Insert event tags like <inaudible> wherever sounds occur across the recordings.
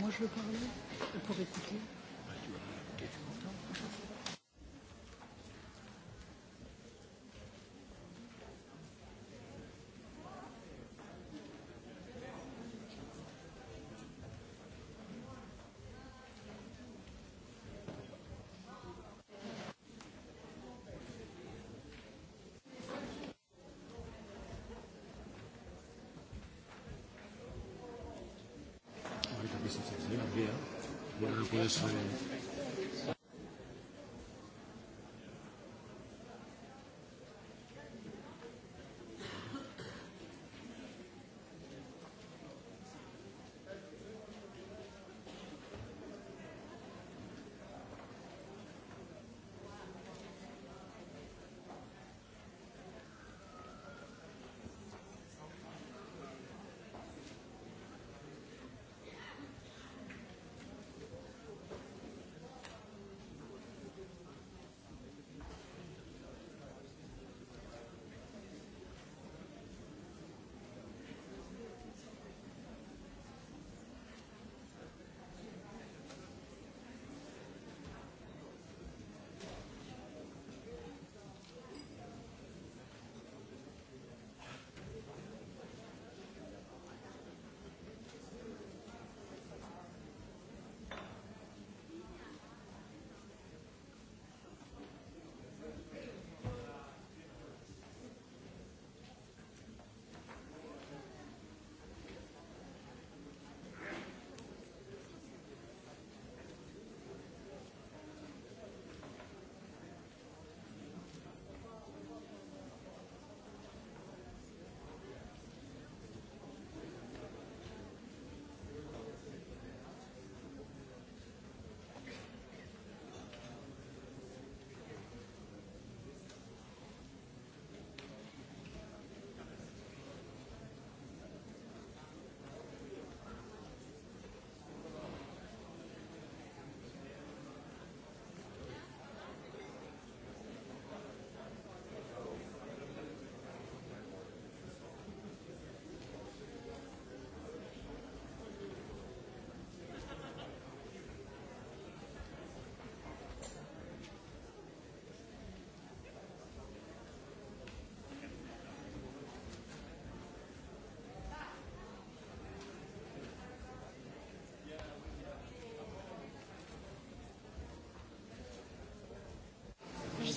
moi je le parler pour écouter. puede ser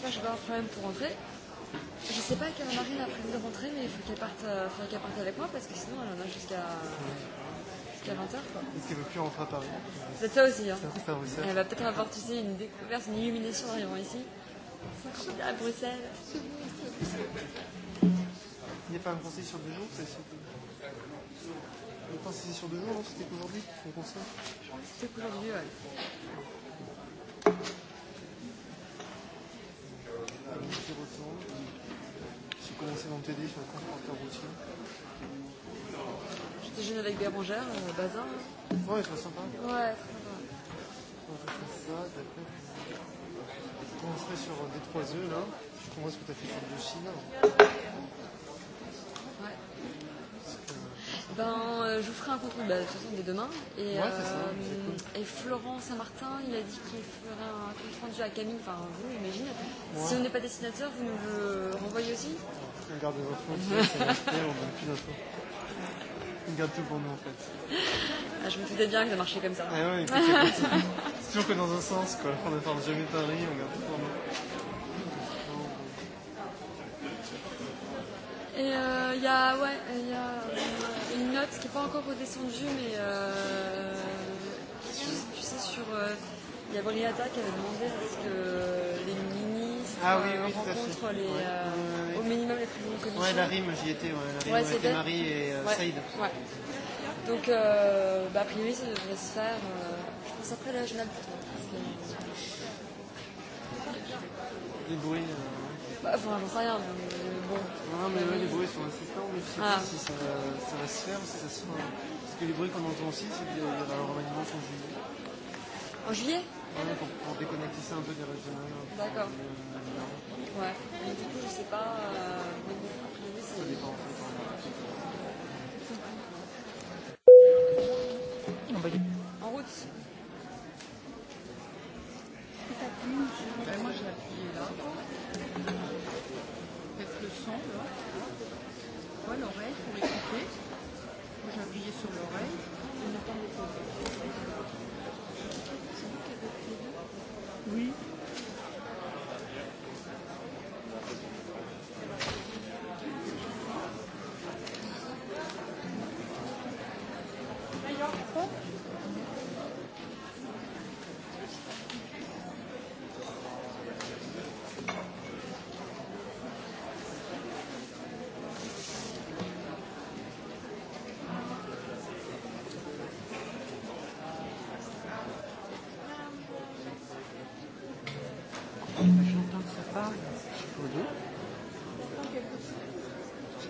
pas, je vais avoir un problème pour rentrer. Je sais pas quelle Marine a prévu de rentrer, mais il faut qu'elle parte, euh, qu parte avec moi parce que sinon elle en a jusqu'à jusqu 20h. Est-ce qu'elle veut plus rentrer à Paris C'est ça aussi. Hein. Ça, ça, ça. elle va peut-être avoir tu sais, une découverte, une illumination en arrivant ici. à Bruxelles. Il n'y a pas un conseil sur deux jours c'est Je pense que c'est sur deux jours, C'était qu'aujourd'hui, son conseil C'était qu'aujourd'hui, ouais. passer mon le TD sur le transporteur routier. Je déjeune avec Bérangère, euh, Bazin. Ouais, c'est sympa. Ouais, c'est sympa. On va ça, d'accord. Je commencerai sur D3E, là. Je comprends ce que tu as fait sur le Chine. Ouais. Ben, euh, je vous ferai un contenu, bah, de toute façon dès demain. Et, ouais, ça, cool. et Florent Saint-Martin, il a dit qu'il ferait un compte rendu à Camille, enfin vous, j'imagine. Ouais. Si on n'est pas dessinateur, vous nous le renvoyez aussi On garde les infos, on on plus d'enfants. On garde tout pour nous en fait. Ah, je me doutais bien que ça marchait comme ça. Ah ouais, c'est toujours que dans un sens quoi. On ne parle jamais Paris, on garde tout pour nous. Et il euh, y a, ouais, y a euh, une note qui n'est pas encore redescendue, mais euh, tu sais, sur. Il euh, y a Briata qui avait demandé à ce que les mini ah, oui, oui, les rencontres, les, euh, ouais, au minimum les prévisions de commission. Ouais, la rime, j'y étais, ouais, la rime ouais, avec Marie et euh, ouais, Saïd. Ouais. Donc, euh, bah, a priori, ça devrait se faire, euh, je pense, après la journal plutôt. Que... Les bruits. Euh... Bah, enfin, j'en sais rien, mais bon. Non, mais ouais, les bruits sont insistants, mais je sais ah. pas si ça, ça va se faire, si ça se fera. Parce que les bruits qu'on entend aussi, c'est qu'il y aura un remaniement en juillet. En juillet pour, déconnecter ça un peu des régionales. D'accord. ouais. Mais du coup, je sais pas. Euh, ça dépend.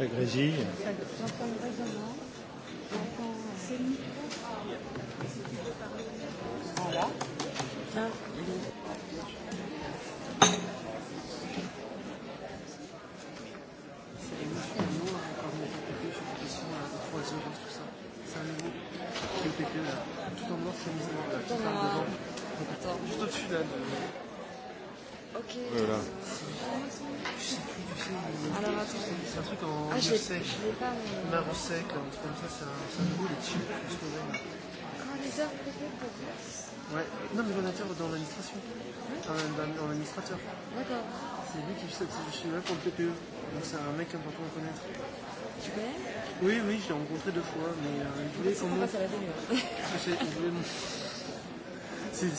Grésil. Marossec, là, comme ça, ça, ça roule dessus. Quand les heures Ouais, non, mais donateur dans l'administration. Dans l'administrateur. D'accord. C'est lui qui fait je suis là pour le PPE. Donc c'est un mec important à connaître. Tu connais Oui, oui, je l'ai rencontré deux fois, mais euh, voulait voulais comment. Moi... Je voulais.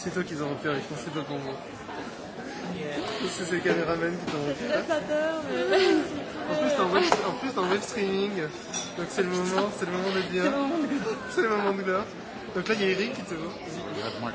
C'est toi qui les as repérés, je pensais pas pour moi. Si C'est le caméraman qui t'envoie. En plus, en web, en plus, en web streaming. Donc, c'est le moment, c'est le moment de bien. C'est le moment de gloire. Donc là, il y a Eric qui te voit.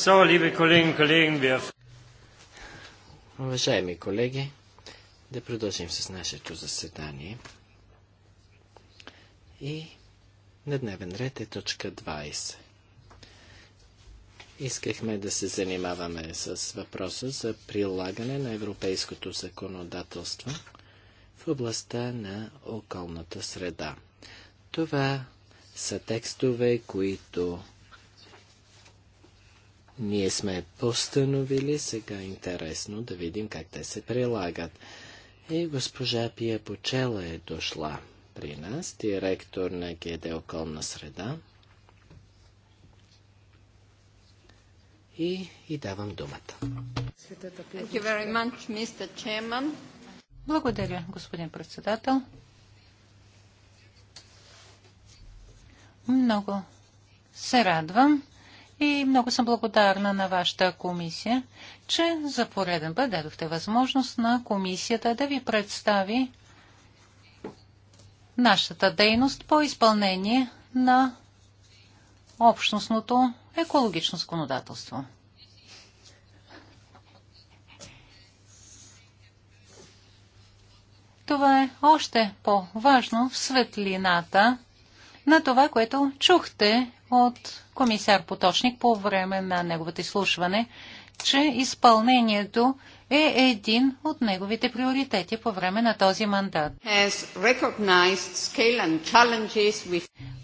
So, liebe Kolleginnen und Kollegen, wir... Уважаеми колеги, да продължим с нашето заседание. И на дневен ред е точка 20. Искахме да се занимаваме с въпроса за прилагане на европейското законодателство в областта на околната среда. Това са текстове, които ние сме постановили, сега е интересно да видим как те се прилагат. И госпожа Пия Почела е дошла при нас, директор на ГД Околна среда. И, и давам думата. Much, Благодаря, господин председател. Много се радвам, и много съм благодарна на вашата комисия, че за пореден път дадохте възможност на комисията да ви представи нашата дейност по изпълнение на общностното екологично законодателство. Това е още по-важно в светлината на това, което чухте от комисар Поточник по време на неговото изслушване, че изпълнението е един от неговите приоритети по време на този мандат.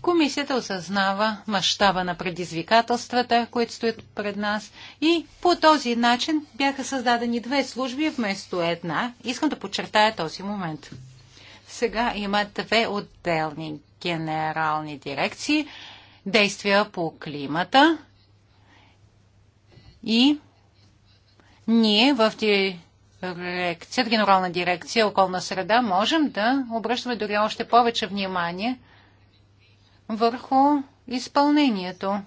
Комисията осъзнава мащаба на предизвикателствата, които стоят пред нас и по този начин бяха създадени две служби вместо една. Искам да подчертая този момент. Сега има две отделни генерални дирекции, действия по климата и ние в дирекцията, генерална дирекция околна среда, можем да обръщаме дори още повече внимание върху изпълнението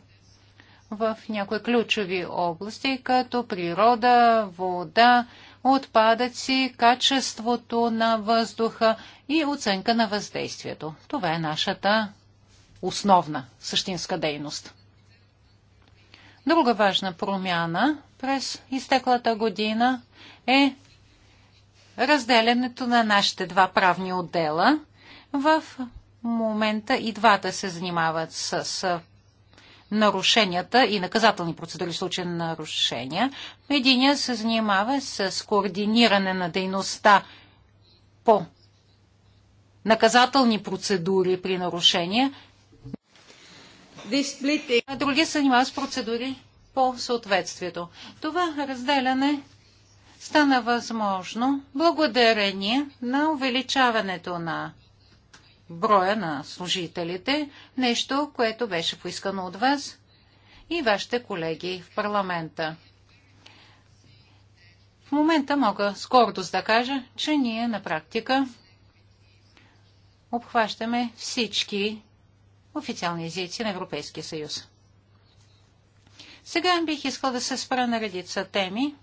в някои ключови области, като природа, вода, отпадъци, качеството на въздуха и оценка на въздействието. Това е нашата основна същинска дейност. Друга важна промяна през изтеклата година е разделянето на нашите два правни отдела. В момента и двата се занимават с нарушенията и наказателни процедури в случай на нарушения. Единия се занимава с координиране на дейността по наказателни процедури при нарушения. А други се занимават с процедури по съответствието. Това разделяне стана възможно благодарение на увеличаването на броя на служителите, нещо, което беше поискано от вас и вашите колеги в парламента. В момента мога с гордост да кажа, че ние на практика обхващаме всички официални езици на Европейския съюз. Сега бих искал да се спра на редица теми,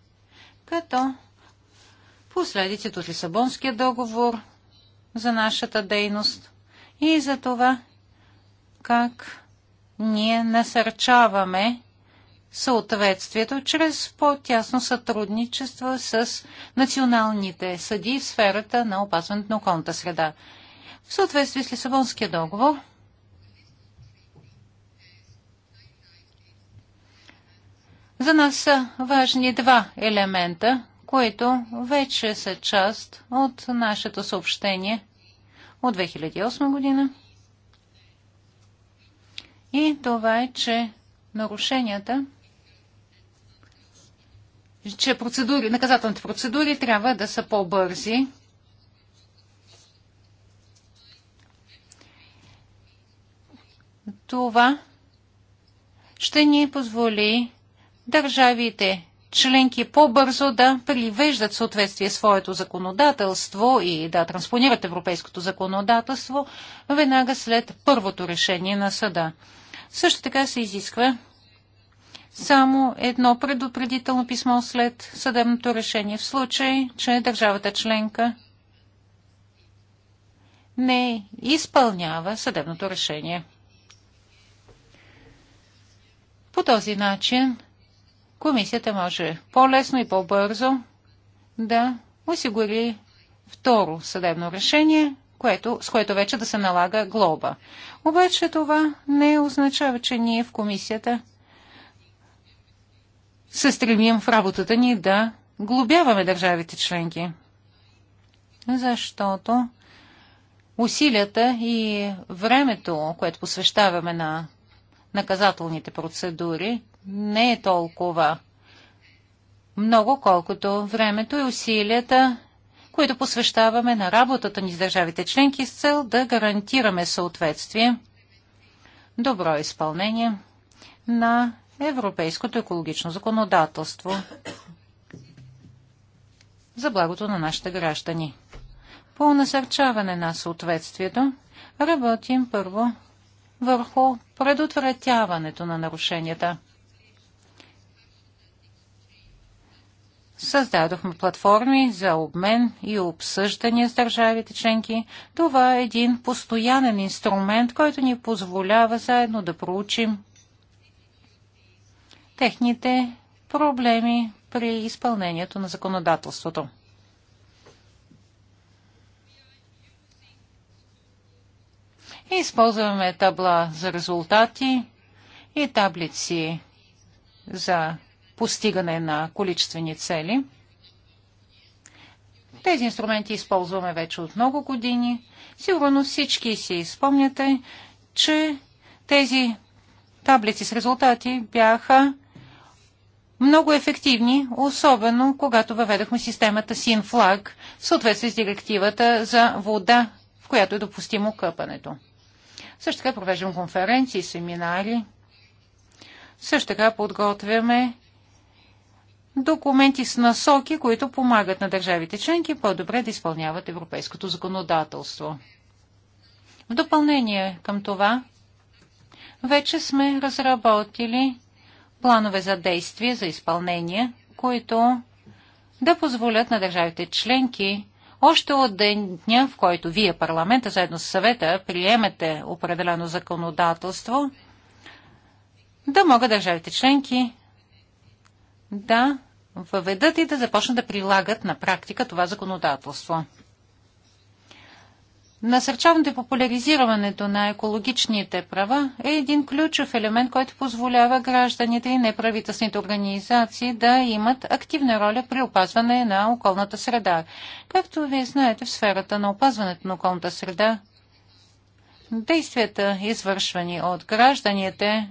като последиците от Лисабонския договор за нашата дейност и за това как ние насърчаваме съответствието чрез по-тясно сътрудничество с националните съди в сферата на опазването на околната среда. В съответствие с Лисабонския договор, за нас са важни два елемента, които вече са част от нашето съобщение от 2008 година. И това е, че нарушенията, че процедури, наказателните процедури трябва да са по-бързи, Това ще ни позволи държавите членки по-бързо да привеждат съответствие своето законодателство и да транспонират европейското законодателство веднага след първото решение на съда. Също така се изисква само едно предупредително писмо след съдебното решение в случай, че държавата членка не изпълнява съдебното решение. По този начин комисията може по-лесно и по-бързо да осигури второ съдебно решение, което, с което вече да се налага глоба. Обаче това не означава, че ние в комисията се стремим в работата ни да глобяваме държавите членки. Защото усилията и времето, което посвещаваме на наказателните процедури не е толкова много, колкото времето и усилията, които посвещаваме на работата ни с държавите членки с цел да гарантираме съответствие, добро изпълнение на европейското екологично законодателство за благото на нашите граждани. По насърчаване на съответствието работим първо върху предотвратяването на нарушенията. Създадохме платформи за обмен и обсъждания с държавите членки. Това е един постоянен инструмент, който ни позволява заедно да проучим техните проблеми при изпълнението на законодателството. Използваме табла за резултати и таблици за постигане на количествени цели. Тези инструменти използваме вече от много години. Сигурно всички си спомняте, че тези таблици с резултати бяха много ефективни, особено когато въведахме системата SINFLAG в съответствие с директивата за вода, в която е допустимо къпането. Също така провеждам конференции, семинари. Също така подготвяме документи с насоки, които помагат на държавите членки по-добре да изпълняват европейското законодателство. В допълнение към това, вече сме разработили планове за действие, за изпълнение, които да позволят на държавите членки още от деня, в който вие, парламента, заедно с съвета, приемете определено законодателство, да могат държавите членки да въведат и да започнат да прилагат на практика това законодателство. Насърчаването и популяризирането на екологичните права е един ключов елемент, който позволява гражданите и неправителствените организации да имат активна роля при опазване на околната среда. Както вие знаете, в сферата на опазването на околната среда, действията, извършвани от гражданите,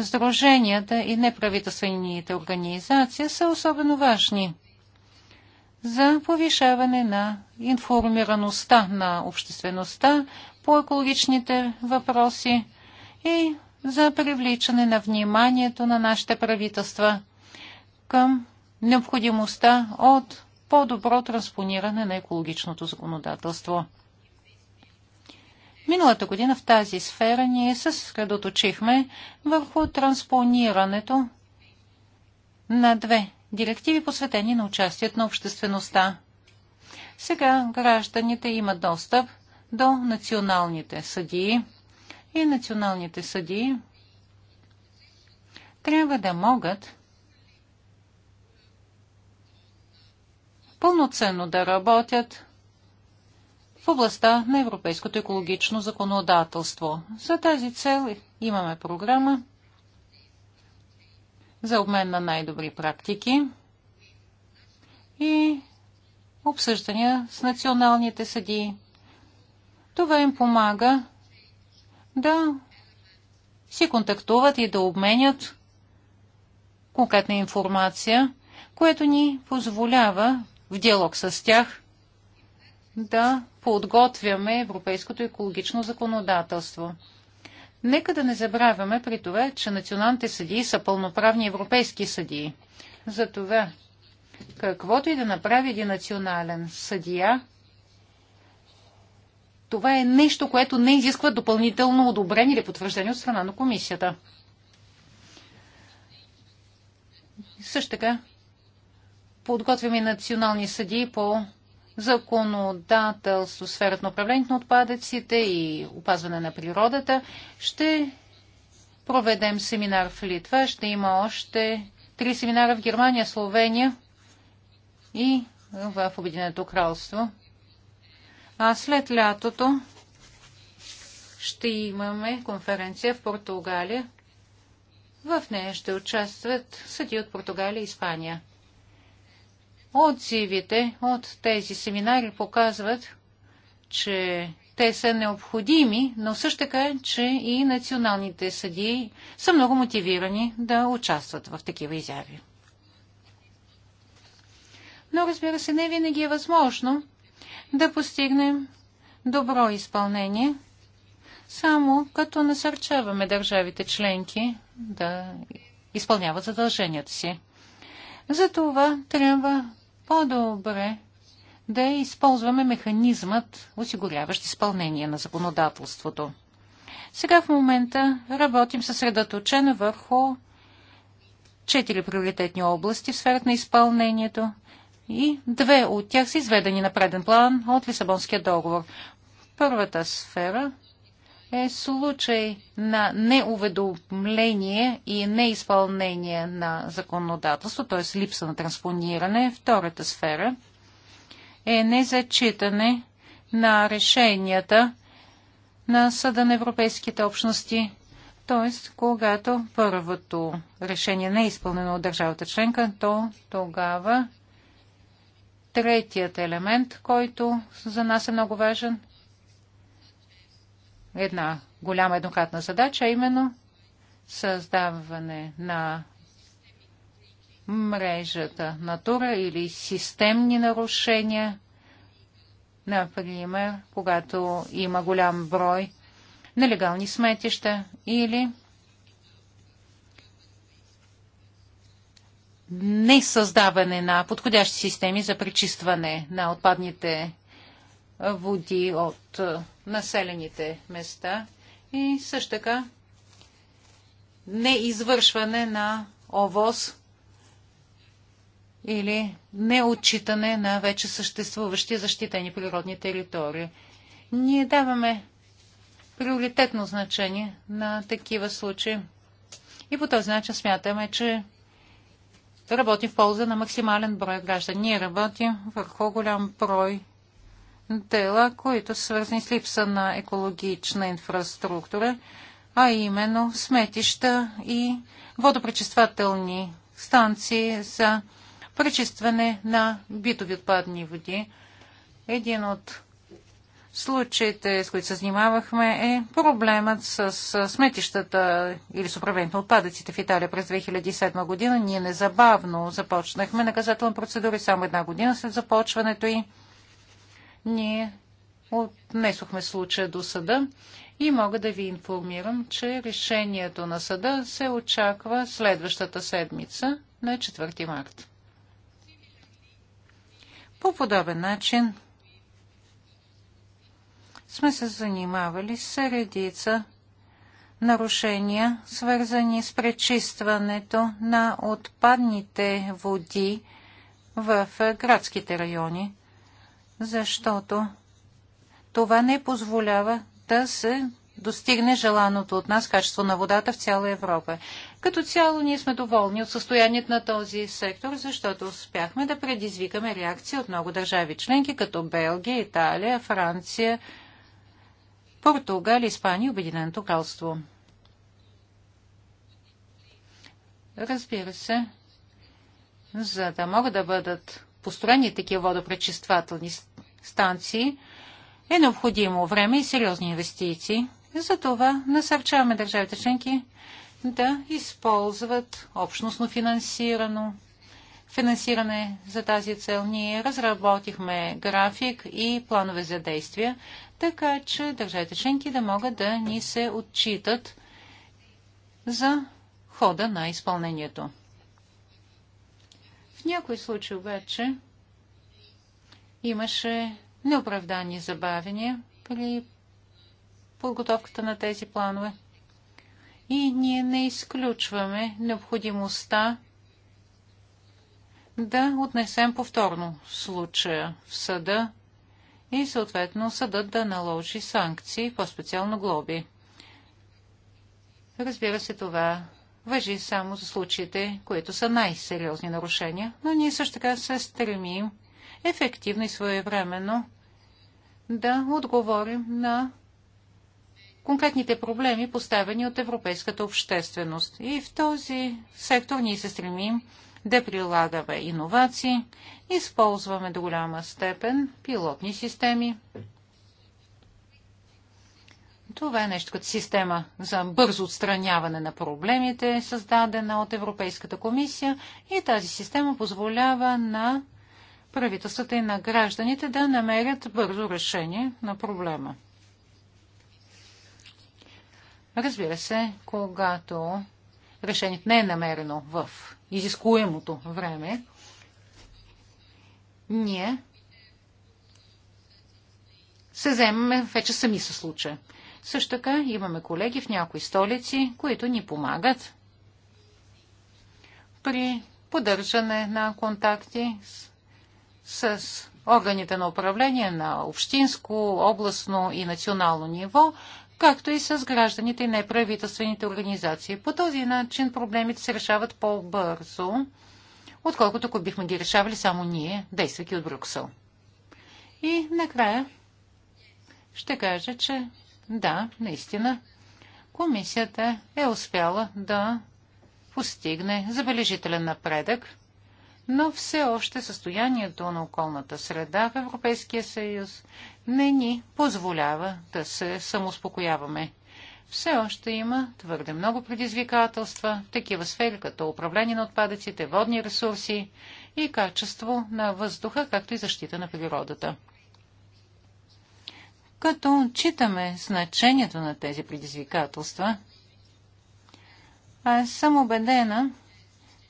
сдруженията и неправителствените организации, са особено важни – за повишаване на информираността на обществеността по екологичните въпроси и за привличане на вниманието на нашите правителства към необходимостта от по-добро транспониране на екологичното законодателство. Миналата година в тази сфера ние се съсредоточихме върху транспонирането на две директиви, посветени на участието на обществеността. Сега гражданите имат достъп до националните съдии и националните съдии трябва да могат пълноценно да работят в областта на европейското екологично законодателство. За тази цел имаме програма за обмен на най-добри практики и обсъждания с националните съдии. Това им помага да си контактуват и да обменят конкретна информация, което ни позволява в диалог с тях да подготвяме европейското екологично законодателство. Нека да не забравяме при това, че националните съдии са пълноправни европейски съдии. Затова, каквото и да направи един национален съдия, това е нещо, което не изисква допълнително одобрение или потвърждение от страна на комисията. Също така, подготвяме национални съдии по законодателство в сферата на управлението на отпадъците и опазване на природата. Ще проведем семинар в Литва, ще има още три семинара в Германия, Словения и в Обединеното кралство. А след лятото ще имаме конференция в Португалия. В нея ще участват съди от Португалия и Испания. Отзивите от тези семинари показват, че те са необходими, но също така, че и националните съдии са много мотивирани да участват в такива изяви. Но разбира се, не винаги е възможно да постигнем добро изпълнение, само като насърчаваме държавите членки да изпълняват задълженията си. Затова трябва по-добре да използваме механизмът, осигуряващ изпълнение на законодателството. Сега в момента работим съсредоточено върху четири приоритетни области в сферата на изпълнението и две от тях са изведени на преден план от Лисабонския договор. Първата сфера е случай на неуведомление и неизпълнение на законодателство, т.е. липса на транспониране. Втората сфера е незачитане на решенията на Съда на Европейските общности, т.е. когато първото решение не е изпълнено от държавата членка, то тогава третият елемент, който за нас е много важен – една голяма еднократна задача, а именно създаване на мрежата натура или системни нарушения, например, когато има голям брой нелегални сметища или не създаване на подходящи системи за пречистване на отпадните води от населените места и също така неизвършване на ОВОз или неотчитане на вече съществуващи защитени природни територии. Ние даваме приоритетно значение на такива случаи и по този начин смятаме, че работим в полза на максимален брой граждани. Ние работим върху голям брой дела, които са свързани с липса на екологична инфраструктура, а именно сметища и водопречиствателни станции за пречистване на битови отпадни води. Един от случаите, с които се занимавахме, е проблемът с сметищата или с управлението на отпадъците в Италия през 2007 година. Ние незабавно започнахме процедура процедури само една година след започването и ние отнесохме случая до съда и мога да ви информирам, че решението на съда се очаква следващата седмица на 4 март. По подобен начин сме се занимавали с редица нарушения, свързани с пречистването на отпадните води в градските райони защото това не позволява да се достигне желаното от нас качество на водата в цяла Европа. Като цяло ние сме доволни от състоянието на този сектор, защото успяхме да предизвикаме реакции от много държави членки, като Белгия, Италия, Франция, Португалия, Испания и Обединеното кралство. Разбира се, за да могат да бъдат построени такива водопречиствателни станции, е необходимо време и сериозни инвестиции. Затова насърчаваме държавите членки да използват общностно финансирано финансиране за тази цел. Ние разработихме график и планове за действия, така че държавите членки да могат да ни се отчитат за хода на изпълнението. В някои случаи обаче имаше неоправдани забавения при подготовката на тези планове. И ние не изключваме необходимостта да отнесем повторно случая в съда и съответно съдът да наложи санкции, по-специално глоби. Разбира се, това въжи само за случаите, които са най-сериозни нарушения, но ние също така се стремим ефективно и своевременно да отговорим на конкретните проблеми, поставени от европейската общественост. И в този сектор ние се стремим да прилагаме иновации, използваме до голяма степен пилотни системи. Това е нещо като система за бързо отстраняване на проблемите, създадена от Европейската комисия и тази система позволява на правителствата и на гражданите да намерят бързо решение на проблема. Разбира се, когато решението не е намерено в изискуемото време, ние се вземаме вече сами със случая. Също така имаме колеги в някои столици, които ни помагат при поддържане на контакти с с органите на управление на общинско, областно и национално ниво, както и с гражданите и неправителствените организации. По този начин проблемите се решават по-бързо, отколкото ако бихме ги решавали само ние, действайки от Брюксел. И накрая ще кажа, че да, наистина, комисията е успяла да постигне забележителен напредък – но все още състоянието на околната среда в Европейския съюз не ни позволява да се самоуспокояваме. Все още има твърде много предизвикателства в такива сфери, като управление на отпадъците, водни ресурси и качество на въздуха, както и защита на природата. Като читаме значението на тези предизвикателства, аз съм убедена,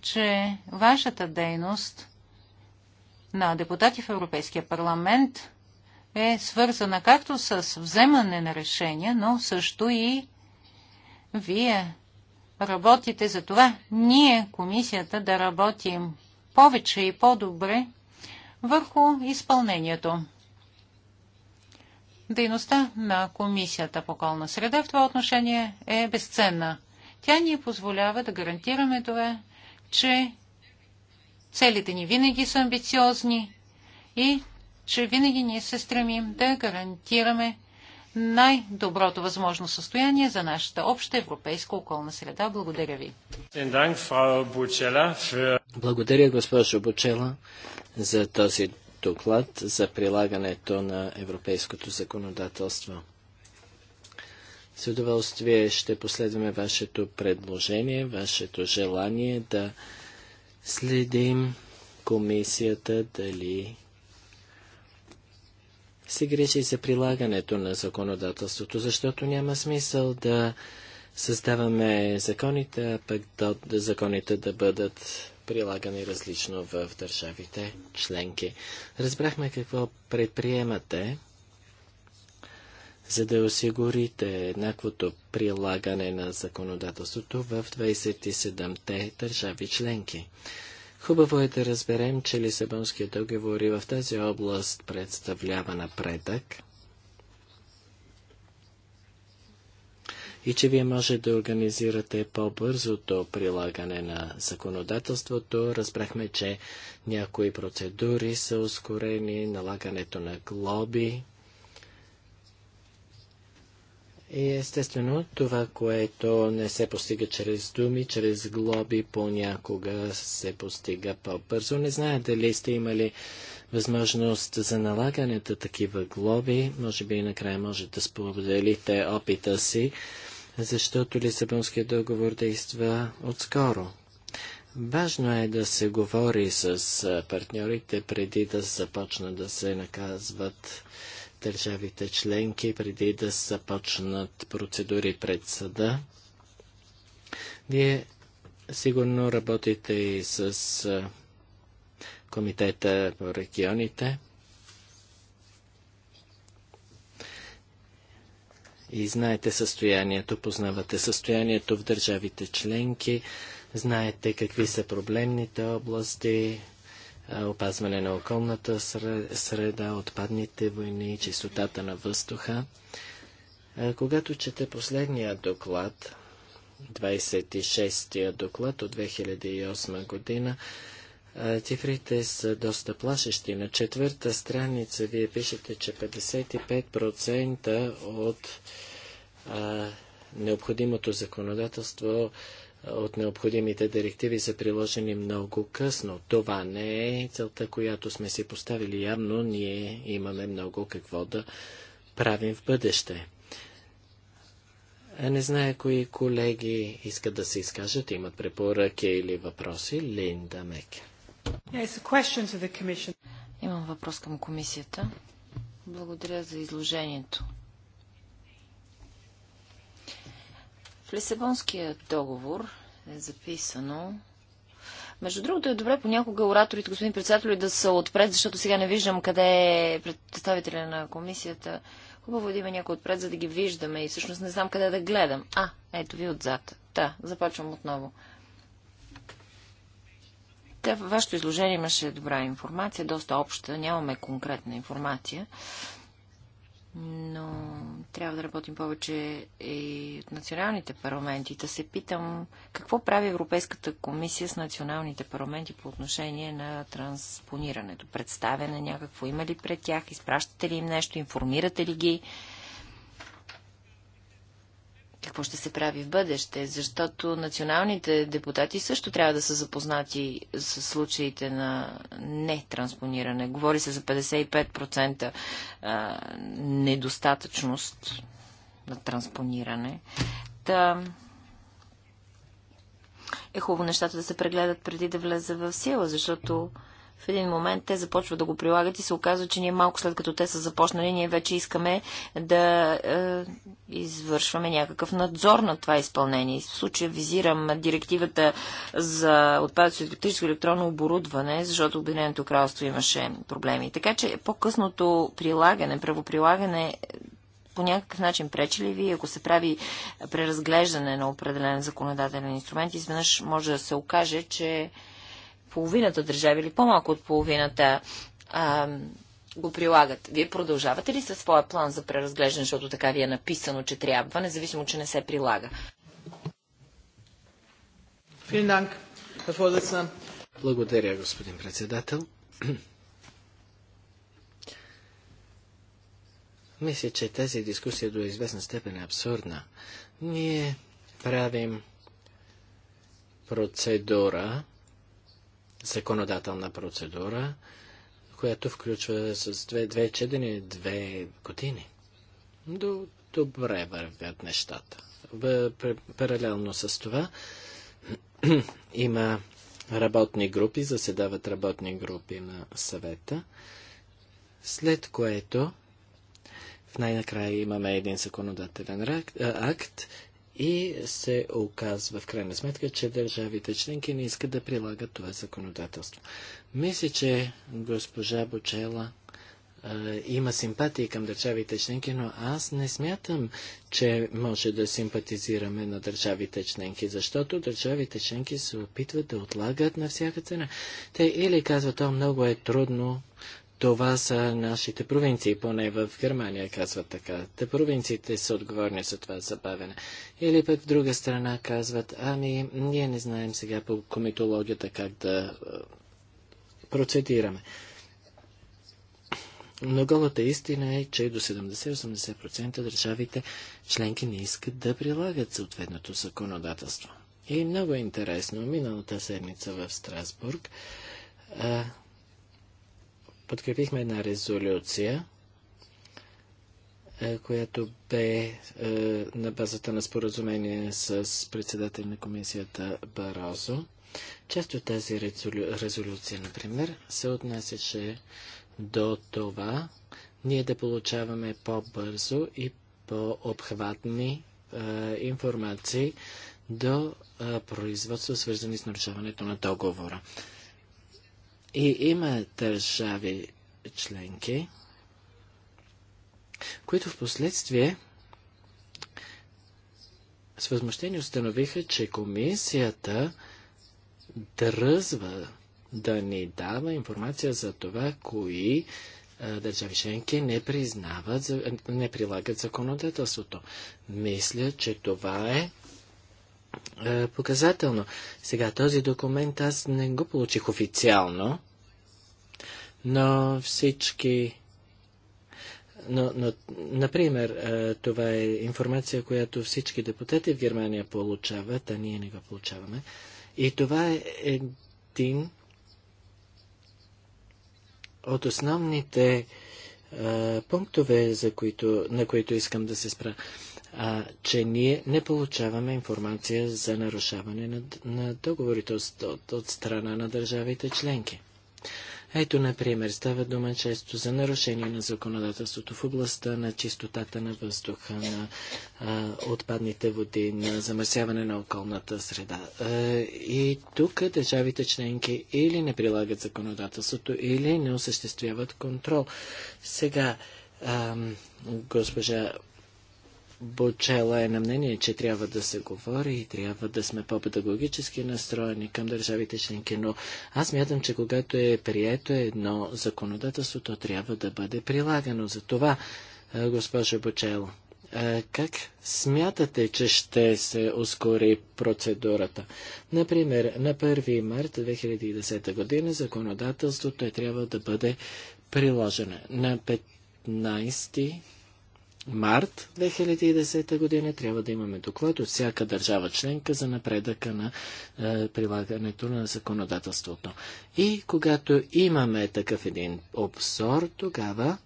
че вашата дейност на депутати в Европейския парламент е свързана както с вземане на решения, но също и вие работите за това. Ние, комисията, да работим повече и по-добре върху изпълнението. Дейността на Комисията по околна среда в това отношение е безценна. Тя ни позволява да гарантираме това, че целите ни винаги са амбициозни и че винаги ние се стремим да гарантираме най-доброто възможно състояние за нашата обща европейска околна среда. Благодаря ви. Благодаря, госпожо Бучела, за този доклад за прилагането на европейското законодателство. С удоволствие ще последваме вашето предложение, вашето желание да следим комисията дали се грижи за прилагането на законодателството, защото няма смисъл да създаваме законите, а пък да, законите да бъдат прилагани различно в държавите членки. Разбрахме какво предприемате за да осигурите еднаквото прилагане на законодателството в 27-те държави членки. Хубаво е да разберем, че Лисабонският договор и в тази област представлява напредък и че вие може да организирате по-бързото прилагане на законодателството. Разбрахме, че някои процедури са ускорени, налагането на глоби и естествено, това, което не се постига чрез думи, чрез глоби, понякога се постига по-бързо. Не зная дали сте имали възможност за налагането такива глоби. Може би и накрая можете да споделите опита си, защото Лисабонският договор действа отскоро. Важно е да се говори с партньорите преди да започнат да се наказват държавите членки преди да започнат процедури пред съда. Вие сигурно работите и с комитета по регионите. И знаете състоянието, познавате състоянието в държавите членки, знаете какви са проблемните области, опазване на околната среда, отпадните войни, чистотата на въздуха. Когато чете последния доклад, 26-я доклад от 2008 година, цифрите са доста плашещи. На четвърта страница вие пишете, че 55% от а, необходимото законодателство от необходимите директиви са приложени много късно. Това не е целта, която сме си поставили. Явно ние имаме много какво да правим в бъдеще. А не знае кои колеги искат да се изкажат, имат препоръки или въпроси. Линда Мек. Имам въпрос към комисията. Благодаря за изложението. В Лисабонския договор е записано, между другото е добре понякога ораторите, господин председател, да са отпред, защото сега не виждам къде е представителя на комисията. Хубаво е да има някой отпред, за да ги виждаме и всъщност не знам къде да гледам. А, ето ви отзад. Да, започвам отново. Да, вашето изложение имаше добра информация, доста обща, нямаме конкретна информация, но трябва да работим повече и от националните парламенти. Да се питам какво прави Европейската комисия с националните парламенти по отношение на транспонирането. Представяне някакво има ли пред тях? Изпращате ли им нещо? Информирате ли ги? какво ще се прави в бъдеще, защото националните депутати също трябва да са запознати с случаите на нетранспониране. Говори се за 55% недостатъчност на транспониране. Та е хубаво нещата да се прегледат преди да влезе в сила, защото в един момент те започват да го прилагат и се оказва, че ние малко след като те са започнали, ние вече искаме да е, извършваме някакъв надзор на това изпълнение. В случая визирам директивата за отпадъци от електрическо електронно оборудване, защото Обединеното кралство имаше проблеми. Така че по-късното прилагане, правоприлагане по някакъв начин пречи ли ви, ако се прави преразглеждане на определен законодателен инструмент, изведнъж може да се окаже, че половината държави или по-малко от половината а, го прилагат. Вие продължавате ли със своя план за преразглеждане, защото така ви е написано, че трябва, независимо, че не се прилага? Благодаря, господин председател. <clears throat> Мисля, че тази дискусия до известна степен е абсурдна. Ние правим процедура, законодателна процедура, която включва с две, две четени две години. До, добре вървят нещата. В, паралелно с това <clears throat> има работни групи, заседават работни групи на съвета, след което в най-накрая имаме един законодателен акт и се оказва в крайна сметка, че държавите членки не искат да прилагат това законодателство. Мисля, че госпожа Бочела е, има симпатии към държавите членки, но аз не смятам, че може да симпатизираме на държавите членки, защото държавите членки се опитват да отлагат на всяка цена. Те или казват, то много е трудно, това са нашите провинции, поне в Германия казват така. Те провинциите са отговорни за това забавяне. Или пък в друга страна казват, ами ние не знаем сега по комитологията как да процедираме. Но голата истина е, че до 70-80% държавите членки не искат да прилагат съответното законодателство. И много е интересно, миналата седмица в Страсбург подкрепихме една резолюция, е, която бе е, на базата на споразумение с председател на комисията Барозо. Част от тази резолю... резолюция, например, се отнасяше до това ние да получаваме по-бързо и по-обхватни е, информации до е, свързани с нарушаването на договора. И има държави членки, които в последствие с възмущение установиха, че комисията дръзва да ни дава информация за това, кои държави членки не признават, не прилагат законодателството. Мисля, че това е е, показателно. Сега, този документ аз не го получих официално, но всички но, но, например, е, това е информация, която всички депутати в Германия получават, а ние не го получаваме. И това е един от основните а, е, пунктове, за които, на които искам да се спра а, че ние не получаваме информация за нарушаване на, на договорите от, от, от страна на държавите членки. Ето, например, става дума често за нарушение на законодателството в областта на чистотата на въздуха, на а, отпадните води, на замърсяване на околната среда. А, и тук държавите членки или не прилагат законодателството, или не осъществяват контрол. Сега, а, госпожа Бочела е на мнение, че трябва да се говори и трябва да сме по-педагогически настроени към държавите членки, но аз мятам, че когато е прието едно законодателство, то трябва да бъде прилагано. За това, госпожо Бочела, как смятате, че ще се ускори процедурата? Например, на 1 март 2010 година законодателството е трябва да бъде приложено. На 15 март 2010 година трябва да имаме доклад от всяка държава членка за напредъка на е, прилагането на законодателството. И когато имаме такъв един обзор, тогава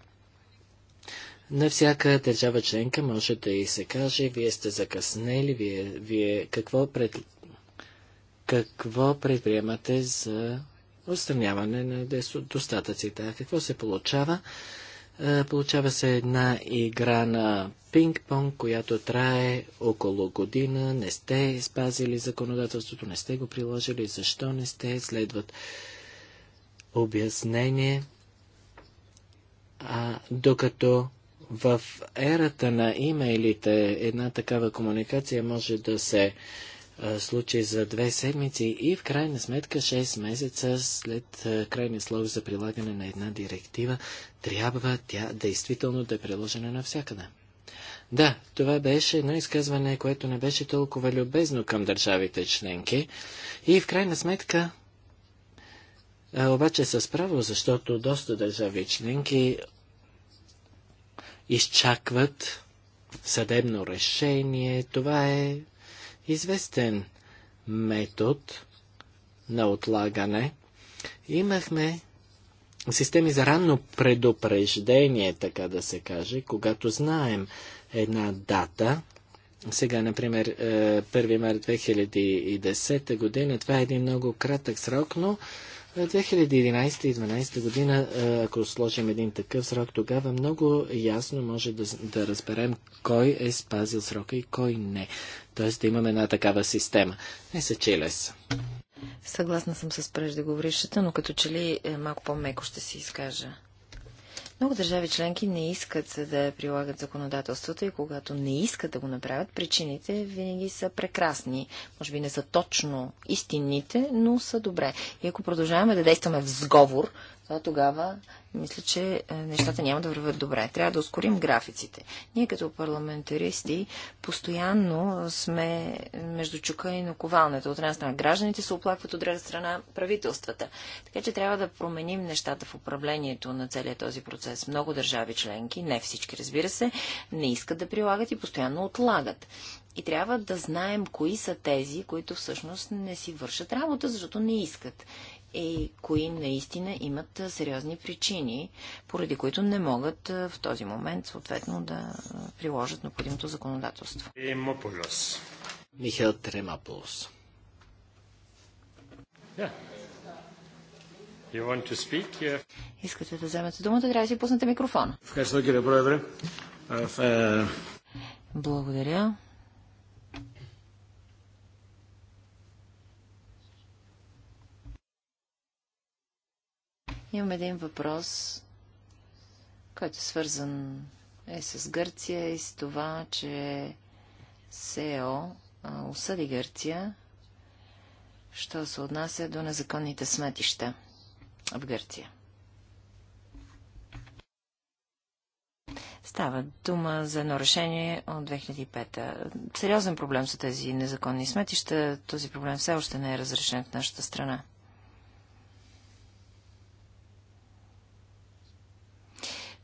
на всяка държава членка може да и се каже, вие сте закъснели, вие, вие какво, пред, какво предприемате за отстраняване на достатъците, какво се получава. Е, получава се една игра на пинг-понг, която трае около година. Не сте спазили законодателството, не сте го приложили. Защо не сте? Следват обяснение. А, докато в ерата на имейлите една такава комуникация може да се случай за две седмици и в крайна сметка 6 месеца след крайния слог за прилагане на една директива, трябва тя действително да е приложена навсякъде. Да, това беше едно изказване, което не беше толкова любезно към държавите членки и в крайна сметка обаче с право, защото доста държави членки изчакват съдебно решение. Това е известен метод на отлагане. Имахме системи за ранно предупреждение, така да се каже, когато знаем една дата. Сега, например, 1 е, март 2010 година, това е един много кратък срок, но 2011 е, 2012 година, е, ако сложим един такъв срок, тогава много ясно може да, да разберем кой е спазил срока и кой не. Т.е. да имаме една такава система. Не са чилес. Съгласна съм с преждеговорившата, но като че ли е, малко по-меко ще се изкажа. Много държави членки не искат да прилагат законодателството и когато не искат да го направят, причините винаги са прекрасни. Може би не са точно истинните, но са добре. И ако продължаваме да действаме в сговор, тогава мисля, че е, нещата няма да върват добре. Трябва да ускорим графиците. Ние като парламентаристи постоянно сме между чука и наковалнето. От една страна гражданите се оплакват, от друга страна правителствата. Така че трябва да променим нещата в управлението на целият този процес. Много държави членки, не всички разбира се, не искат да прилагат и постоянно отлагат. И трябва да знаем кои са тези, които всъщност не си вършат работа, защото не искат и кои наистина имат сериозни причини, поради които не могат в този момент съответно да приложат необходимото законодателство. Емополос. Михаил Тремаполос. Yeah. You want to speak? Yeah. Искате да вземете думата, трябва да си пуснете микрофона. Благодаря. Имам един въпрос, който е свързан е с Гърция и с това, че СЕО осъди Гърция, що се отнася до незаконните сметища в Гърция. Става дума за едно решение от 2005. Сериозен проблем са тези незаконни сметища. Този проблем все още не е разрешен в нашата страна.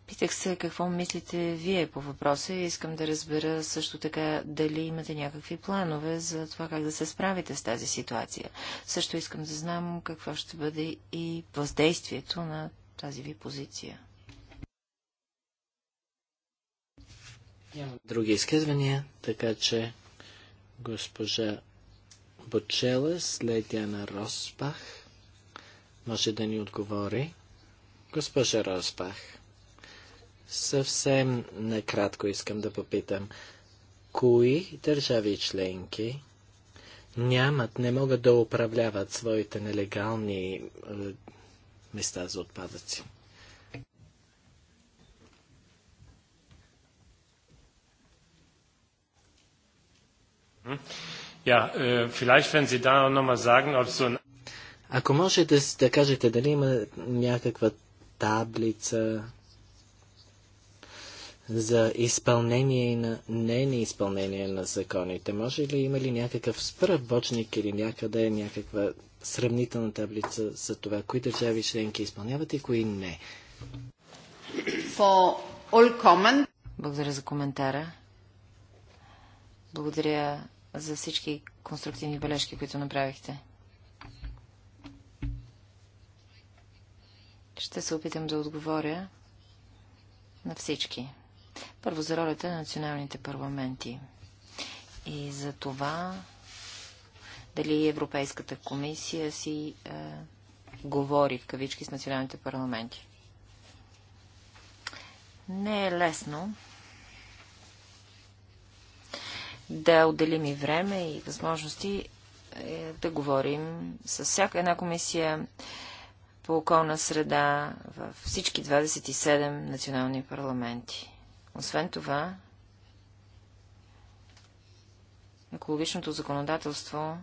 Питах се какво мислите вие по въпроса и искам да разбера също така дали имате някакви планове за това как да се справите с тази ситуация. Също искам да знам какво ще бъде и въздействието на тази ви позиция. Няма други изказвания, така че госпожа Бочела, след на Росбах, може да ни отговори. Госпожа Росбах. Съвсем накратко искам да попитам. Кои държави членки нямат, не могат да управляват своите нелегални е, места за отпадъци? Ja, е, vielleicht, wenn Sie da noch mal sagen, ob so ein... Ако можете да кажете дали има някаква таблица за изпълнение и на не неизпълнение на законите. Може ли има ли някакъв справочник или някъде някаква сравнителна таблица за това, кои държави членки изпълняват и кои не? Благодаря за коментара. Благодаря за всички конструктивни бележки, които направихте. Ще се опитам да отговоря на всички. Първо за ролята на националните парламенти. И за това дали Европейската комисия си е, говори в кавички с националните парламенти. Не е лесно да отделим и време и възможности е, да говорим с всяка една комисия по околна среда във всички 27 национални парламенти. Освен това, екологичното законодателство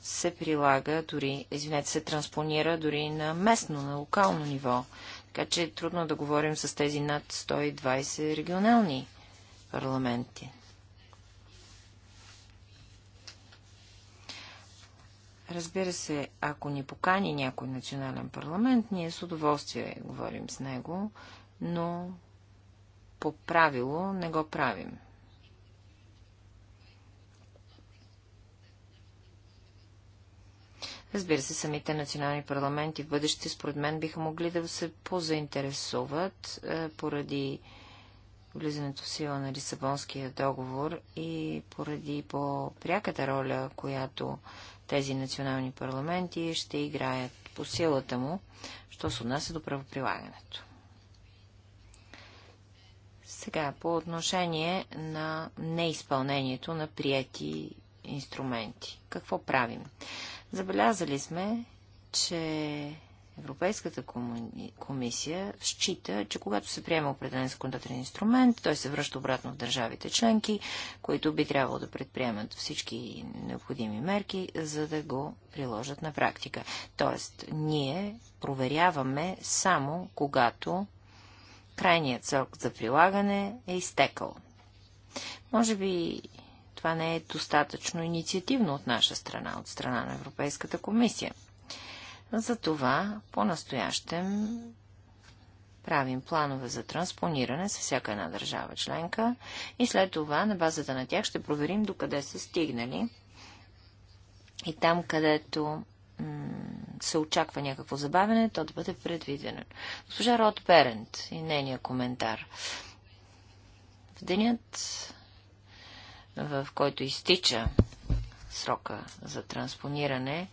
се прилага дори, извинете, се транспонира дори на местно, на локално ниво. Така че е трудно да говорим с тези над 120 регионални парламенти. Разбира се, ако ни покани някой национален парламент, ние с удоволствие говорим с него, но по правило не го правим. Разбира се, самите национални парламенти в бъдеще, според мен, биха могли да се позаинтересуват е, поради влизането в сила на Лисабонския договор и поради по-пряката роля, която тези национални парламенти ще играят по силата му, що се отнася до правоприлагането. Сега, по отношение на неизпълнението на прияти инструменти. Какво правим? Забелязали сме, че Европейската комисия счита, че когато се приема определен законодателен инструмент, той се връща обратно в държавите членки, които би трябвало да предприемат всички необходими мерки, за да го приложат на практика. Тоест, ние проверяваме само когато крайният срок за прилагане е изтекал. Може би това не е достатъчно инициативно от наша страна, от страна на Европейската комисия. Затова по-настоящем правим планове за транспониране с всяка една държава членка и след това на базата на тях ще проверим докъде са стигнали и там, където се очаква някакво забавене, то да бъде предвидено. Госпожа Род Перент и нейния коментар. В денят, в който изтича срока за транспониране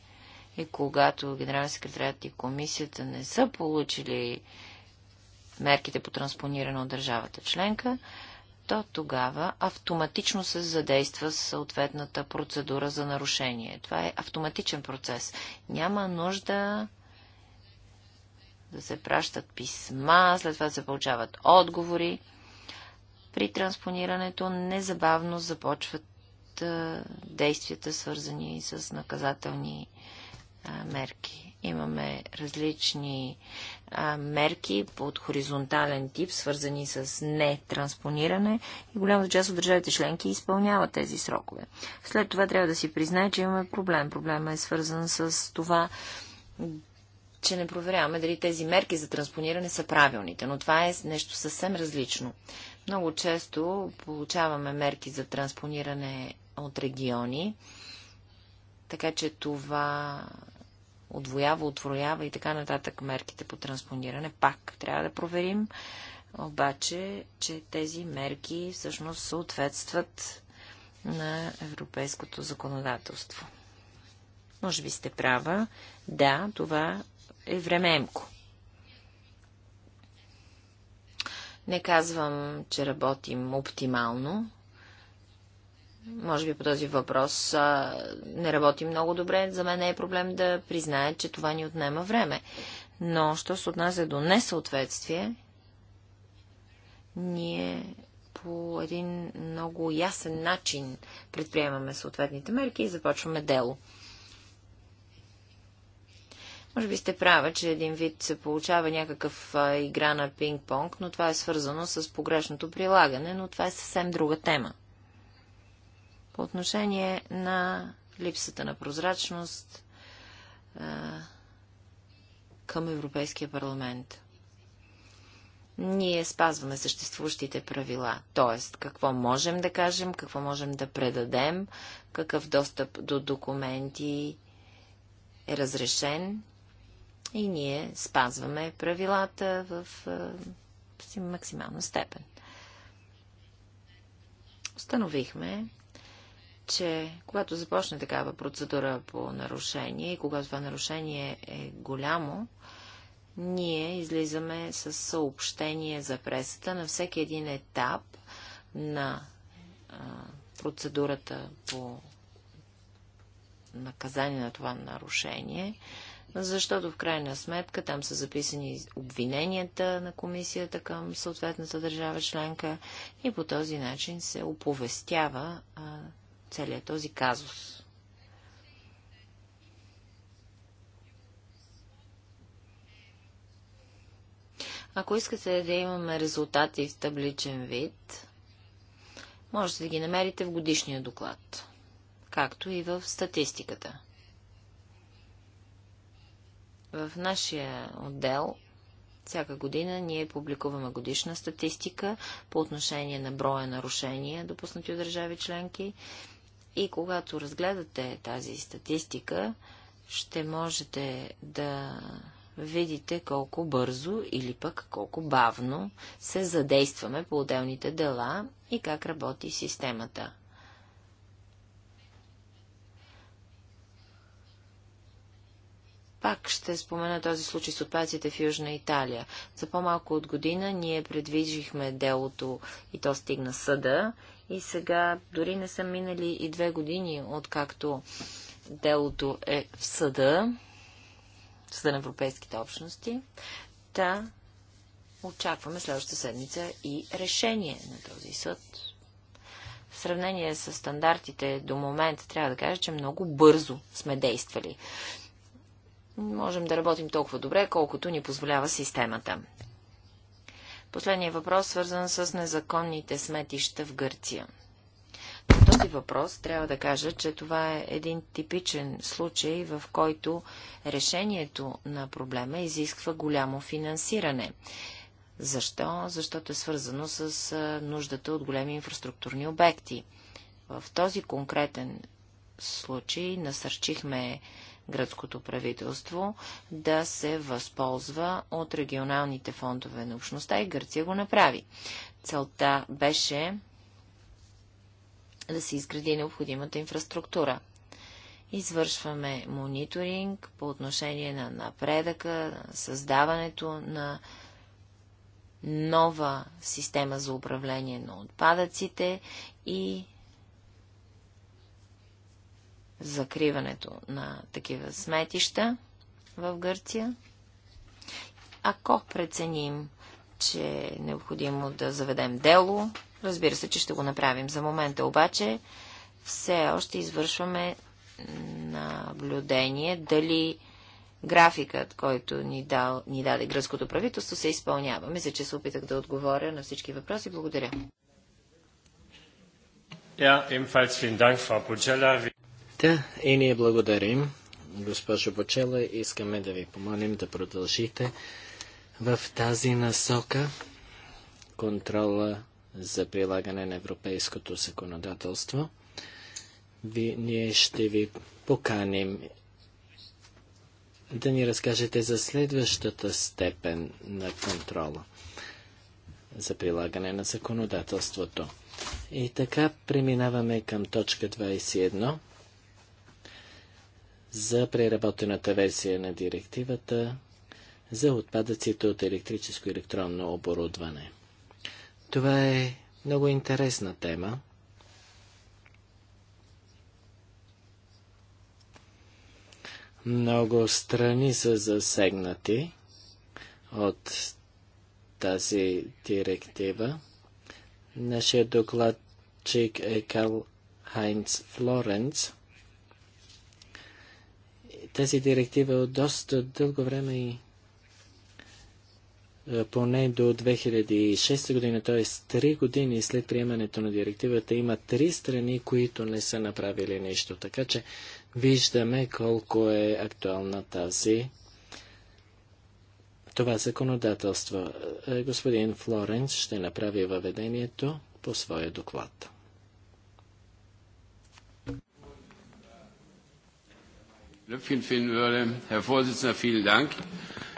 и когато генерален секретарят и комисията не са получили мерките по транспониране от държавата членка, то тогава автоматично се задейства съответната процедура за нарушение. Това е автоматичен процес. Няма нужда да се пращат писма, след това се получават отговори. При транспонирането незабавно започват действията, свързани с наказателни мерки. Имаме различни мерки под хоризонтален тип, свързани с нетранспониране и голямата част от държавите членки изпълняват тези срокове. След това трябва да си признае, че имаме проблем. Проблема е свързан с това че не проверяваме дали тези мерки за транспониране са правилните, но това е нещо съвсем различно. Много често получаваме мерки за транспониране от региони, така че това отвоява, отвроява и така нататък мерките по транспониране, пак трябва да проверим, обаче, че тези мерки всъщност съответстват на европейското законодателство. Може би сте права. Да, това е времеемко. Не казвам, че работим оптимално, може би по този въпрос а, не работи много добре. За мен не е проблем да призная, че това ни отнема време. Но, що се отнася до несъответствие, ние по един много ясен начин предприемаме съответните мерки и започваме дело. Може би сте права, че един вид се получава някакъв а, игра на пинг-понг, но това е свързано с погрешното прилагане, но това е съвсем друга тема. По отношение на липсата на прозрачност към Европейския парламент. Ние спазваме съществуващите правила, т.е. какво можем да кажем, какво можем да предадем, какъв достъп до документи е разрешен и ние спазваме правилата в, в, в максимална степен. Установихме, че когато започне такава процедура по нарушение и когато това нарушение е голямо, ние излизаме с съобщение за пресата на всеки един етап на а, процедурата по наказание на това нарушение, защото в крайна сметка там са записани обвиненията на комисията към съответната държава членка и по този начин се оповестява а, целият този казус. Ако искате да имаме резултати в табличен вид, можете да ги намерите в годишния доклад, както и в статистиката. В нашия отдел всяка година ние публикуваме годишна статистика по отношение на броя нарушения, допуснати от държави членки и когато разгледате тази статистика, ще можете да видите колко бързо или пък колко бавно се задействаме по отделните дела и как работи системата. Пак ще спомена този случай с отпадците в Южна Италия. За по-малко от година ние предвижихме делото и то стигна съда и сега дори не са минали и две години, откакто делото е в съда, в съда на европейските общности. Та да очакваме следващата седмица и решение на този съд. В сравнение с стандартите до момента, трябва да кажа, че много бързо сме действали. Можем да работим толкова добре, колкото ни позволява системата. Последният въпрос, свързан с незаконните сметища в Гърция. По този въпрос трябва да кажа, че това е един типичен случай, в който решението на проблема изисква голямо финансиране. Защо? Защото е свързано с нуждата от големи инфраструктурни обекти. В този конкретен случай насърчихме гръцкото правителство да се възползва от регионалните фондове на общността и Гърция го направи. Целта беше да се изгради необходимата инфраструктура. Извършваме мониторинг по отношение на напредъка, създаването на нова система за управление на отпадъците и закриването на такива сметища в Гърция. Ако преценим, че е необходимо да заведем дело, разбира се, че ще го направим. За момента обаче все още извършваме наблюдение дали графикът, който ни, дал, ни даде гръцкото правителство, се изпълнява. Мисля, че се опитах да отговоря на всички въпроси. Благодаря. Ja, ebenfalls vielen Dank, Frau така, и ние благодарим. Госпожо Бочела, искаме да ви помолим да продължите в тази насока контрола за прилагане на европейското законодателство. Ви, ние ще ви поканим да ни разкажете за следващата степен на контрола за прилагане на законодателството. И така преминаваме към точка 21 за преработената версия на директивата за отпадъците от електрическо и електронно оборудване. Това е много интересна тема. Много страни са засегнати от тази директива. Нашия докладчик е Карл Хайнц Флоренц – тази директива е от доста дълго време и е, поне до 2006 година, т.е. 3 години след приемането на директивата, има три страни, които не са направили нищо. Така че виждаме колко е актуална тази това законодателство. Е, господин Флоренс ще направи въведението по своя доклад. Löpfchen finden würde. Herr Vorsitzender, vielen Dank.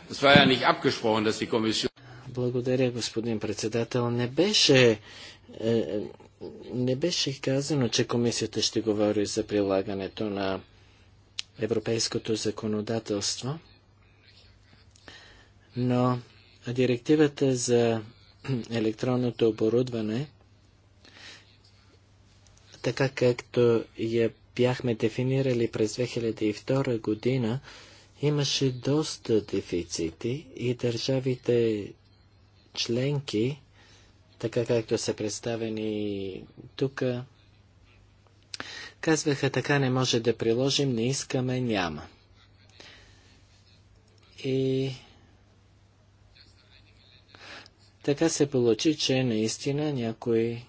Es war ja nicht abgesprochen, dass die Kommission. Благодаря, господин председател. Не беше, е, е, не беше казано, че комисията ще говори за прилагането на европейското законодателство, но директивата за електронното оборудване, така както я бяхме дефинирали през 2002 година, имаше доста дефицити и държавите членки, така както са представени тук, казваха така не може да приложим, не искаме, няма. И така се получи, че наистина някои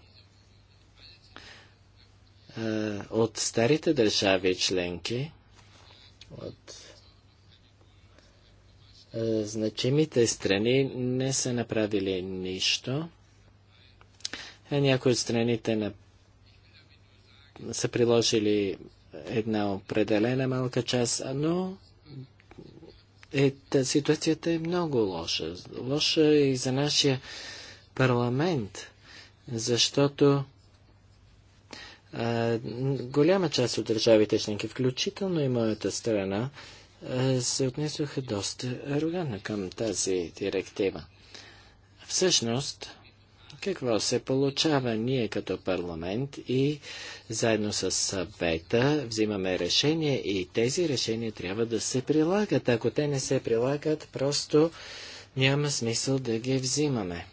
е, от старите държави членки, от е, значимите страни не са направили нищо. А е, някои от страните на... са приложили една определена малка част, но е, ситуацията е много лоша. Лоша и за нашия парламент, защото голяма част от държавите членки, включително и моята страна, се отнесоха доста арогантно към тази директива. Всъщност, какво се получава ние като парламент и заедно с съвета взимаме решение и тези решения трябва да се прилагат. Ако те не се прилагат, просто няма смисъл да ги взимаме.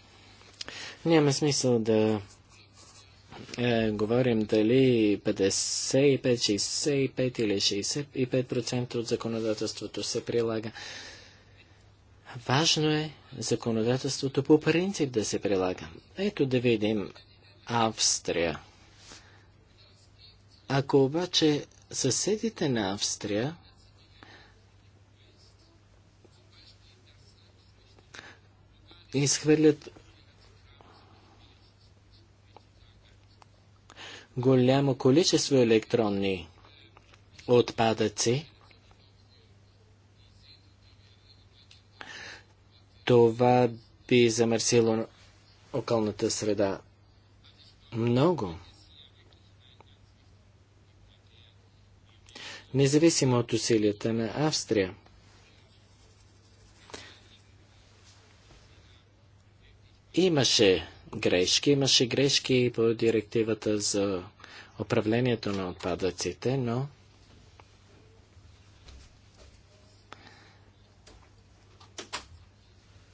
Няма смисъл да е, говорим дали 55, 65 или 65% от законодателството се прилага. Важно е законодателството по принцип да се прилага. Ето да видим Австрия. Ако обаче съседите на Австрия изхвърлят голямо количество електронни отпадъци. Това би замърсило околната среда много. Независимо от усилията на Австрия. Имаше грешки. Имаше грешки по директивата за управлението на отпадъците, но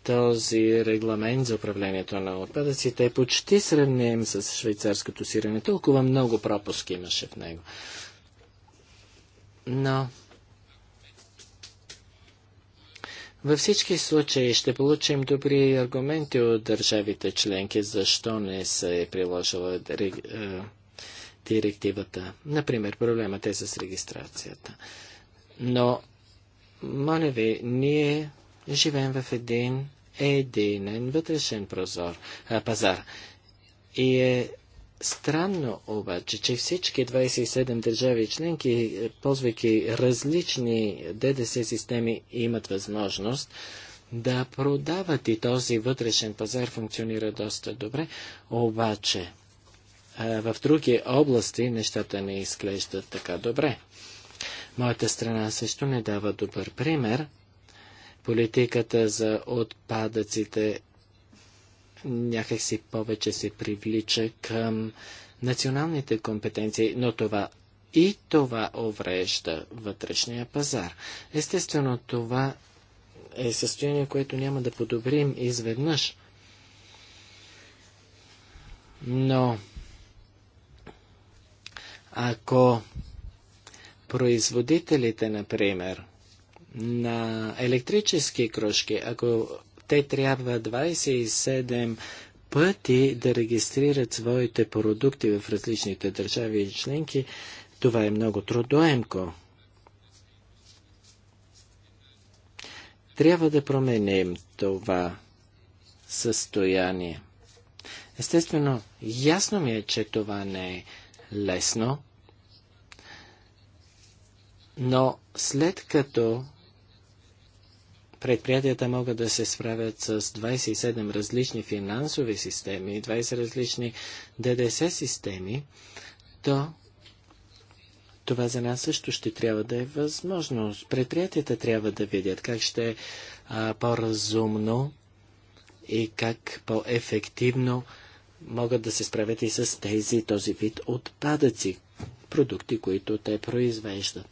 този регламент за управлението на отпадъците е почти сравним с швейцарското сирене. Толкова много пропуски имаше в него. Но Във всички случаи ще получим добри аргументи от държавите членки, защо не се е приложила е, директивата. Например, проблемът е с регистрацията. Но, моля ви, ние живеем в един единен вътрешен прозор, а, пазар. И е Странно обаче, че всички 27 държави членки, ползвайки различни ДДС системи, имат възможност да продават и този вътрешен пазар функционира доста добре, обаче в други области нещата не изглеждат така добре. Моята страна също не дава добър пример. Политиката за отпадъците някакси повече се привлича към националните компетенции, но това и това уврежда вътрешния пазар. Естествено, това е състояние, което няма да подобрим изведнъж. Но ако производителите, например, на електрически кружки, ако те трябва 27 пъти да регистрират своите продукти в различните държави и членки. Това е много трудоемко. Трябва да променим това състояние. Естествено, ясно ми е, че това не е лесно, но след като предприятията могат да се справят с 27 различни финансови системи, 20 различни ДДС системи, то това за нас също ще трябва да е възможно. Предприятията трябва да видят как ще е по-разумно и как по-ефективно могат да се справят и с тези, този вид отпадъци, продукти, които те произвеждат.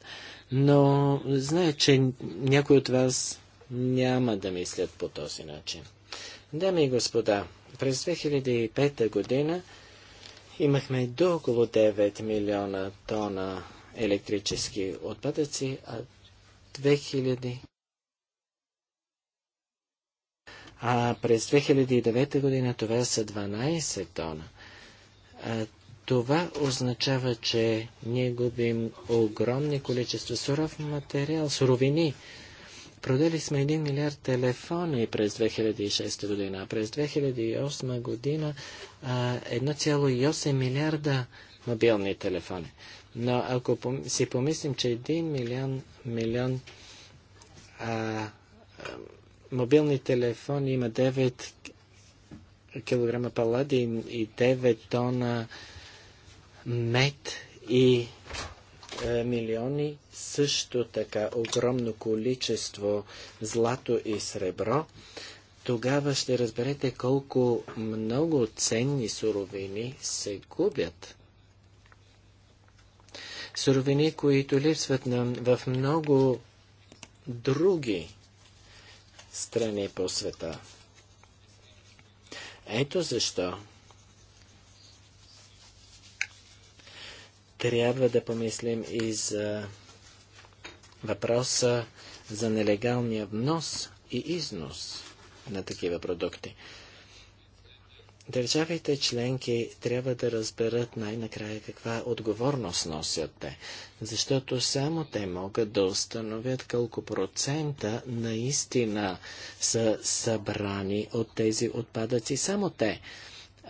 Но знае, че някои от вас няма да мислят по този начин. Дами и господа, през 2005 година имахме до около 9 милиона тона електрически отпадъци, а 2000... А през 2009 година това са 12 тона. А, това означава, че ние губим огромни количества суров материал, суровини. Продали сме 1 милиард телефони през 2006 година, а през 2008 година 1,8 милиарда мобилни телефони. Но ако си помислим, че 1 милион, милион а, а, мобилни телефони има 9 кг палади и 9 тона мед и милиони, също така огромно количество злато и сребро, тогава ще разберете колко много ценни суровини се губят. Суровини, които липсват нам в много други страни по света. Ето защо трябва да помислим и за въпроса за нелегалния внос и износ на такива продукти. Държавите членки трябва да разберат най-накрая каква отговорност носят те, защото само те могат да установят колко процента наистина са събрани от тези отпадъци. Само те.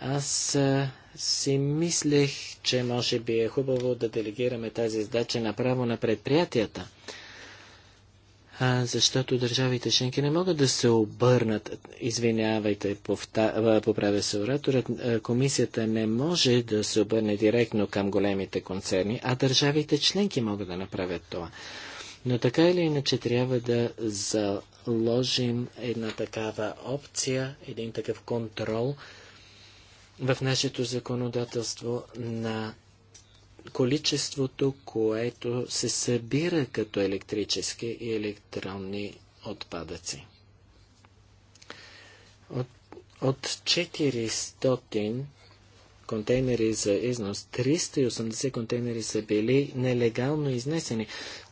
Аз си мислех, че може би е хубаво да делегираме тази задача направо на предприятията. А, защото държавите членки не могат да се обърнат, извинявайте, повта, поправя се ораторът, комисията не може да се обърне директно към големите концерни, а държавите членки могат да направят това. Но така или иначе трябва да заложим една такава опция, един такъв контрол, в нашето законодателство на количеството, което се събира като електрически и електронни отпадъци. От, от 400 контейнери за износ, 380 контейнери са били нелегално изнесени.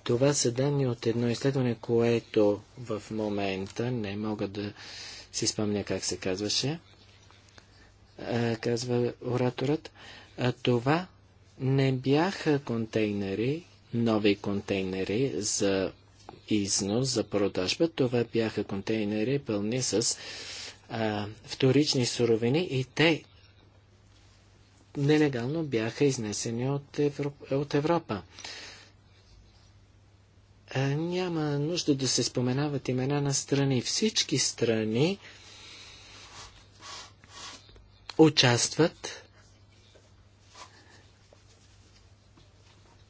Това са данни от едно изследване, което в момента не мога да си спомня как се казваше казва ораторът. Това не бяха контейнери, нови контейнери за износ, за продажба. Това бяха контейнери пълни с а, вторични суровини и те нелегално бяха изнесени от, Европа. От Европа. А, няма нужда да се споменават имена на страни. Всички страни участват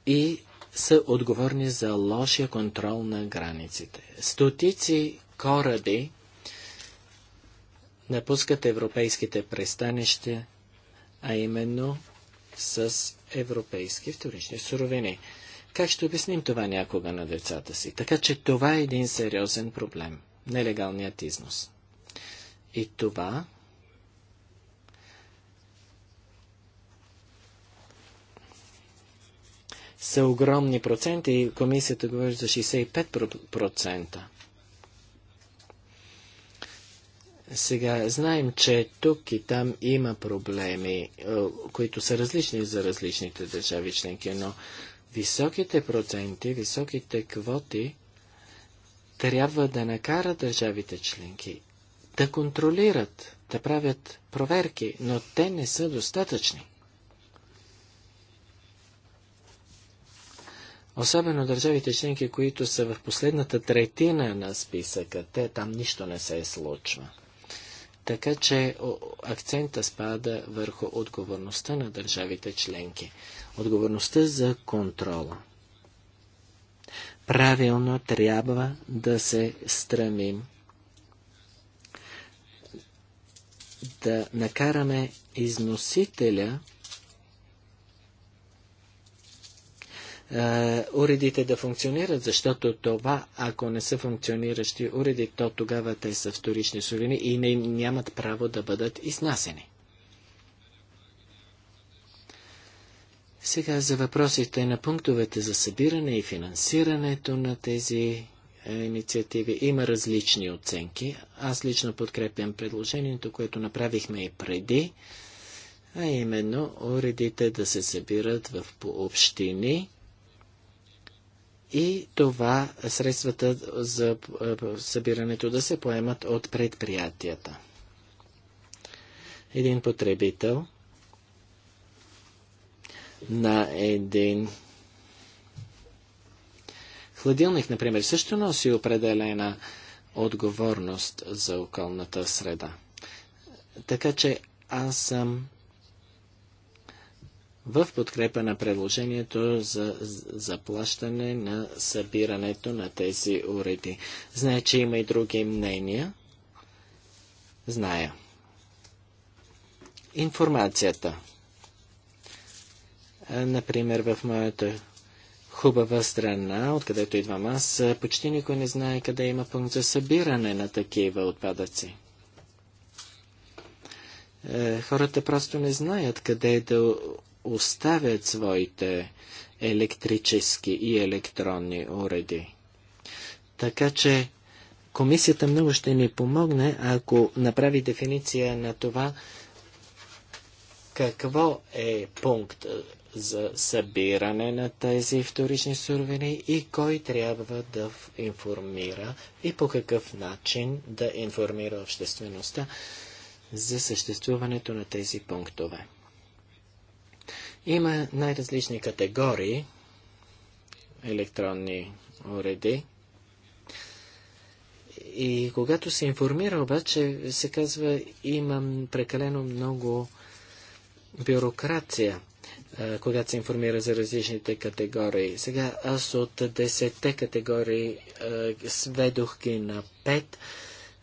и са отговорни за лошия контрол на границите. Стотици кораби напускат европейските пристанища, а именно с европейски вторични суровини. Как ще обясним това някога на децата си? Така че това е един сериозен проблем – нелегалният износ. И това са огромни проценти и комисията говори за 65%. Сега знаем, че тук и там има проблеми, е, които са различни за различните държави членки, но високите проценти, високите квоти трябва да накарат държавите членки да контролират, да правят проверки, но те не са достатъчни. Особено държавите членки, които са в последната третина на списъка, те там нищо не се случва. Така че акцента спада върху отговорността на държавите членки. Отговорността за контрола. Правилно трябва да се стремим да накараме износителя Е, уредите да функционират, защото това, ако не са функциониращи уреди, то тогава те са вторични суровини и не, нямат право да бъдат изнасени. Сега за въпросите на пунктовете за събиране и финансирането на тези е, инициативи има различни оценки. Аз лично подкрепям предложението, което направихме и преди, а именно уредите да се събират в общини и това средствата за е, събирането да се поемат от предприятията. Един потребител на един хладилник, например, също носи определена отговорност за околната среда. Така че аз съм в подкрепа на предложението за заплащане на събирането на тези уреди. Знае, че има и други мнения. Зная. Информацията. Например, в моята хубава страна, откъдето идвам аз, почти никой не знае къде има пункт за събиране на такива отпадъци. Е, хората просто не знаят къде да оставят своите електрически и електронни уреди. Така че комисията много ще ни помогне, ако направи дефиниция на това какво е пункт за събиране на тези вторични суровини и кой трябва да информира и по какъв начин да информира обществеността за съществуването на тези пунктове. Има най-различни категории електронни уреди. И когато се информира, обаче, се казва, имам прекалено много бюрокрация, когато се информира за различните категории. Сега аз от 10 категории сведох ги на 5,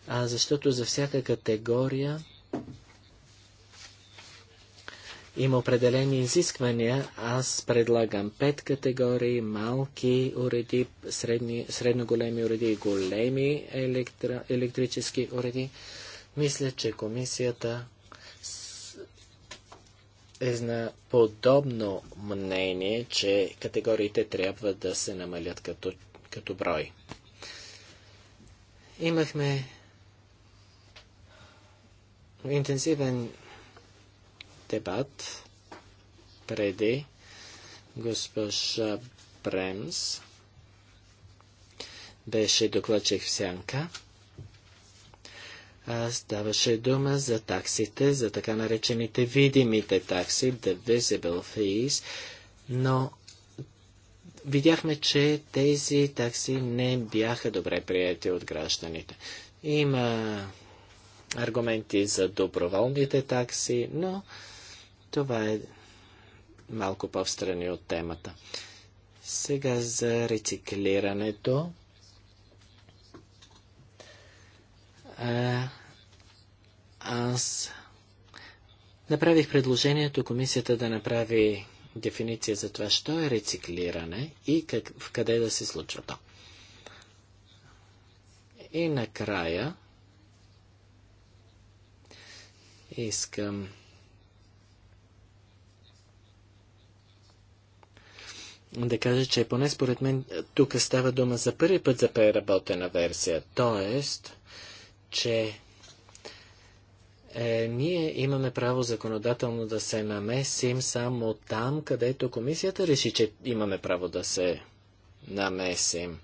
а, защото за всяка категория има определени изисквания. Аз предлагам пет категории, малки уреди, средни, средно големи уреди и големи електро, електрически уреди. Мисля, че комисията е на подобно мнение, че категориите трябва да се намалят като, като брой. Имахме интензивен дебат преди госпожа Бремс беше докладчик в Сянка. А ставаше дума за таксите, за така наречените видимите такси, the visible fees, но видяхме, че тези такси не бяха добре прияти от гражданите. Има аргументи за доброволните такси, но това е малко по-встрани от темата. Сега за рециклирането. А, аз направих предложението комисията да направи дефиниция за това, що е рециклиране и как, в къде да се случва то. И накрая искам да кажа, че поне според мен е, тук става дума за първи път за преработена версия. Тоест, че е, ние имаме право законодателно да се намесим само там, където комисията реши, че имаме право да се намесим.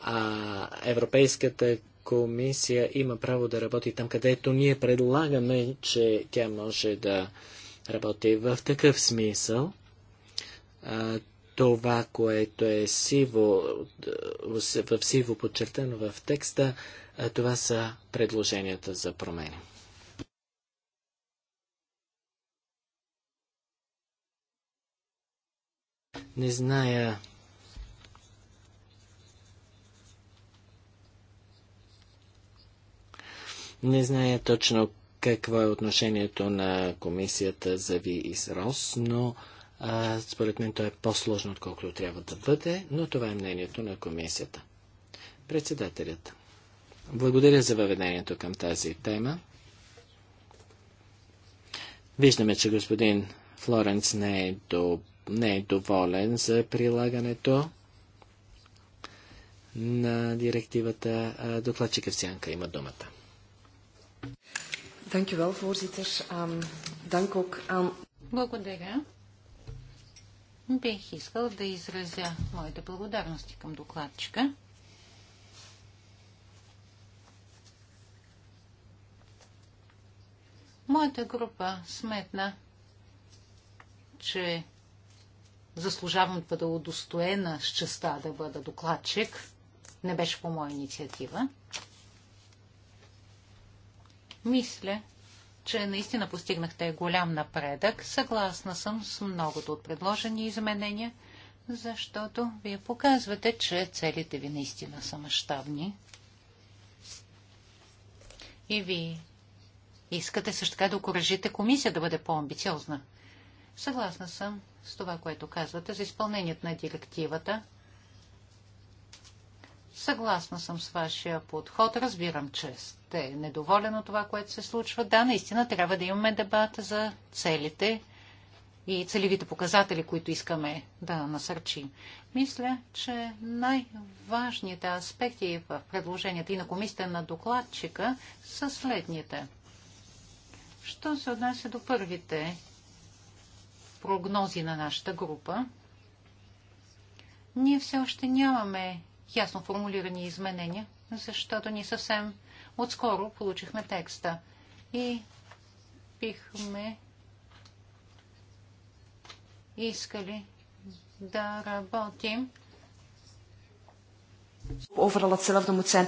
А Европейската комисия има право да работи там, където ние предлагаме, че тя може да работи в такъв смисъл а, това, което е сиво, в сиво подчертано в текста, а, това са предложенията за промени. Не зная Не зная точно какво е отношението на комисията за с РОС, но а, според мен то е по-сложно, отколкото трябва да бъде, но това е мнението на комисията. Председателят. Благодаря за въведението към тази тема. Виждаме, че господин Флоренц не е, до... не е доволен за прилагането на директивата. Докладчика в сянка има думата. Ehm, Благодаря бих искал да изразя моите благодарности към докладчика. Моята група сметна, че заслужавам да бъда удостоена с честа да бъда докладчик. Не беше по моя инициатива. Мисля, че наистина постигнахте голям напредък. Съгласна съм с многото от предложени изменения, защото вие показвате, че целите ви наистина са мащабни. И ви искате също така да окоръжите комисия да бъде по-амбициозна. Съгласна съм с това, което казвате за изпълнението на директивата. Съгласна съм с вашия подход. Разбирам, че е недоволен от това, което се случва. Да, наистина трябва да имаме дебат за целите и целевите показатели, които искаме да насърчим. Мисля, че най-важните аспекти в предложенията и на комисията на докладчика са следните. Що се отнася до първите прогнози на нашата група, ние все още нямаме ясно формулирани изменения, защото ние съвсем Отскоро получихме текста и бихме искали да работим. Overal hetzelfde moet zijn.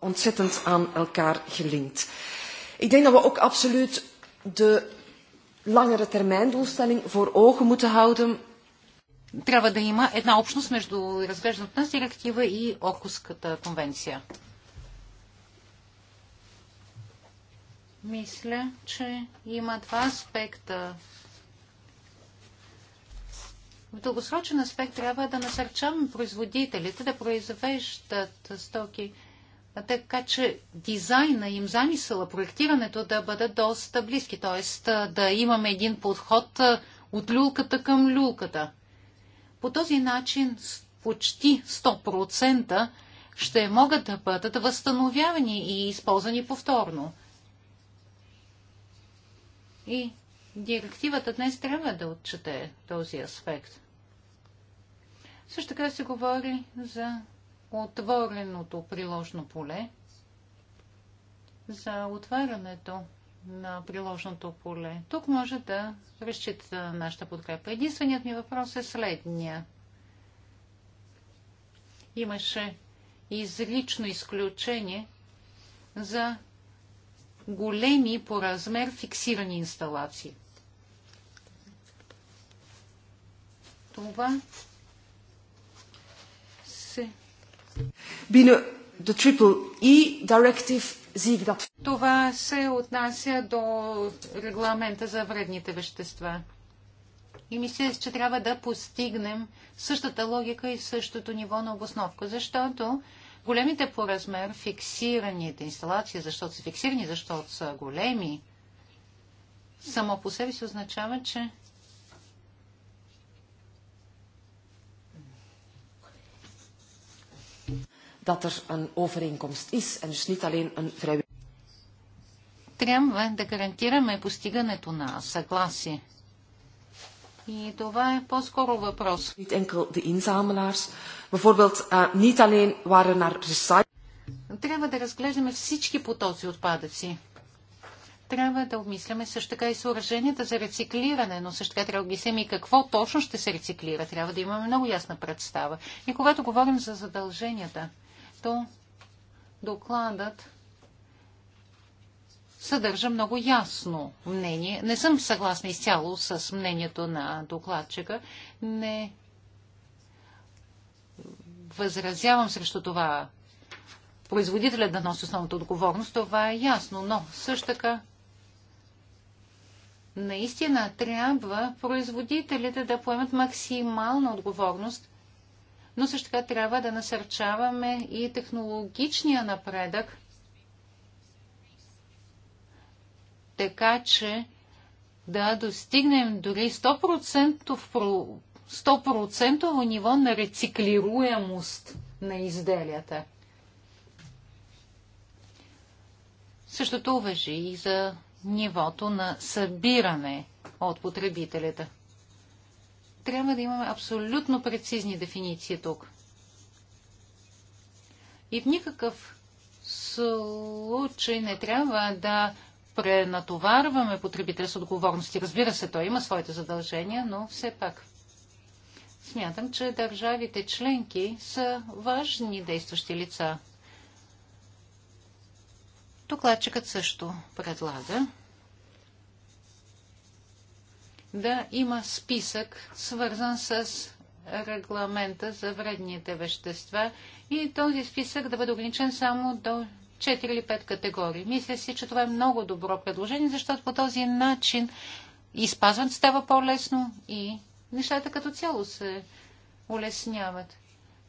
Ontzettend aan elkaar gelinkt. Ik denk dat we ook absoluut de langere termijn doelstelling voor ogen moeten houden. Трябва да има една общност между разглежданата нас директива и Оркуската конвенция. Мисля, че има два аспекта. В дългосрочен аспект трябва да насърчаваме производителите да произвеждат стоки, така че дизайна им, замисъла, проектирането да бъдат доста близки, т.е. да имаме един подход от люлката към люлката. По този начин почти 100% ще могат да бъдат възстановявани и използвани повторно. И директивата днес трябва да отчете този аспект. Също така се говори за отвореното приложно поле, за отварянето на приложното поле. Тук може да разчита нашата подкрепа. Единственият ми въпрос е следния. Имаше изрично изключение за големи по размер фиксирани инсталации. Това се... Бина, the triple E directive Това се отнася до регламента за вредните вещества. И мисля, че трябва да постигнем същата логика и същото ниво на обосновка, защото големите по размер фиксираните инсталации, защото са фиксирани, защото са големи, само по себе си означава, че dat er een overeenkomst is en dus niet alleen een vrijwillig. Трябва да гарантираме постигането на съгласие. И това е по-скоро въпрос. Eh, er трябва да разглеждаме всички потоци отпадъци. Трябва да обмисляме също така и съоръженията за рециклиране, но също така трябва да обмислим и какво точно ще се рециклира. Трябва да имаме много ясна представа. И когато говорим за задълженията, то докладът съдържа много ясно мнение. Не съм съгласна изцяло с мнението на докладчика. Не възразявам срещу това производителя да носи основната отговорност. Това е ясно, но също така наистина трябва производителите да поемат максимална отговорност, но също така трябва да насърчаваме и технологичния напредък – така че да достигнем дори 100%, 100 ниво на рециклируемост на изделията. Същото уважи и за нивото на събиране от потребителите. Трябва да имаме абсолютно прецизни дефиниции тук. И в никакъв случай не трябва да пренатоварваме потребителя с отговорности. Разбира се, той има своите задължения, но все пак смятам, че държавите членки са важни действащи лица. Докладчикът също предлага да има списък, свързан с регламента за вредните вещества и този списък да бъде ограничен само до 4 или 5 категории. Мисля си, че това е много добро предложение, защото по този начин изпазването става по-лесно и нещата като цяло се улесняват.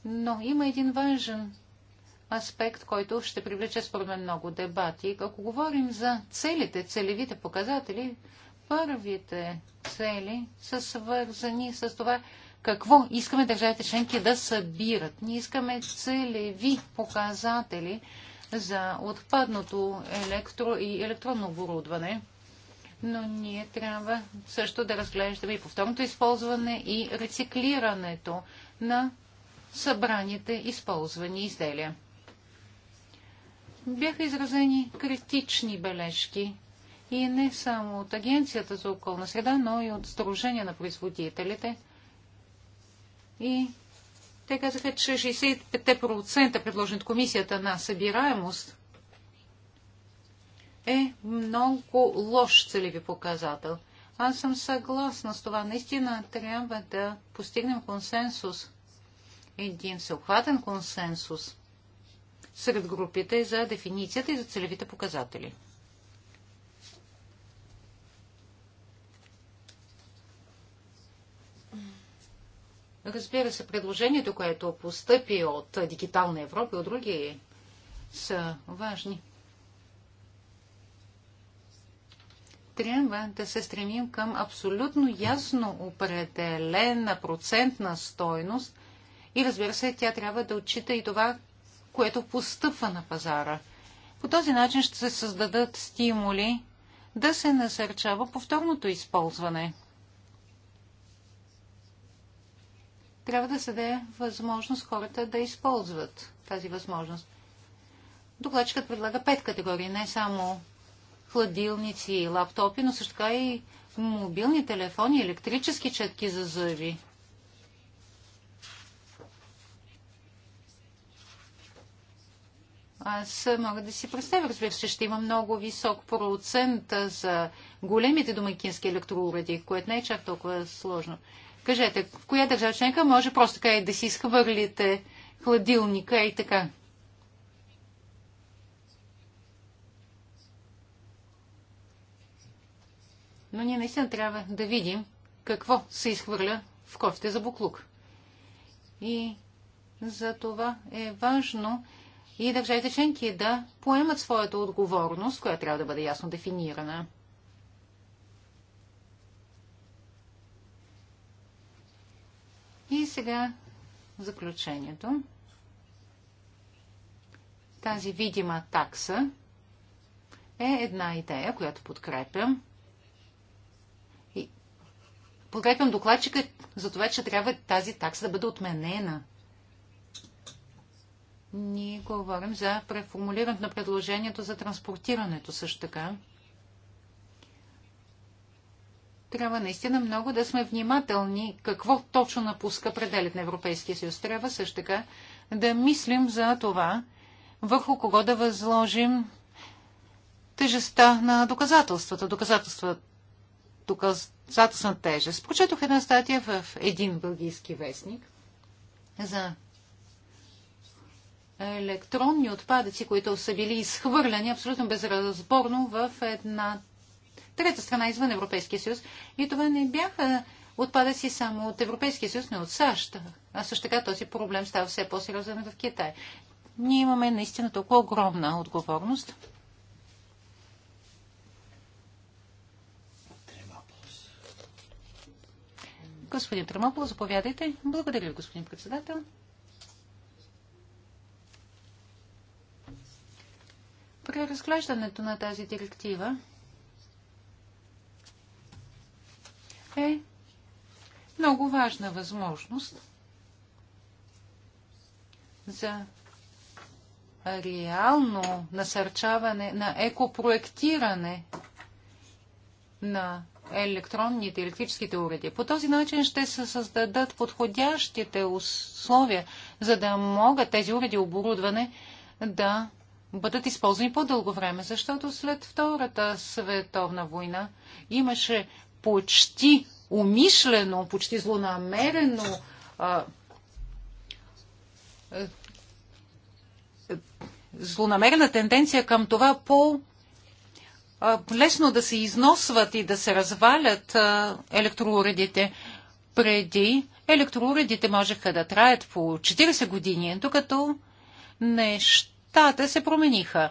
Но има един важен аспект, който ще привлече според мен много дебати. Ако говорим за целите, целевите показатели, първите цели са свързани с това, какво искаме държавите членки да събират. Ние искаме целеви показатели, за отпадното електро и електронно оборудване. Но ние трябва също да разглеждаме и повторното използване и рециклирането на събраните използвани изделия. Бяха изразени критични бележки и не само от Агенцията за околна среда, но и от Сдружение на производителите и те казаха, че 65% предложен от комисията на събираемост е много лош целеви показател. Аз съм съгласна с това. Наистина трябва да постигнем консенсус, един всеобхватен консенсус сред групите за дефиницията и за целевите показатели. Разбира се, предложението, което постъпи от Дигитална Европа и от други, са важни. Трябва да се стремим към абсолютно ясно определена процентна стойност и разбира се, тя трябва да отчита и това, което постъпва на пазара. По този начин ще се създадат стимули да се насърчава повторното използване – трябва да се даде възможност хората да използват тази възможност. Докладчикът предлага пет категории, не само хладилници и лаптопи, но също така и мобилни телефони, електрически четки за зъби. Аз мога да си представя, разбира се, ще има много висок процент за големите домакински електроуреди, което не е чак толкова сложно. Кажете, в коя държава членка може просто така и да си изхвърлите хладилника и така? Но ние наистина трябва да видим какво се изхвърля в кофите за буклук. И за това е важно и държавите членки да поемат своята отговорност, която трябва да бъде ясно дефинирана. И сега заключението. Тази видима такса е една идея, която подкрепям. И подкрепям докладчика за това, че трябва тази такса да бъде отменена. Ние говорим за преформулирането на предложението за транспортирането също така трябва наистина много да сме внимателни какво точно напуска пределят на Европейския съюз. Трябва също така да мислим за това, върху кого да възложим тежестта на доказателствата. Доказателства, доказателствата тежест. Прочетох една статия в един бългийски вестник за електронни отпадъци, които са били изхвърляни абсолютно безразборно в една трета страна извън Европейския съюз. И това не бяха отпадъци само от Европейския съюз, но от САЩ. А също така този проблем става все по-сериозен в Китай. Ние имаме наистина толкова огромна отговорност. Господин Тремопол, заповядайте. Благодаря, ви, господин председател. При разглеждането на тази директива е много важна възможност за реално насърчаване на екопроектиране на електронните и електрическите уреди. По този начин ще се създадат подходящите условия, за да могат тези уреди оборудване да бъдат използвани по-дълго време, защото след Втората световна война имаше почти умишлено, почти злонамерено е, е, злонамерена тенденция към това по лесно да се износват и да се развалят електроуредите. Преди електроуредите можеха да траят по 40 години, докато нещата се промениха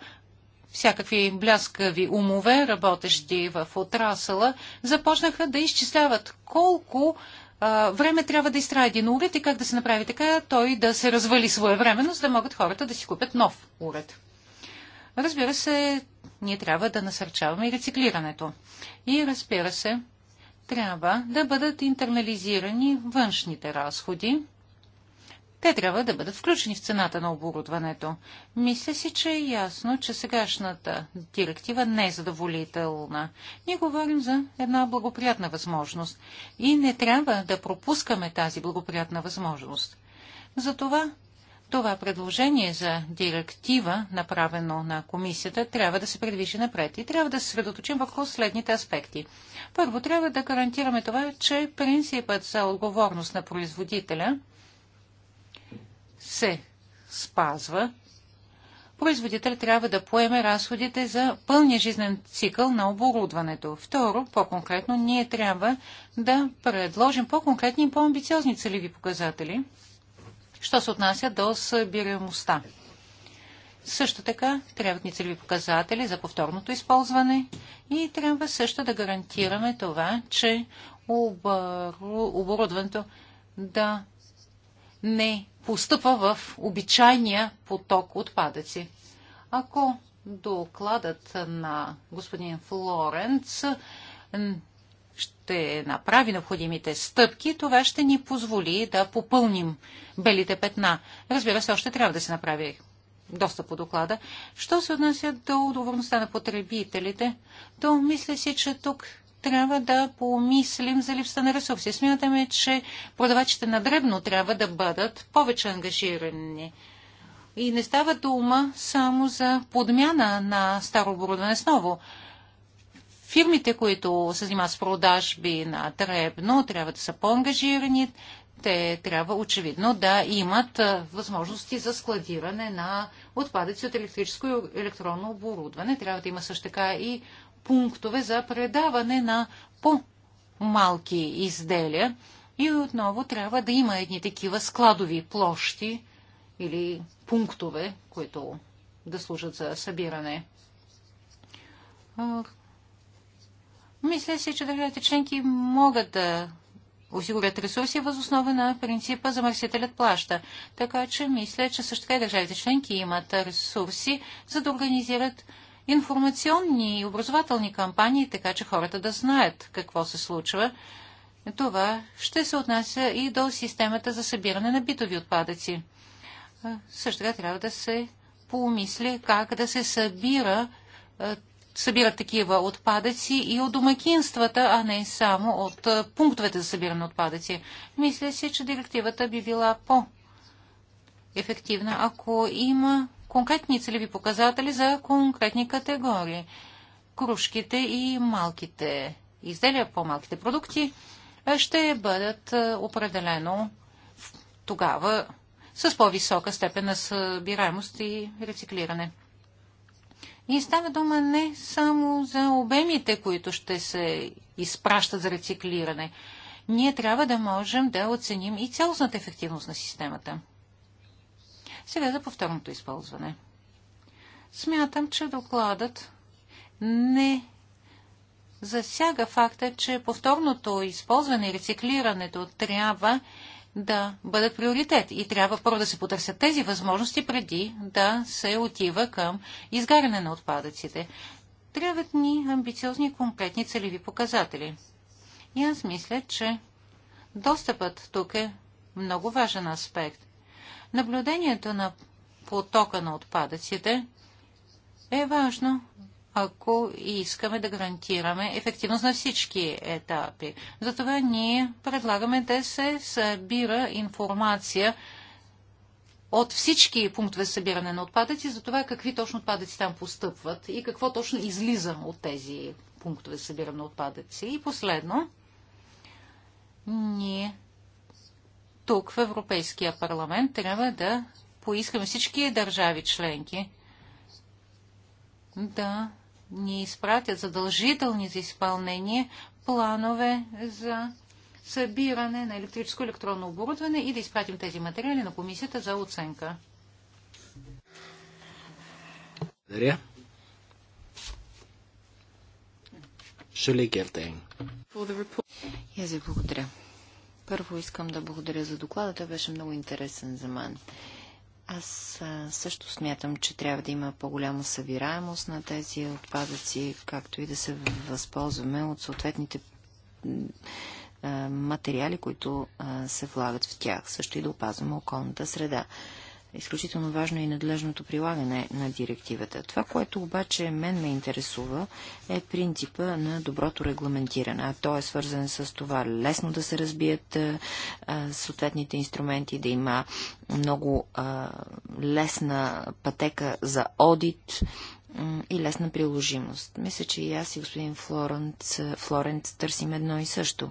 всякакви бляскави умове, работещи в отрасъла, започнаха да изчисляват колко а, време трябва да изтрае един уред и как да се направи така той да се развали своевременно, за да могат хората да си купят нов уред. Разбира се, ние трябва да насърчаваме и рециклирането. И разбира се, трябва да бъдат интернализирани външните разходи, те трябва да бъдат включени в цената на оборудването. Мисля си, че е ясно, че сегашната директива не е задоволителна. Ние говорим за една благоприятна възможност и не трябва да пропускаме тази благоприятна възможност. Затова това предложение за директива, направено на комисията, трябва да се предвижи напред и трябва да се средоточим върху следните аспекти. Първо, трябва да гарантираме това, че принципът за отговорност на производителя се спазва, производител трябва да поеме разходите за пълния жизнен цикъл на оборудването. Второ, по-конкретно, ние трябва да предложим по-конкретни и по-амбициозни целеви показатели, що се отнася до събираемостта. Също така трябват ни целеви показатели за повторното използване и трябва също да гарантираме това, че оборудването да не постъпва в обичайния поток отпадъци. Ако докладът на господин Флоренц ще направи необходимите стъпки, това ще ни позволи да попълним белите петна. Разбира се, още трябва да се направи доста по доклада. Що се отнася до удоволността на потребителите, то мисля си, че тук трябва да помислим за липса на ресурси. Смятаме, че продавачите на дребно трябва да бъдат повече ангажирани. И не става дума само за подмяна на старо оборудване с ново. Фирмите, които се занимават с продажби на дребно, трябва да са по-ангажирани. Те трябва очевидно да имат възможности за складиране на отпадъци от електрическо и електронно оборудване. Трябва да има също така и пунктове за предаване на по-малки изделия. И отново трябва да има едни такива складови площи или пунктове, които да служат за събиране. Мисля си, че държавите членки могат да осигурят ресурси въз основа на принципа замърсителят плаща. Така че мисля, че също така и държавите членки имат ресурси, за да организират информационни и образователни кампании, така че хората да знаят какво се случва. Това ще се отнася и до системата за събиране на битови отпадъци. Също така трябва да се помисли как да се събира, събират такива отпадъци и от домакинствата, а не само от пунктовете за събиране на отпадъци. Мисля си, че директивата би била по-ефективна, ако има конкретни целеви показатели за конкретни категории. Кружките и малките изделия, по-малките продукти ще бъдат определено тогава с по-висока степен на събираемост и рециклиране. И става дума не само за обемите, които ще се изпращат за рециклиране. Ние трябва да можем да оценим и цялостната ефективност на системата. Сега за повторното използване. Смятам, че докладът не засяга факта, че повторното използване и рециклирането трябва да бъдат приоритет и трябва първо да се потърсят тези възможности преди да се отива към изгаряне на отпадъците. Трябват ни амбициозни и конкретни целеви показатели. И аз мисля, че достъпът тук е много важен аспект. Наблюдението на потока на отпадъците е важно, ако искаме да гарантираме ефективност на всички етапи. Затова ние предлагаме да се събира информация от всички пунктове събиране на отпадъци за това какви точно отпадъци там постъпват и какво точно излиза от тези пунктове събиране на отпадъци. И последно, ние тук в Европейския парламент трябва да поискаме всички държави членки да ни изпратят задължителни за изпълнение планове за събиране на електрическо електронно оборудване и да изпратим тези материали на комисията за оценка. Благодаря. Шули Гертейн. благодаря първо искам да благодаря за доклада. Той беше много интересен за мен. Аз също смятам, че трябва да има по-голяма събираемост на тези отпадъци, както и да се възползваме от съответните материали, които се влагат в тях. Също и да опазваме околната среда изключително важно е и надлежното прилагане на директивата. Това, което обаче мен ме интересува, е принципа на доброто регламентиране, а то е свързан с това лесно да се разбият а, съответните инструменти, да има много а, лесна пътека за одит, и лесна приложимост. Мисля, че и аз и господин Флоренц, Флоренц търсим едно и също.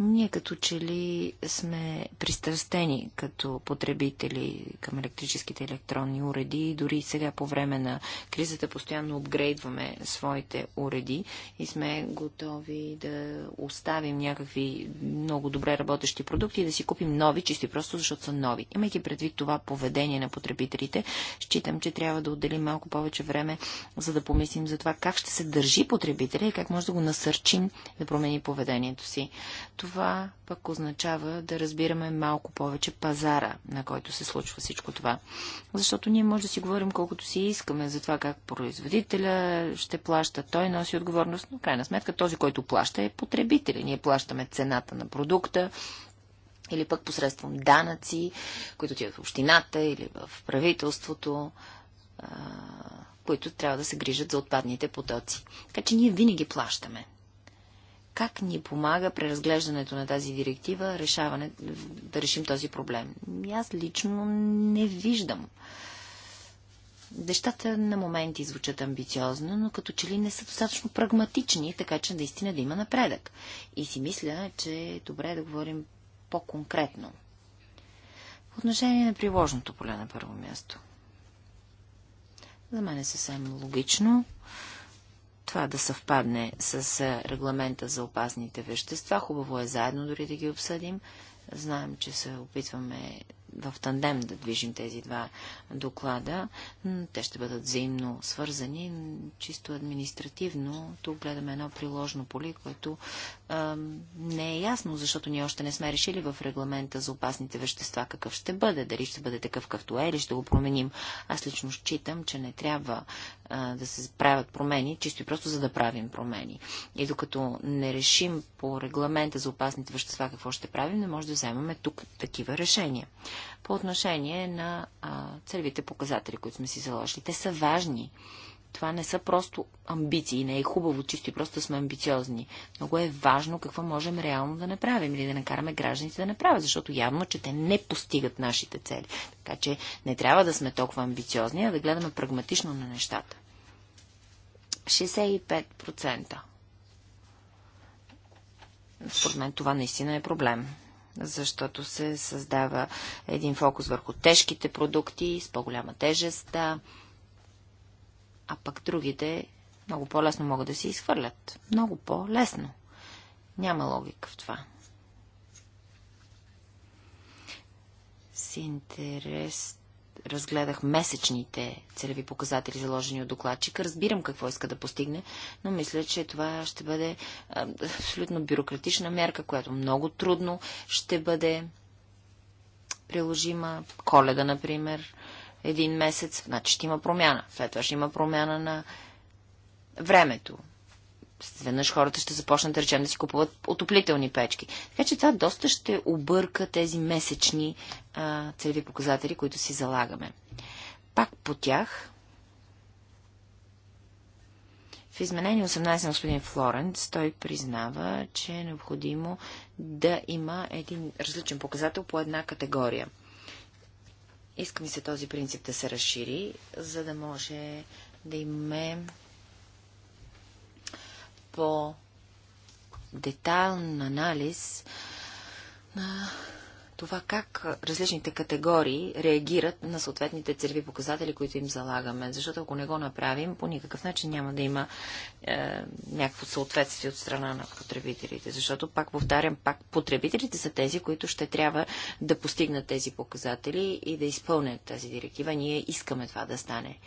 Ние като че ли сме пристрастени като потребители към електрическите електронни уреди. Дори сега по време на кризата постоянно апгрейдваме своите уреди и сме готови да оставим някакви много добре работещи продукти и да си купим нови, чисто и просто защото са нови. Имайки предвид това поведение на потребителите, считам, че трябва да отделим малко повече време, за да помислим за това как ще се държи потребителя и как може да го насърчим да промени поведението си това пък означава да разбираме малко повече пазара, на който се случва всичко това. Защото ние може да си говорим колкото си искаме за това как производителя ще плаща, той носи отговорност, но крайна сметка този, който плаща е потребителя. Ние плащаме цената на продукта, или пък посредством данъци, които отиват в общината или в правителството, които трябва да се грижат за отпадните потоци. Така че ние винаги плащаме. Как ни помага преразглеждането на тази директива решаване, да решим този проблем? Аз лично не виждам. Дещата на моменти звучат амбициозно, но като че ли не са достатъчно прагматични, така че наистина да има напредък. И си мисля, че е добре да говорим по-конкретно. По отношение на приложното поле на първо място. За мен е съвсем логично това да съвпадне с регламента за опасните вещества. Хубаво е заедно дори да ги обсъдим. Знаем, че се опитваме в тандем да движим тези два доклада. Те ще бъдат взаимно свързани. Чисто административно, тук гледаме едно приложно поле, което а, не е ясно, защото ние още не сме решили в регламента за опасните вещества какъв ще бъде, дали ще бъде такъв както е или ще го променим. Аз лично считам, че не трябва а, да се правят промени, чисто и просто за да правим промени. И докато не решим по регламента за опасните вещества какво ще правим, не може да вземаме тук такива решения. По отношение на а, целевите показатели, които сме си заложили, те са важни. Това не са просто амбиции. Не е хубаво, чисто и просто сме амбициозни. Много е важно какво можем реално да направим или да накараме гражданите да направят, защото явно, че те не постигат нашите цели. Така че не трябва да сме толкова амбициозни, а да гледаме прагматично на нещата. 65%. Според мен това наистина е проблем защото се създава един фокус върху тежките продукти с по-голяма тежест, да, а пък другите много по-лесно могат да се изхвърлят. Много по-лесно. Няма логика в това. С интерес разгледах месечните целеви показатели, заложени от докладчика. Разбирам какво иска да постигне, но мисля, че това ще бъде абсолютно бюрократична мерка, която много трудно ще бъде приложима. Коледа, например, един месец, значи ще има промяна. След това ще има промяна на времето. Веднъж хората ще започнат, да речем, да си купуват отоплителни печки. Така че това доста ще обърка тези месечни а, целеви показатели, които си залагаме. Пак по тях. В изменение 18 на господин Флоренц той признава, че е необходимо да има един различен показател по една категория. Иска ми се този принцип да се разшири, за да може да имаме по детайлен анализ на това как различните категории реагират на съответните целеви показатели, които им залагаме. Защото ако не го направим, по никакъв начин няма да има е, някакво съответствие от страна на потребителите. Защото, пак повтарям, пак потребителите са тези, които ще трябва да постигнат тези показатели и да изпълнят тази директива. Ние искаме това да стане.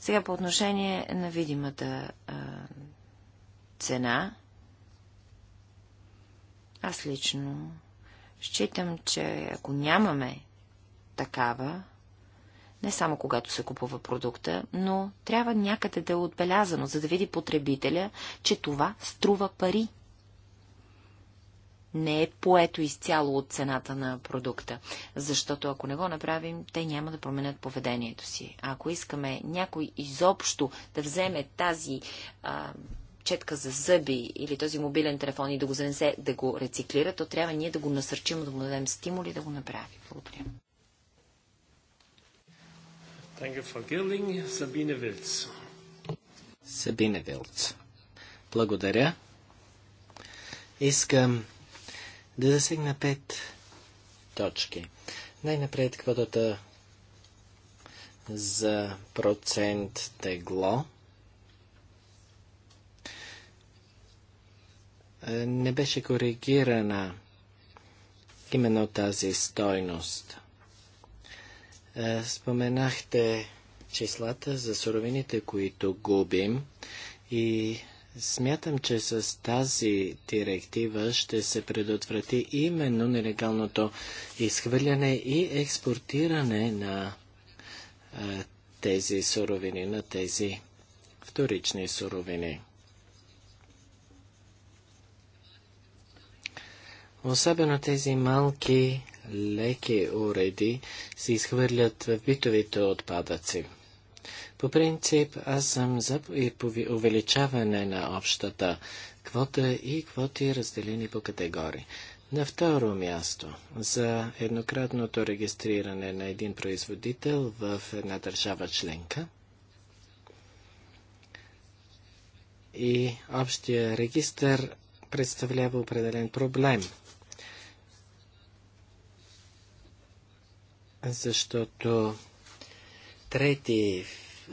Сега по отношение на видимата е, цена, аз лично Считам, че ако нямаме такава, не само когато се купува продукта, но трябва някъде да е отбелязано, за да види потребителя, че това струва пари. Не е поето изцяло от цената на продукта, защото ако не го направим, те няма да променят поведението си. А ако искаме някой изобщо да вземе тази а, четка за зъби или този мобилен телефон и да го занесе, да го рециклира, то трябва ние да го насърчим, да му дадем стимули да го направи. Благодаря. Сабина Вилц. Благодаря. Искам да засегна пет точки. Най-напред квотата за процент тегло. Е, не беше коригирана именно тази стойност. Е, споменахте числата за суровините, които губим и смятам, че с тази директива ще се предотврати именно нелегалното изхвърляне и експортиране на е, тези суровини, на тези вторични суровини. Особено тези малки, леки уреди се изхвърлят в битовите отпадъци. По принцип, аз съм за увеличаване на общата квота и квоти разделени по категории. На второ място, за еднократното регистриране на един производител в една държава членка и общия регистр представлява определен проблем – защото трети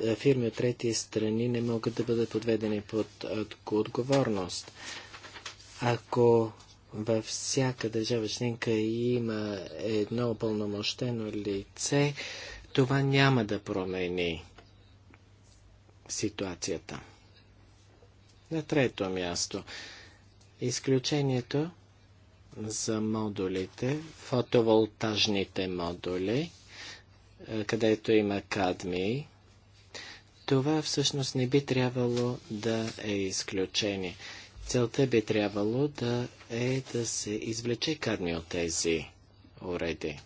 е, фирми от трети страни не могат да бъдат подведени под отговорност. Ако във всяка държава членка има едно опълномощено лице, това няма да промени ситуацията. На трето място. Изключението за модулите, фотоволтажните модули, е, където има кадмии. Това всъщност не би трябвало да е изключение. Целта би трябвало да е да се извлече кадми от тези уреди.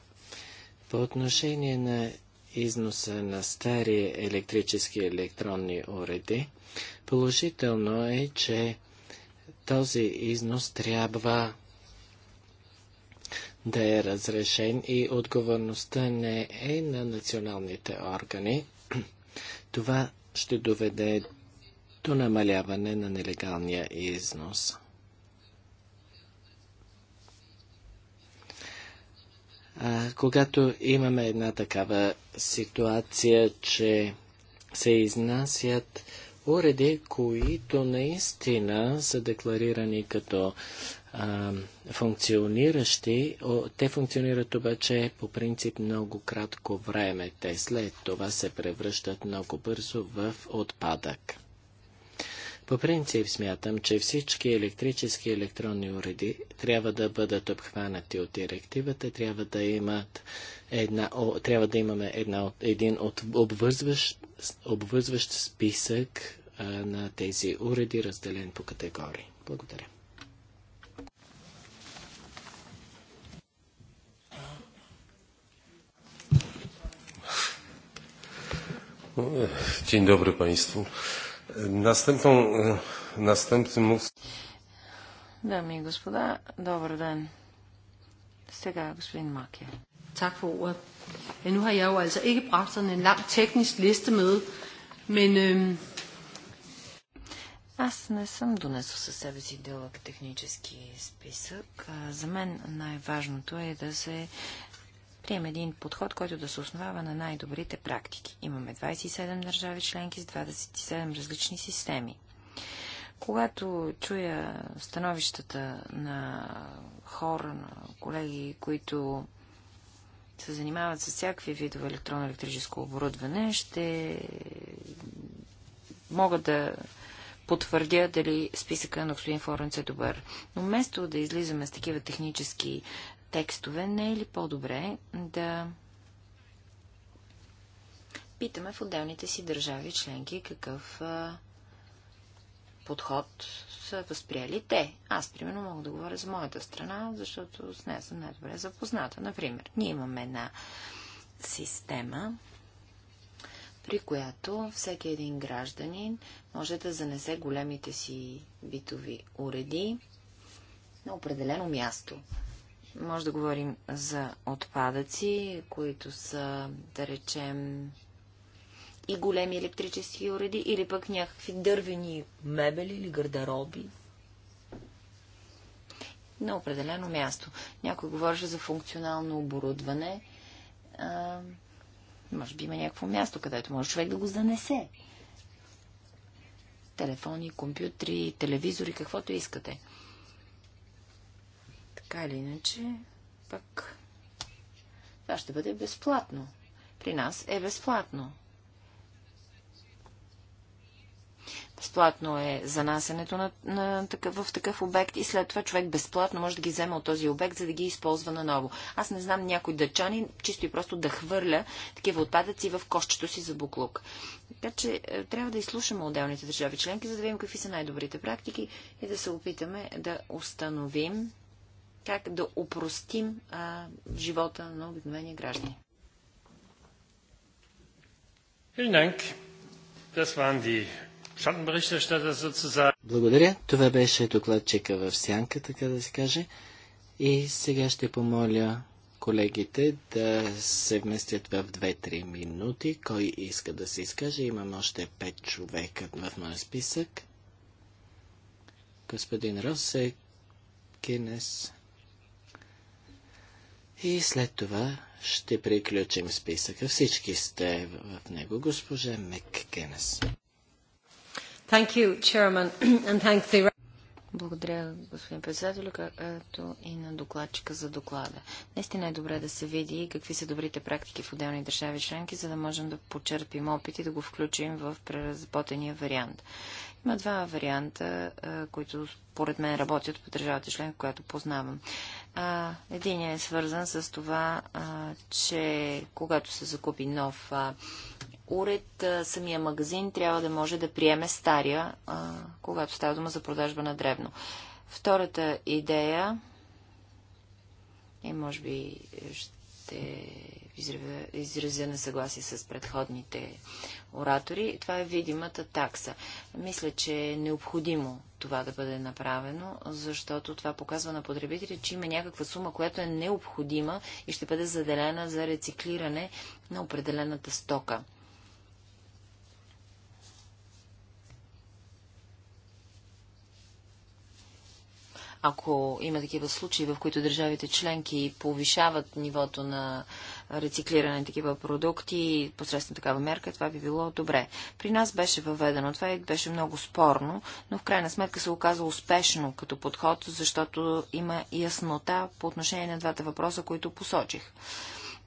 По отношение на износа на стари електрически електронни уреди, положително е, че този износ трябва да е разрешен и отговорността не е на националните органи. <clears throat> Това ще доведе до намаляване на нелегалния износ. А, когато имаме една такава ситуация, че се изнасят уреди, които наистина са декларирани като а, функциониращи. Те функционират обаче по принцип много кратко време. Те след това се превръщат много бързо в отпадък. По принцип смятам, че всички електрически и електронни уреди трябва да бъдат обхванати от директивата, трябва да, имат една, о, трябва да имаме една, един от, обвързващ, обвързващ списък а, на тези уреди, разделен по категории. Благодаря. Dzień dobry Państwu. Następną, następnym mówcą... Дами и господа, добър ден. Сега господин Макия. Tak for ordet. Ja, nu har jeg jo altså ikke bragt sådan en lang teknisk liste med, men... Øhm... Аз не съм донесъл със себе си дълъг технически списък. За мен най-важното е да се прием един подход, който да се основава на най-добрите практики. Имаме 27 държави членки с 27 различни системи. Когато чуя становищата на хора, на колеги, които се занимават с всякакви видове електронно-електрическо оборудване, ще могат да потвърдя дали списъка на господин Форенц е добър. Но вместо да излизаме с такива технически текстове, не е ли по-добре да питаме в отделните си държави членки какъв а, подход са възприели те. Аз, примерно, мога да говоря за моята страна, защото с нея съм най-добре запозната. Например, ние имаме една система, при която всеки един гражданин може да занесе големите си битови уреди на определено място. Може да говорим за отпадъци, които са, да речем, и големи електрически уреди, или пък някакви дървени мебели или гардероби. На определено място. Някой говореше за функционално оборудване. А, може би има някакво място, където може човек да го занесе. Телефони, компютри, телевизори, каквото искате. Така или иначе, пък това ще бъде безплатно. При нас е безплатно. Безплатно е занасенето на, на такъв, в такъв обект и след това човек безплатно може да ги взема от този обект, за да ги използва наново. Аз не знам някой дъчанин чисто и просто да хвърля такива отпадъци в кошчето си за буклук. Така че е, трябва да изслушаме отделните държави членки, за да видим какви са най-добрите практики и да се опитаме да установим как да упростим а, живота на обикновения граждани. Благодаря. Това беше докладчика в сянка, така да се каже. И сега ще помоля колегите да се вместят в 2-3 минути. Кой иска да се изкаже? Имам още 5 човека в моя списък. Господин Росе, Кинес, и след това ще приключим списъка. Всички сте в него. Госпожа Маккенес. The... Благодаря, господин председател, като и на докладчика за доклада. Наистина е добре да се види какви са добрите практики в отделни държави членки, за да можем да почерпим опит и да го включим в преразработения вариант. Има два варианта, които според мен работят по държавата член, която познавам един е свързан с това, а, че когато се закупи нов а, уред, а, самия магазин трябва да може да приеме стария, а, когато става дума за продажба на древно. Втората идея, и е, може би ще изразя несъгласие с предходните оратори. Това е видимата такса. Мисля, че е необходимо това да бъде направено, защото това показва на потребителите, че има някаква сума, която е необходима и ще бъде заделена за рециклиране на определената стока. ако има такива случаи, в които държавите членки повишават нивото на рециклиране на такива продукти посредством такава мерка, това би било добре. При нас беше въведено това и беше много спорно, но в крайна сметка се оказа успешно като подход, защото има яснота по отношение на двата въпроса, които посочих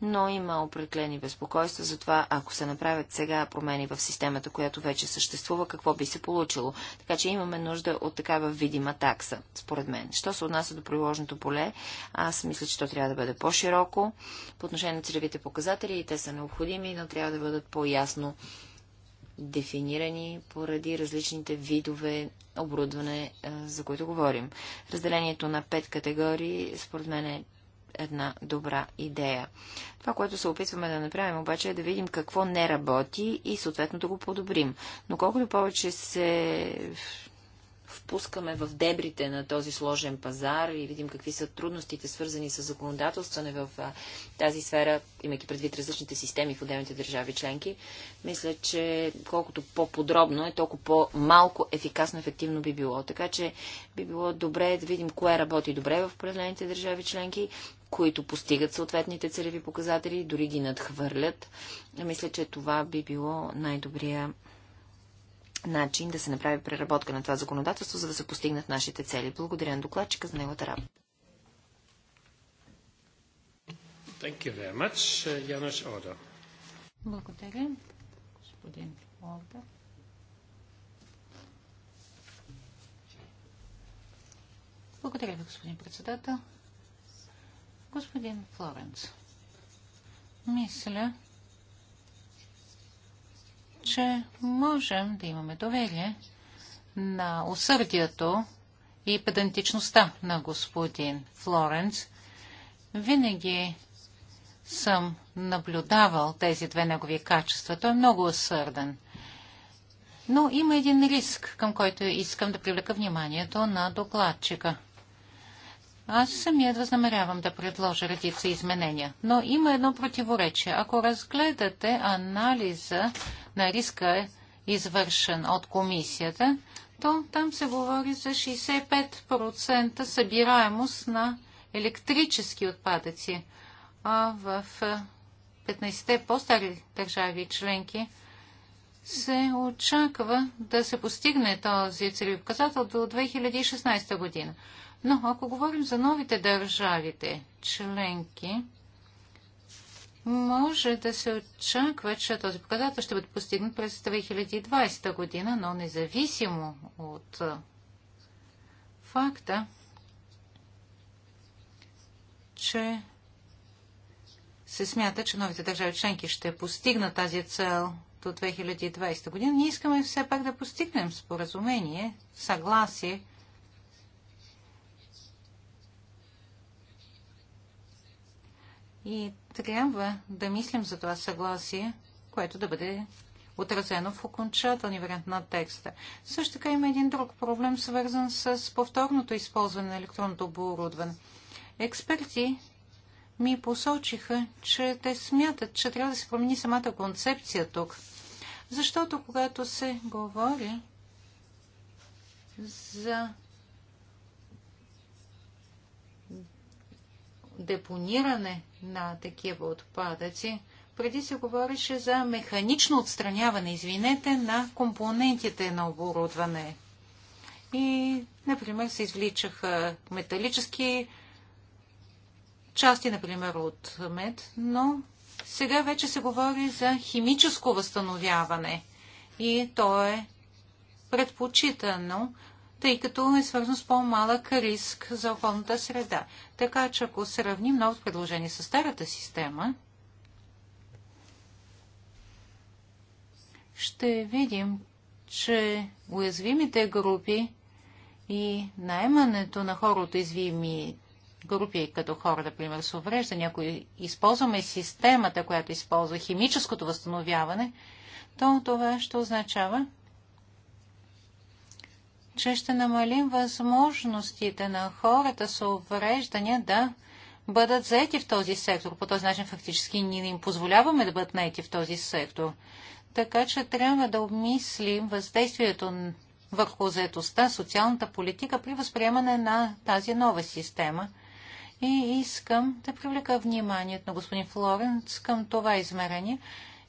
но има определени безпокойства за това, ако се направят сега промени в системата, която вече съществува, какво би се получило. Така че имаме нужда от такава видима такса, според мен. Що се отнася до приложното поле, аз мисля, че то трябва да бъде по-широко. По отношение на целевите показатели, и те са необходими, но трябва да бъдат по-ясно дефинирани поради различните видове оборудване, за които говорим. Разделението на пет категории, според мен, е една добра идея. Това, което се опитваме да направим обаче е да видим какво не работи и съответно да го подобрим. Но колкото повече се впускаме в дебрите на този сложен пазар и видим какви са трудностите, свързани с законодателстване в тази сфера, имайки предвид различните системи в отделните държави членки, мисля, че колкото по-подробно е, толкова по-малко ефикасно, ефективно би било. Така че би било добре да видим кое работи добре в определените държави членки които постигат съответните целеви показатели, дори ги надхвърлят. Мисля, че това би било най-добрия начин да се направи преработка на това законодателство, за да се постигнат нашите цели. Благодаря на докладчика за неговата работа. Благодаря, господин Орда. Благодаря ви, господин председател. Господин Флоренц, мисля, че можем да имаме доверие на усърдието и педантичността на господин Флоренц. Винаги съм наблюдавал тези две негови качества. Той е много усърден. Но има един риск, към който искам да привлека вниманието на докладчика – аз самият възнамерявам да предложа редица изменения, но има едно противоречие. Ако разгледате анализа на риска, извършен от комисията, то там се говори за 65% събираемост на електрически отпадъци. А в 15-те по-стари държави членки се очаква да се постигне този целеви показател до 2016 година. Но ако говорим за новите държавите, членки, може да се очаква, че този показател ще бъде постигнат през 2020 година, но независимо от факта, че се смята, че новите държави членки ще постигнат тази цел до 2020 година, ние искаме все пак да постигнем споразумение, съгласие И трябва да мислим за това съгласие, което да бъде отразено в окончателния вариант на текста. Също така има един друг проблем, свързан с повторното използване на електронното оборудване. Експерти ми посочиха, че те смятат, че трябва да се промени самата концепция тук. Защото когато се говори за депониране на такива отпадъци, преди се говореше за механично отстраняване, извинете, на компонентите на оборудване. И, например, се извличаха металически части, например, от мед, но сега вече се говори за химическо възстановяване. И то е предпочитано тъй като е свързано с по-малък риск за околната среда. Така че ако сравним новото предложение с старата система, ще видим, че уязвимите групи и наемането на хора от уязвими групи, като хора, например, с увреждания, ако използваме системата, която използва химическото възстановяване, то това ще означава, че ще намалим възможностите на хората с увреждания да бъдат заети в този сектор. По този начин фактически ние им позволяваме да бъдат наети в този сектор. Така че трябва да обмислим въздействието върху заетостта, социалната политика при възприемане на тази нова система. И искам да привлека вниманието на господин Флоренц към това измерение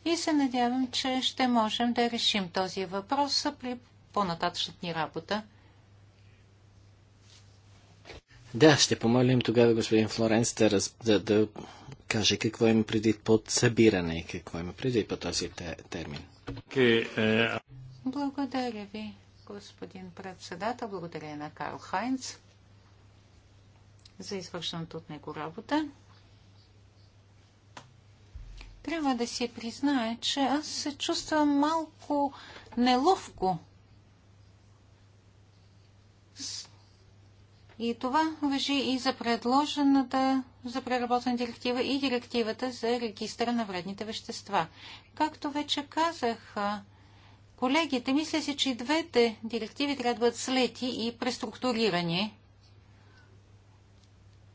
и се надявам, че ще можем да решим този въпрос при по-нататъчната ни работа. Да, ще помолим тогава господин Флоренс да, раз, да, да каже какво има преди под събиране и какво има преди по този термин. Е, Благодаря ви, господин председател. Благодаря на Карл Хайнц за извършената от него работа. Трябва да си призная, че аз се чувствам малко неловко и това въжи и за предложената за преработена директива и директивата за регистра на вредните вещества. Както вече казах, колегите, мисля си, че и двете директиви трябва да бъдат слети и преструктурирани.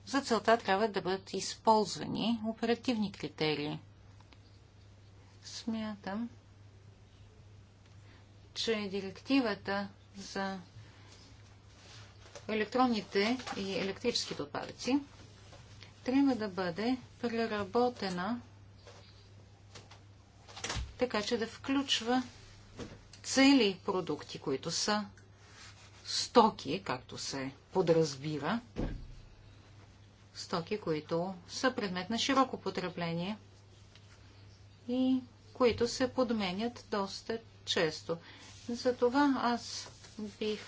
За целта трябва да бъдат използвани оперативни критерии. Смятам, че директивата за електронните и електрическите отпадъци трябва да бъде преработена така, че да включва цели продукти, които са стоки, както се подразбира, стоки, които са предмет на широко потребление и които се подменят доста често. Затова аз бих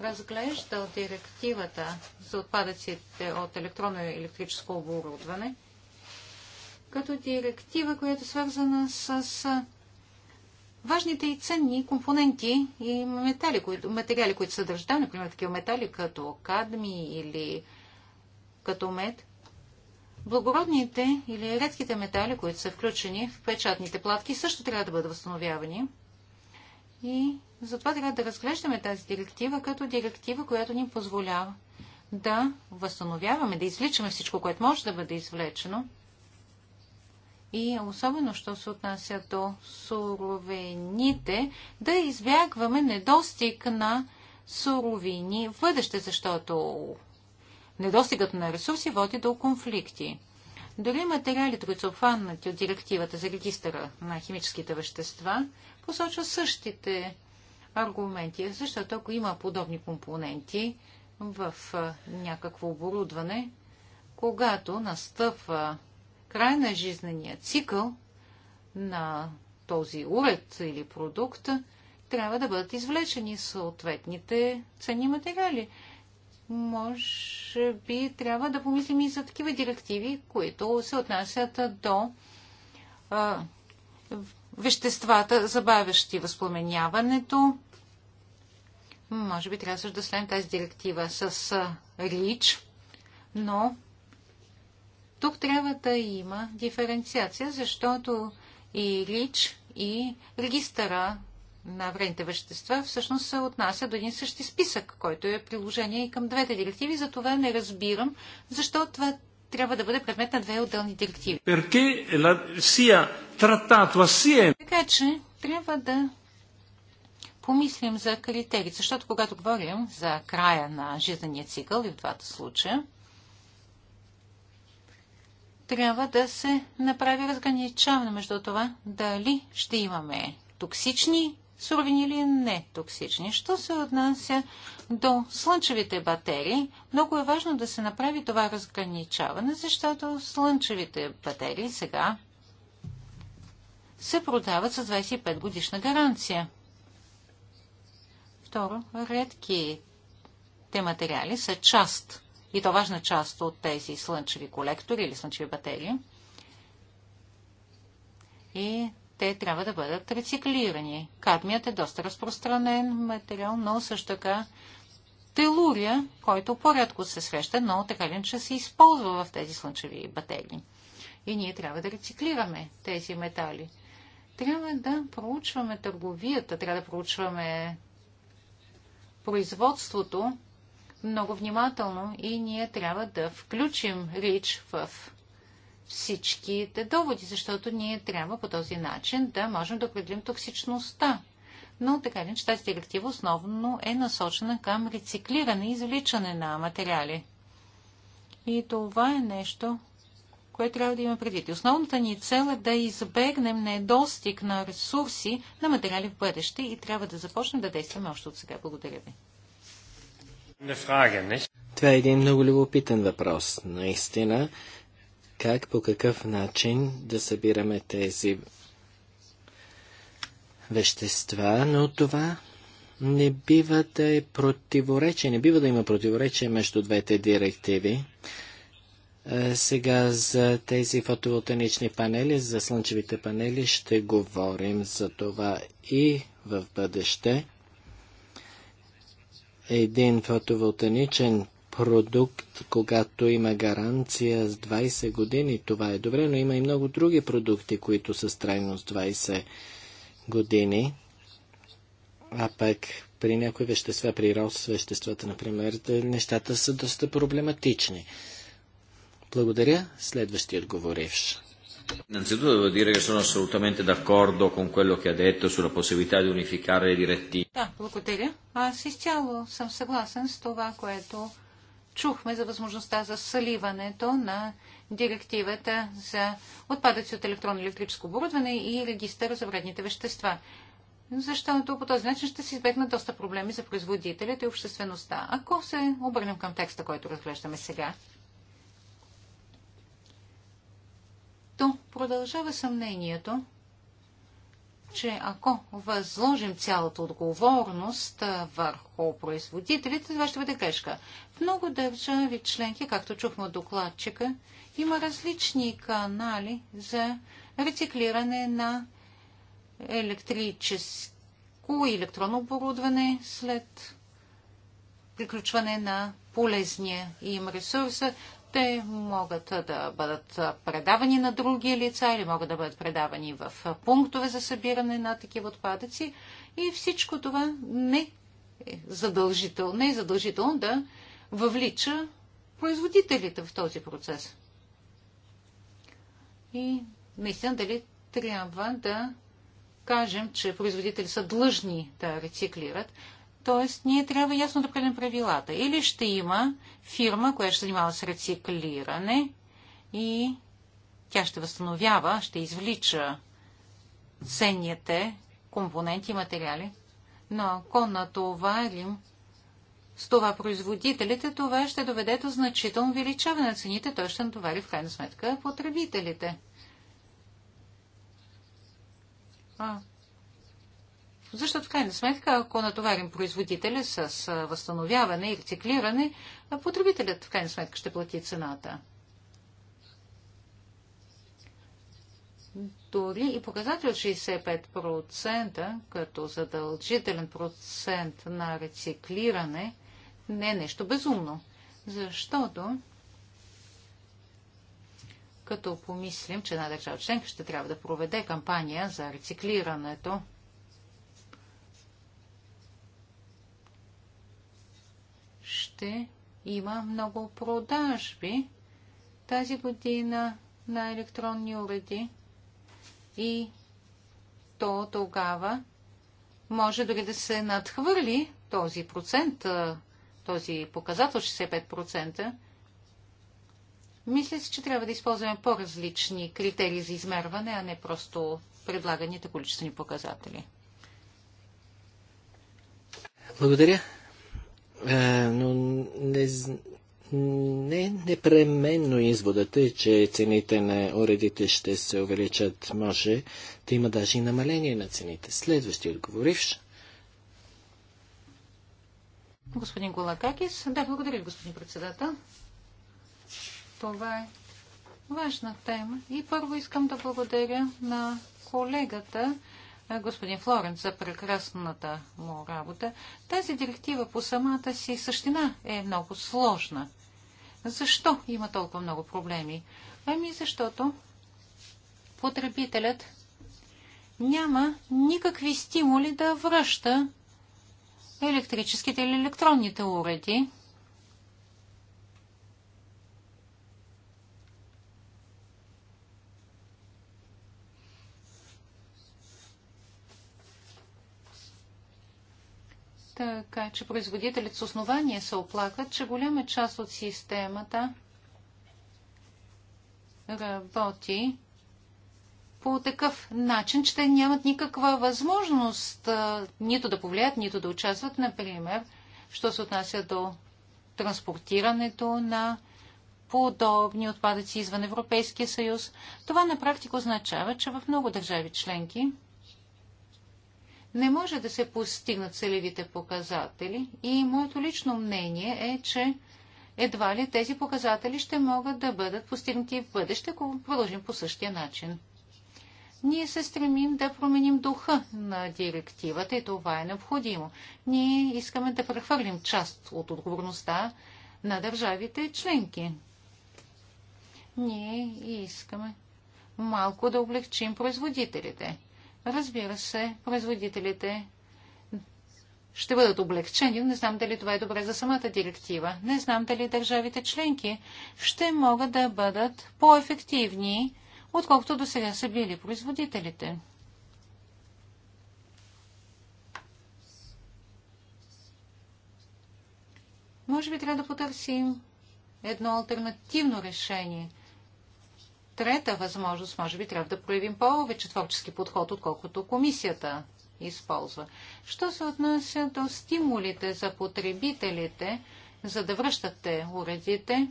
разглеждал директивата за отпадъците от електронно и електрическо оборудване като директива, която е свързана с важните и ценни компоненти и метали, които, материали, които съдържат, например, такива метали като кадми или като мед. Благородните или редките метали, които са включени в печатните платки, също трябва да бъдат възстановявани. И затова трябва да разглеждаме тази директива като директива, която ни позволява да възстановяваме, да извличаме всичко, което може да бъде извлечено. И особено, що се отнася до суровените, да избягваме недостиг на суровини в бъдеще, защото недостигът на ресурси води до конфликти. Дори материалите, които са обхванати от директивата за регистъра на химическите вещества, посочва същите аргументи, защото ако има подобни компоненти в някакво оборудване, когато настъпва край на жизнения цикъл на този уред или продукт, трябва да бъдат извлечени съответните ценни материали. Може би трябва да помислим и за такива директиви, които се отнасят до веществата, забавящи възпламеняването. Може би трябва също да следим тази директива с РИЧ, но тук трябва да има диференциация, защото и РИЧ, и регистъра на вредните вещества всъщност се отнася до един същи списък, който е приложение и към двете директиви. За това не разбирам защо това трябва да бъде предмет на две отделни директиви. Perché la, sia trattato assieme. Така че трябва да помислим за критерии. защото когато говорим за края на жизнения цикъл и в двата случая, трябва да се направи разграничаване между това дали ще имаме токсични суровини или не токсични. Що се отнася до слънчевите батерии, много е важно да се направи това разграничаване, защото слънчевите батерии сега се продават с 25 годишна гаранция. Второ, редки те материали са част, и то важна част от тези слънчеви колектори или слънчеви батерии. И те трябва да бъдат рециклирани. Кадмият е доста разпространен материал, но също така телурия, който по-рядко се среща, но така ли, че се използва в тези слънчеви батерии. И ние трябва да рециклираме тези метали. Трябва да проучваме търговията, трябва да проучваме производството много внимателно и ние трябва да включим РИЧ в всичките доводи, защото ние трябва по този начин да можем да определим токсичността. Но така ли, че тази директива основно е насочена към рециклиране и извличане на материали. И това е нещо, което трябва да има предвид. Основната ни цел е да избегнем недостиг на ресурси на материали в бъдеще и трябва да започнем да действаме още от сега. Благодаря ви. Това е един много любопитен въпрос. Наистина, как, по какъв начин да събираме тези вещества, но това не бива да е противоречие, не бива да има противоречие между двете директиви. Е, сега за тези фотоволтанични панели, за слънчевите панели ще говорим за това и в бъдеще. Един фотоволтаничен продукт, когато има гаранция с 20 години, това е добре, но има и много други продукти, които са с трайност 20 години. А пък при някои вещества, при рост веществата, например, нещата са доста проблематични. Благодаря. Следващият говоривш. Innanzitutto devo dire che sono assolutamente d'accordo con quello che ha detto sulla possibilità di unificare le direttive. Да, благодаря. Аз изцяло съм съгласен с това, което чухме за възможността за съливането на директивата за отпадъци от електронно електрическо оборудване и регистъра за вредните вещества. Защото по този начин ще се избегнат доста проблеми за производителите и обществеността. Ако се обърнем към текста, който разглеждаме сега, то продължава съмнението, че ако възложим цялата отговорност върху производителите, това ще бъде грешка. В много държави членки, както чухме от докладчика, има различни канали за рециклиране на електрическо и електронно оборудване след приключване на полезния им ресурса. Те могат да бъдат предавани на други лица или могат да бъдат предавани в пунктове за събиране на такива отпадъци. И всичко това не е задължително, не е задължително да въвлича производителите в този процес. И наистина дали трябва да кажем, че производители са длъжни да рециклират, Тоест, ние трябва ясно да определим правилата. Или ще има фирма, която ще занимава с рециклиране и тя ще възстановява, ще извлича ценните компоненти и материали. Но ако натоварим с това производителите, това ще доведе до значително увеличаване на цените, той ще натовари в крайна сметка потребителите. А защото в крайна сметка, ако натоварим производителя с възстановяване и рециклиране, потребителят в крайна сметка ще плати цената. Дори и показател 65% като задължителен процент на рециклиране не е нещо безумно. Защото като помислим, че една държава членка ще трябва да проведе кампания за рециклирането ще има много продажби тази година на електронни уреди и то тогава може дори да се надхвърли този процент, този показател 65%. Мисля си, че трябва да използваме по-различни критерии за измерване, а не просто предлаганите количествени показатели. Благодаря. Е, но не, не непременно изводът е, че цените на уредите ще се увеличат. Може да има даже и намаление на цените. Следващи отговоривш. Господин Голакакис. Да, благодаря, господин председател. Това е важна тема. И първо искам да благодаря на колегата господин Флоренц за прекрасната му работа. Тази директива по самата си същина е много сложна. Защо има толкова много проблеми? Ами защото потребителят няма никакви стимули да връща електрическите или електронните уреди. Така че производителите с основание се оплака, че голяма част от системата работи по такъв начин, че те нямат никаква възможност а, нито да повлият, нито да участват, например, що се отнася до транспортирането на подобни отпадъци извън Европейския съюз. Това на практика означава, че в много държави членки не може да се постигнат целевите показатели и моето лично мнение е, че едва ли тези показатели ще могат да бъдат постигнати в бъдеще, ако продължим по същия начин. Ние се стремим да променим духа на директивата и това е необходимо. Ние искаме да прехвърлим част от отговорността на държавите членки. Ние искаме малко да облегчим производителите. Разбира се, производителите ще бъдат облегчени. Не знам дали това е добре за самата директива. Не знам дали държавите членки ще могат да бъдат по-ефективни, отколкото до сега са били производителите. Може би трябва да потърсим едно альтернативно решение – трета възможност, може би трябва да проявим повече творчески подход, отколкото комисията използва. Що се отнася до стимулите за потребителите, за да връщате уредите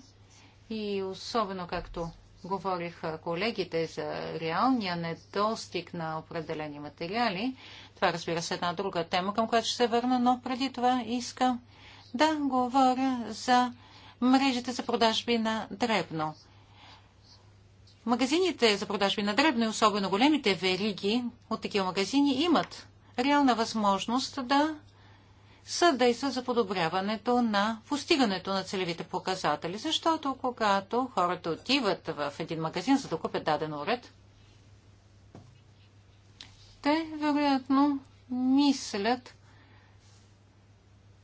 и особено както говориха колегите за реалния недостиг на определени материали. Това разбира се е една друга тема, към която ще се върна, но преди това искам да говоря за мрежите за продажби на дребно. Магазините за продажби на дребно, особено големите вериги от такива магазини, имат реална възможност да съдейства за подобряването на постигането на целевите показатели, защото когато хората отиват в един магазин, за да купят даден уред, те вероятно мислят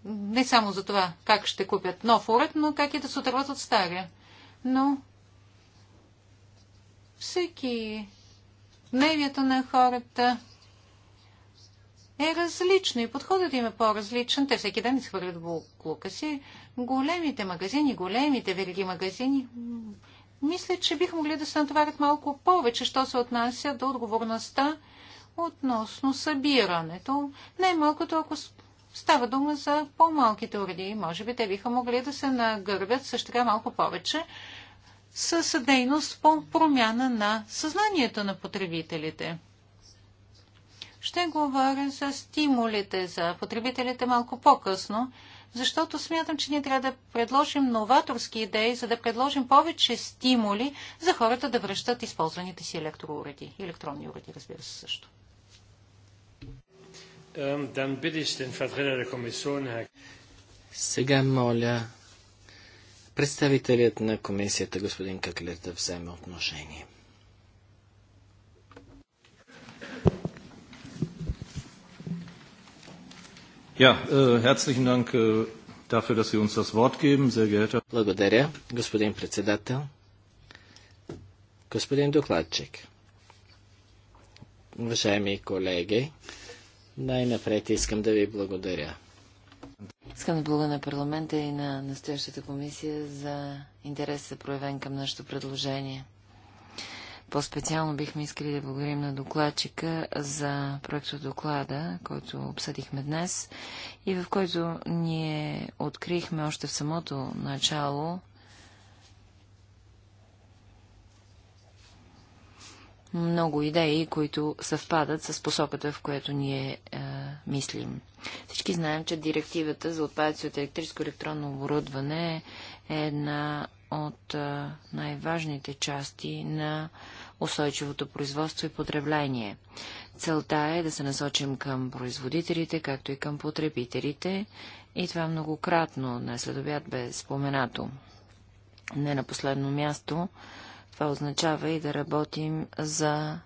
не само за това как ще купят нов уред, но как и да се отърват от стария. Но всеки мнението на хората е различно и подходът им е по-различен. Те всеки ден изхвърлят буклука си. Големите магазини, големите вериги магазини, мисля, че биха могли да се натоварят малко повече, що се отнася до отговорността относно събирането. Най-малкото, ако става дума за по-малките уреди, може би те биха могли да се нагърбят също така малко повече, с дейност по промяна на съзнанието на потребителите. Ще говоря за стимулите за потребителите малко по-късно, защото смятам, че ние трябва да предложим новаторски идеи, за да предложим повече стимули за хората да връщат използваните си електроуреди. Електронни уреди, разбира се, също. Сега моля представителят на комисията, господин Каклер, да вземе отношение. Ja, äh, herzlichen Dank äh, dafür, dass Sie uns das Wort geben, sehr geehrter. Благодаря, господин председател. Господин докладчик, уважаеми колеги, най-напред искам да ви благодаря Искам да благодаря на парламента и на настоящата комисия за интереса проявен към нашето предложение. По-специално бихме искали да благодарим на докладчика за проекта доклада, който обсъдихме днес и в който ние открихме още в самото начало много идеи, които съвпадат с посоката, в която ние е, мислим. Всички знаем, че директивата за отпадъци от електрическо електронно оборудване е една от е, най-важните части на устойчивото производство и потребление. Целта е да се насочим към производителите, както и към потребителите и това многократно на следобят бе споменато. Не на последно място, това означава и да работим за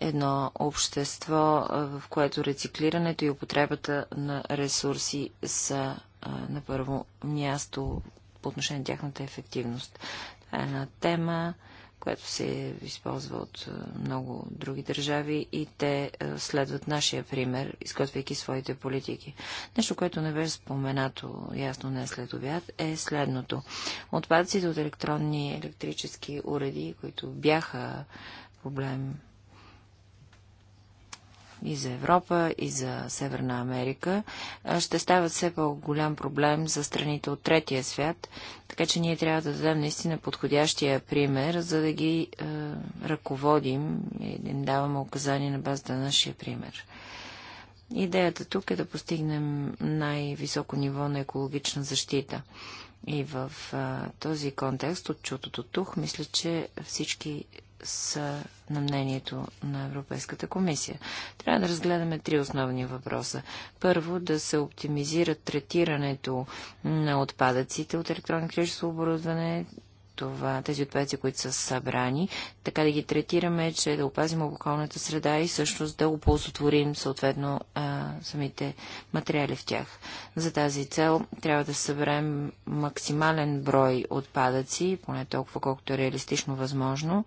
едно общество, в което рециклирането и употребата на ресурси са на първо място по отношение на тяхната ефективност. Това е една тема, която се използва от е, много други държави и те е, следват нашия пример, изготвяйки своите политики. Нещо, което не беше споменато ясно днес след обяд, е следното. Отпадците от електронни електрически уреди, които бяха проблем и за Европа, и за Северна Америка, ще стават все по-голям проблем за страните от третия свят, така че ние трябва да дадем наистина подходящия пример, за да ги е, ръководим и да им даваме указания на базата на нашия пример. Идеята тук е да постигнем най-високо ниво на екологична защита. И в а, този контекст, от чутото тук, мисля, че всички са на мнението на Европейската комисия. Трябва да разгледаме три основни въпроса. Първо, да се оптимизира третирането на отпадъците от електронни ключово оборудване това, тези отпадъци, които са събрани, така да ги третираме, че да опазим околната среда и всъщност да оползотворим съответно а, самите материали в тях. За тази цел трябва да съберем максимален брой отпадъци, поне толкова колкото е реалистично възможно.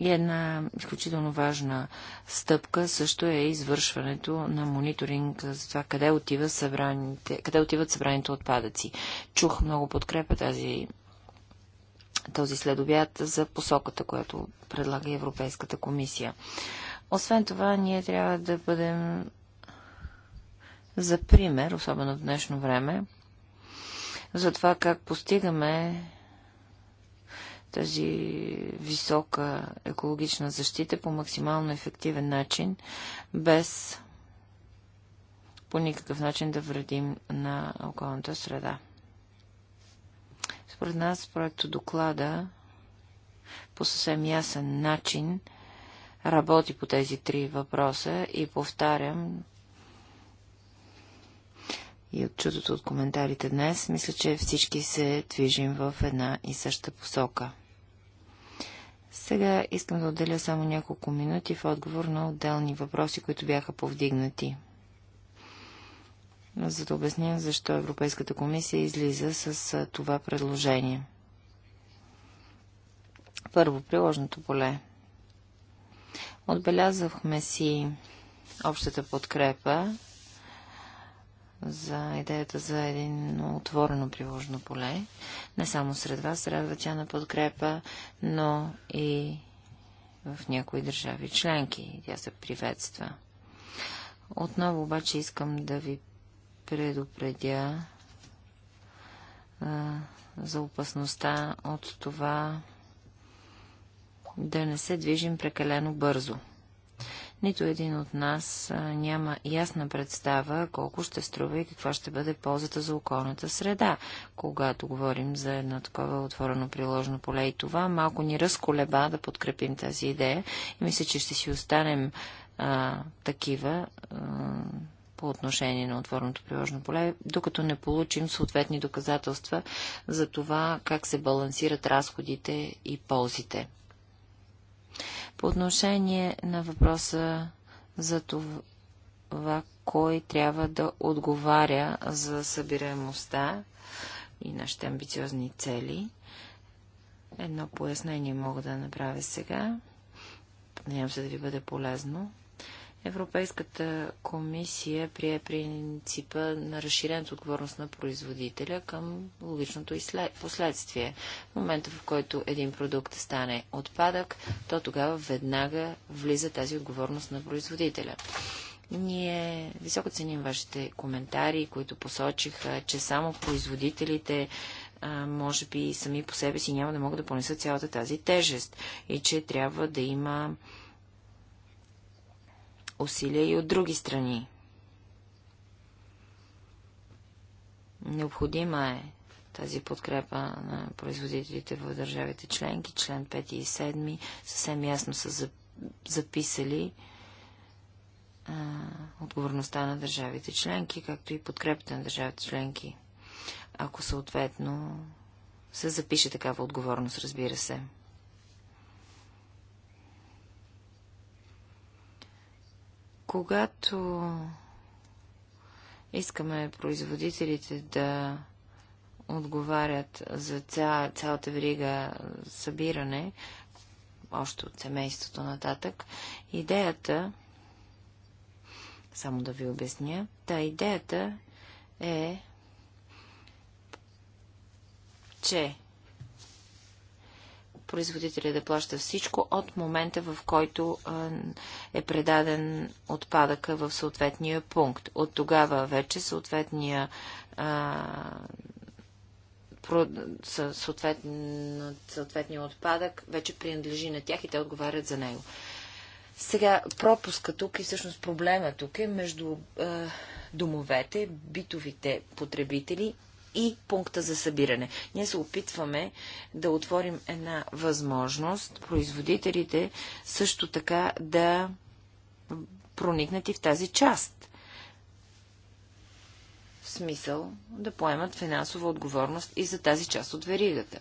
И една изключително важна стъпка също е извършването на мониторинг за това къде, отива събраните, къде отиват събраните отпадъци. Чух много подкрепа тази този следобяд за посоката, която предлага Европейската комисия. Освен това, ние трябва да бъдем за пример, особено в днешно време, за това как постигаме тази висока екологична защита по максимално ефективен начин, без по никакъв начин да вредим на околната среда. Според нас проекто доклада по съвсем ясен начин работи по тези три въпроса и повтарям и от чудото от коментарите днес, мисля, че всички се движим в една и съща посока. Сега искам да отделя само няколко минути в отговор на отделни въпроси, които бяха повдигнати за да обясня защо Европейската комисия излиза с това предложение. Първо, приложното поле. Отбелязахме си общата подкрепа за идеята за един отворено приложно поле. Не само сред вас радва тя на подкрепа, но и в някои държави членки. Тя се приветства. Отново обаче искам да ви предупредя а, за опасността от това да не се движим прекалено бързо. Нито един от нас а, няма ясна представа колко ще струва и каква ще бъде ползата за околната среда, когато говорим за едно такова отворено приложено поле. И това малко ни разколеба да подкрепим тази идея. И мисля, че ще си останем а, такива. А, по отношение на отворното приложно поле, докато не получим съответни доказателства за това как се балансират разходите и ползите. По отношение на въпроса за това, кой трябва да отговаря за събираемостта и нашите амбициозни цели, едно пояснение мога да направя сега. Надявам се да ви бъде полезно. Европейската комисия прие принципа на разширената отговорност на производителя към логичното изслед... последствие. В момента, в който един продукт стане отпадък, то тогава веднага влиза тази отговорност на производителя. Ние високо ценим вашите коментари, които посочиха, че само производителите а, може би сами по себе си няма да могат да понесат цялата тази тежест и че трябва да има усилия и от други страни. Необходима е тази подкрепа на производителите в държавите членки, член 5 и 7, съвсем ясно са записали а, отговорността на държавите членки, както и подкрепата на държавите членки, ако съответно се запише такава отговорност, разбира се. Когато искаме производителите да отговарят за ця, цялата верига събиране, още от семейството нататък, идеята, само да ви обясня, та идеята е, че производителя да плаща всичко от момента, в който е предаден отпадъка в съответния пункт. От тогава вече съответния съответния отпадък вече принадлежи на тях и те отговарят за него. Сега, пропуска тук и всъщност проблема тук е между е, домовете, битовите потребители и пункта за събиране. Ние се опитваме да отворим една възможност производителите също така да проникнат и в тази част. В смисъл да поемат финансова отговорност и за тази част от веригата.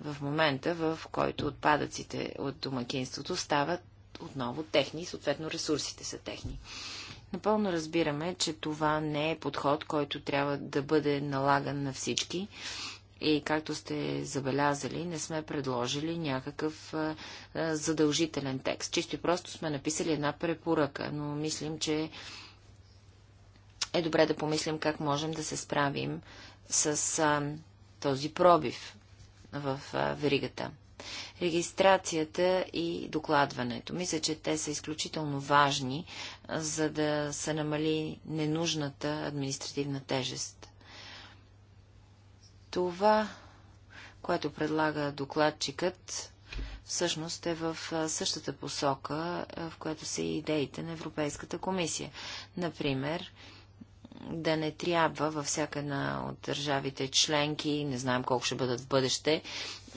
В момента, в който отпадъците от домакинството стават отново техни и съответно ресурсите са техни. Напълно разбираме, че това не е подход, който трябва да бъде налаган на всички. И както сте забелязали, не сме предложили някакъв а, задължителен текст. Чисто и просто сме написали една препоръка, но мислим, че е добре да помислим как можем да се справим с а, този пробив в а, веригата регистрацията и докладването. Мисля, че те са изключително важни, за да се намали ненужната административна тежест. Това, което предлага докладчикът, всъщност е в същата посока, в която са и идеите на Европейската комисия. Например, да не трябва във всяка една от държавите членки, не знаем колко ще бъдат в бъдеще,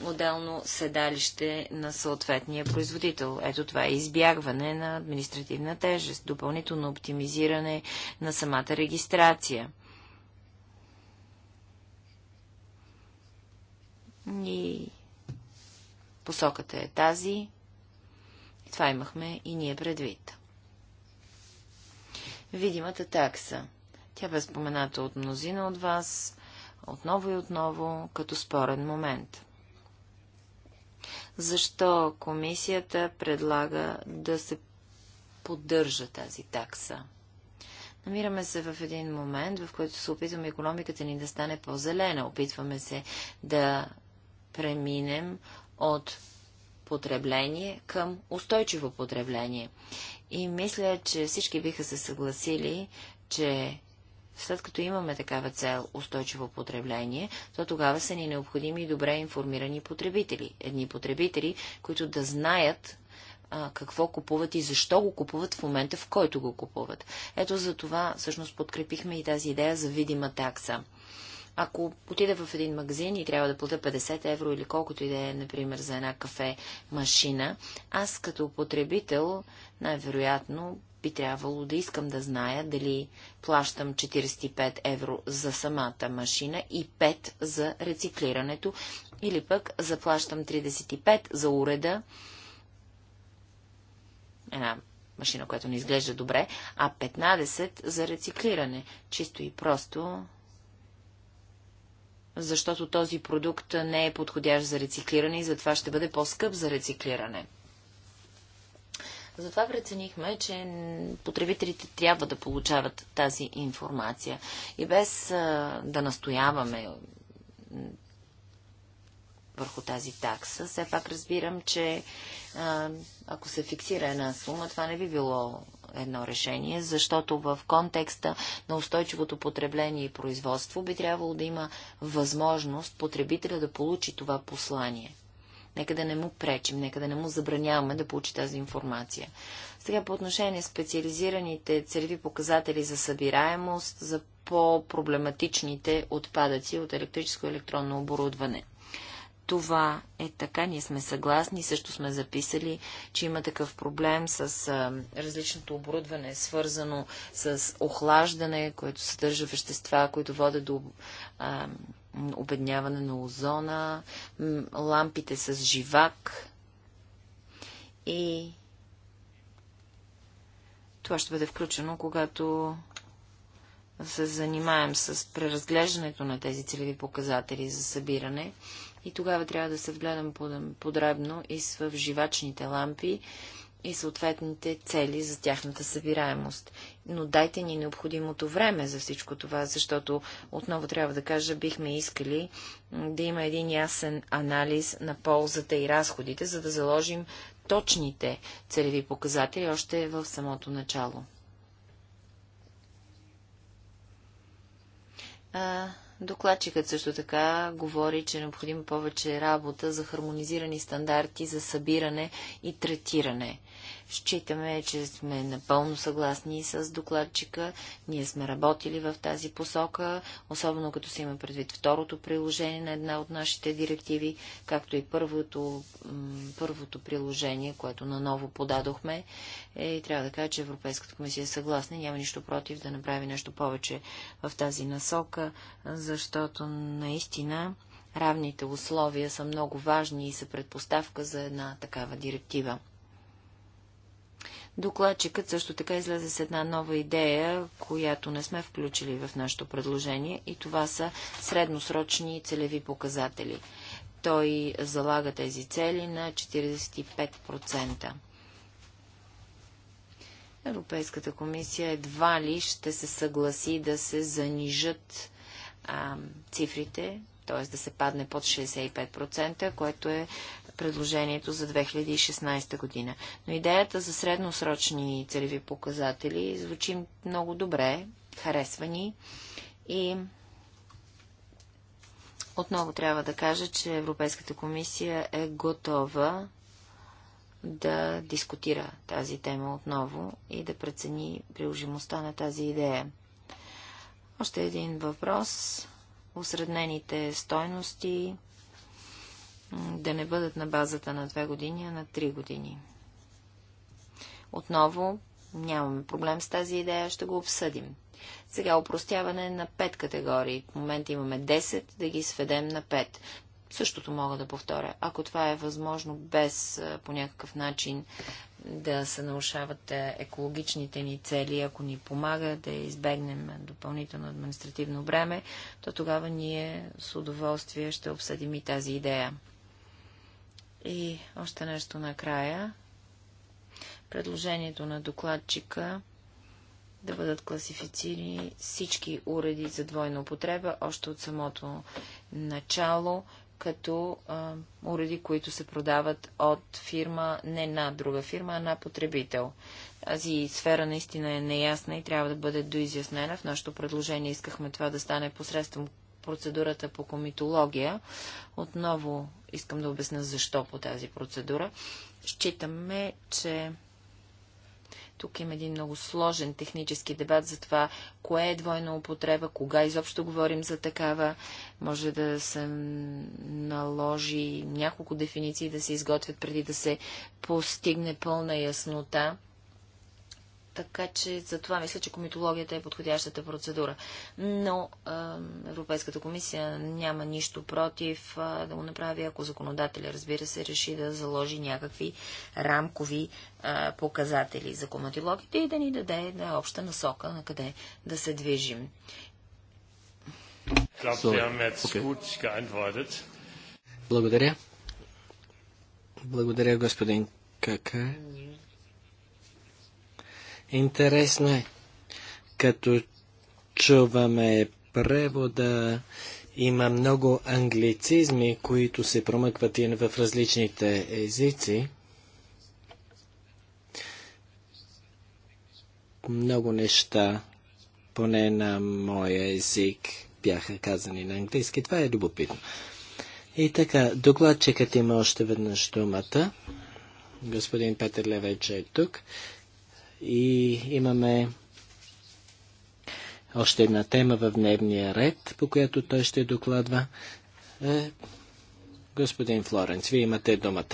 отделно седалище на съответния производител. Ето това е избягване на административна тежест, допълнително оптимизиране на самата регистрация. И посоката е тази. това имахме и ние предвид. Видимата такса. Тя бе спомената от мнозина от вас отново и отново като спорен момент – защо комисията предлага да се поддържа тази такса? Намираме се в един момент, в който се опитваме економиката ни да стане по-зелена. Опитваме се да преминем от потребление към устойчиво потребление. И мисля, че всички биха се съгласили, че след като имаме такава цел устойчиво потребление, то тогава са ни необходими и добре информирани потребители. Едни потребители, които да знаят а, какво купуват и защо го купуват в момента, в който го купуват. Ето за това всъщност подкрепихме и тази идея за видима такса. Ако отида в един магазин и трябва да платя 50 евро или колкото и да е, например, за една кафе машина, аз като потребител най-вероятно би трябвало да искам да зная дали плащам 45 евро за самата машина и 5 за рециклирането, или пък заплащам 35 за уреда, една машина, която не изглежда добре, а 15 за рециклиране. Чисто и просто защото този продукт не е подходящ за рециклиране и затова ще бъде по-скъп за рециклиране. Затова преценихме, че потребителите трябва да получават тази информация. И без да настояваме върху тази такса, все пак разбирам, че ако се фиксира една сума, това не би било едно решение, защото в контекста на устойчивото потребление и производство би трябвало да има възможност потребителя да получи това послание. Нека да не му пречим, нека да не му забраняваме да получи тази информация. Сега по отношение на специализираните целеви показатели за събираемост, за по-проблематичните отпадъци от електрическо и електронно оборудване. Това е така, ние сме съгласни, също сме записали, че има такъв проблем с а, различното оборудване, свързано с охлаждане, което съдържа вещества, които водят до а, обедняване на озона, лампите с живак и това ще бъде включено, когато се занимаем с преразглеждането на тези целеви показатели за събиране и тогава трябва да се вгледам подребно и с в живачните лампи и съответните цели за тяхната събираемост. Но дайте ни необходимото време за всичко това, защото, отново трябва да кажа, бихме искали да има един ясен анализ на ползата и разходите, за да заложим точните целеви показатели още в самото начало. А, Докладчикът също така говори, че е необходима повече работа за хармонизирани стандарти за събиране и третиране. Считаме, че сме напълно съгласни с докладчика. Ние сме работили в тази посока, особено като се има предвид второто приложение на една от нашите директиви, както и първото, първото приложение, което наново подадохме. Е, и трябва да кажа, че Европейската комисия е съгласна и няма нищо против да направи нещо повече в тази насока, защото наистина равните условия са много важни и са предпоставка за една такава директива. Докладчикът също така излезе с една нова идея, която не сме включили в нашето предложение и това са средносрочни целеви показатели. Той залага тези цели на 45%. Европейската комисия едва ли ще се съгласи да се занижат а, цифрите, т.е. да се падне под 65%, което е предложението за 2016 година. Но идеята за средносрочни целеви показатели звучи много добре, харесва ни и отново трябва да кажа, че Европейската комисия е готова да дискутира тази тема отново и да прецени приложимостта на тази идея. Още един въпрос. Осреднените стойности да не бъдат на базата на две години, а на три години. Отново нямаме проблем с тази идея, ще го обсъдим. Сега упростяване на пет категории. В момента имаме 10, да ги сведем на 5. Същото мога да повторя. Ако това е възможно без по някакъв начин да се нарушават екологичните ни цели, ако ни помага да избегнем допълнително административно бреме, то тогава ние с удоволствие ще обсъдим и тази идея. И още нещо накрая. Предложението на докладчика да бъдат класифицирани всички уреди за двойна употреба още от самото начало, като а, уреди, които се продават от фирма, не на друга фирма, а на потребител. Тази сфера наистина е неясна и трябва да бъде доизяснена. В нашето предложение искахме това да стане посредством процедурата по комитология. Отново искам да обясня защо по тази процедура. Считаме, че тук има един много сложен технически дебат за това, кое е двойна употреба, кога изобщо говорим за такава. Може да се наложи няколко дефиниции да се изготвят преди да се постигне пълна яснота така че за това мисля, че комитологията е подходящата процедура. Но а, Европейската комисия няма нищо против а, да го направи, ако законодателя, разбира се, реши да заложи някакви рамкови а, показатели за комитологите и да ни даде една обща насока на къде да се движим. Благодаря. Благодаря, господин Кака. Интересно е, като чуваме превода, има много англицизми, които се промъкват и в различните езици. Много неща, поне на моя език, бяха казани на английски. Това е любопитно. И така, докладчикът има още веднъж думата. Господин Петър Левеч е тук. И имаме още една тема в дневния ред, по която той ще докладва. Е, господин Флоренц, вие имате думата.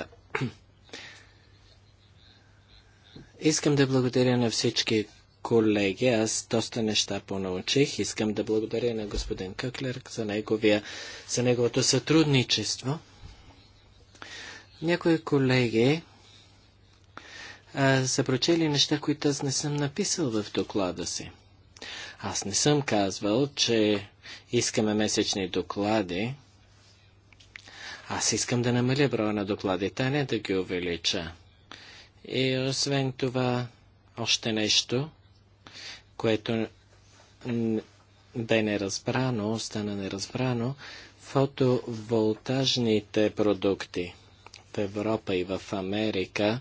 Искам да благодаря на всички колеги. Аз доста неща понаучих. Искам да благодаря на господин Къклер за, неговия, за неговото сътрудничество. Някои колеги а, са прочели неща, които аз не съм написал в доклада си. Аз не съм казвал, че искаме месечни доклади. Аз искам да намаля броя на докладите, а не да ги увелича. И освен това, още нещо, което бе неразбрано, остана неразбрано, фотоволтажните продукти в Европа и в Америка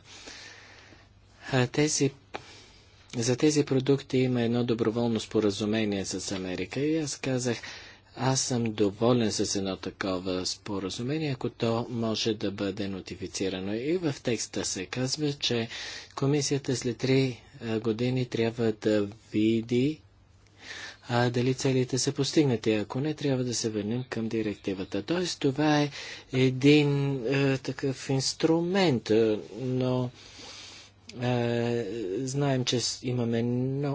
а тези, за тези продукти има едно доброволно споразумение с Америка и аз казах, аз съм доволен с едно такова споразумение, ако то може да бъде нотифицирано. И в текста се казва, че комисията след 3 години трябва да види а, дали целите са постигнати. Ако не, трябва да се върнем към директивата. Тоест, това е един е, такъв инструмент, но. Е, е, знаем, че имаме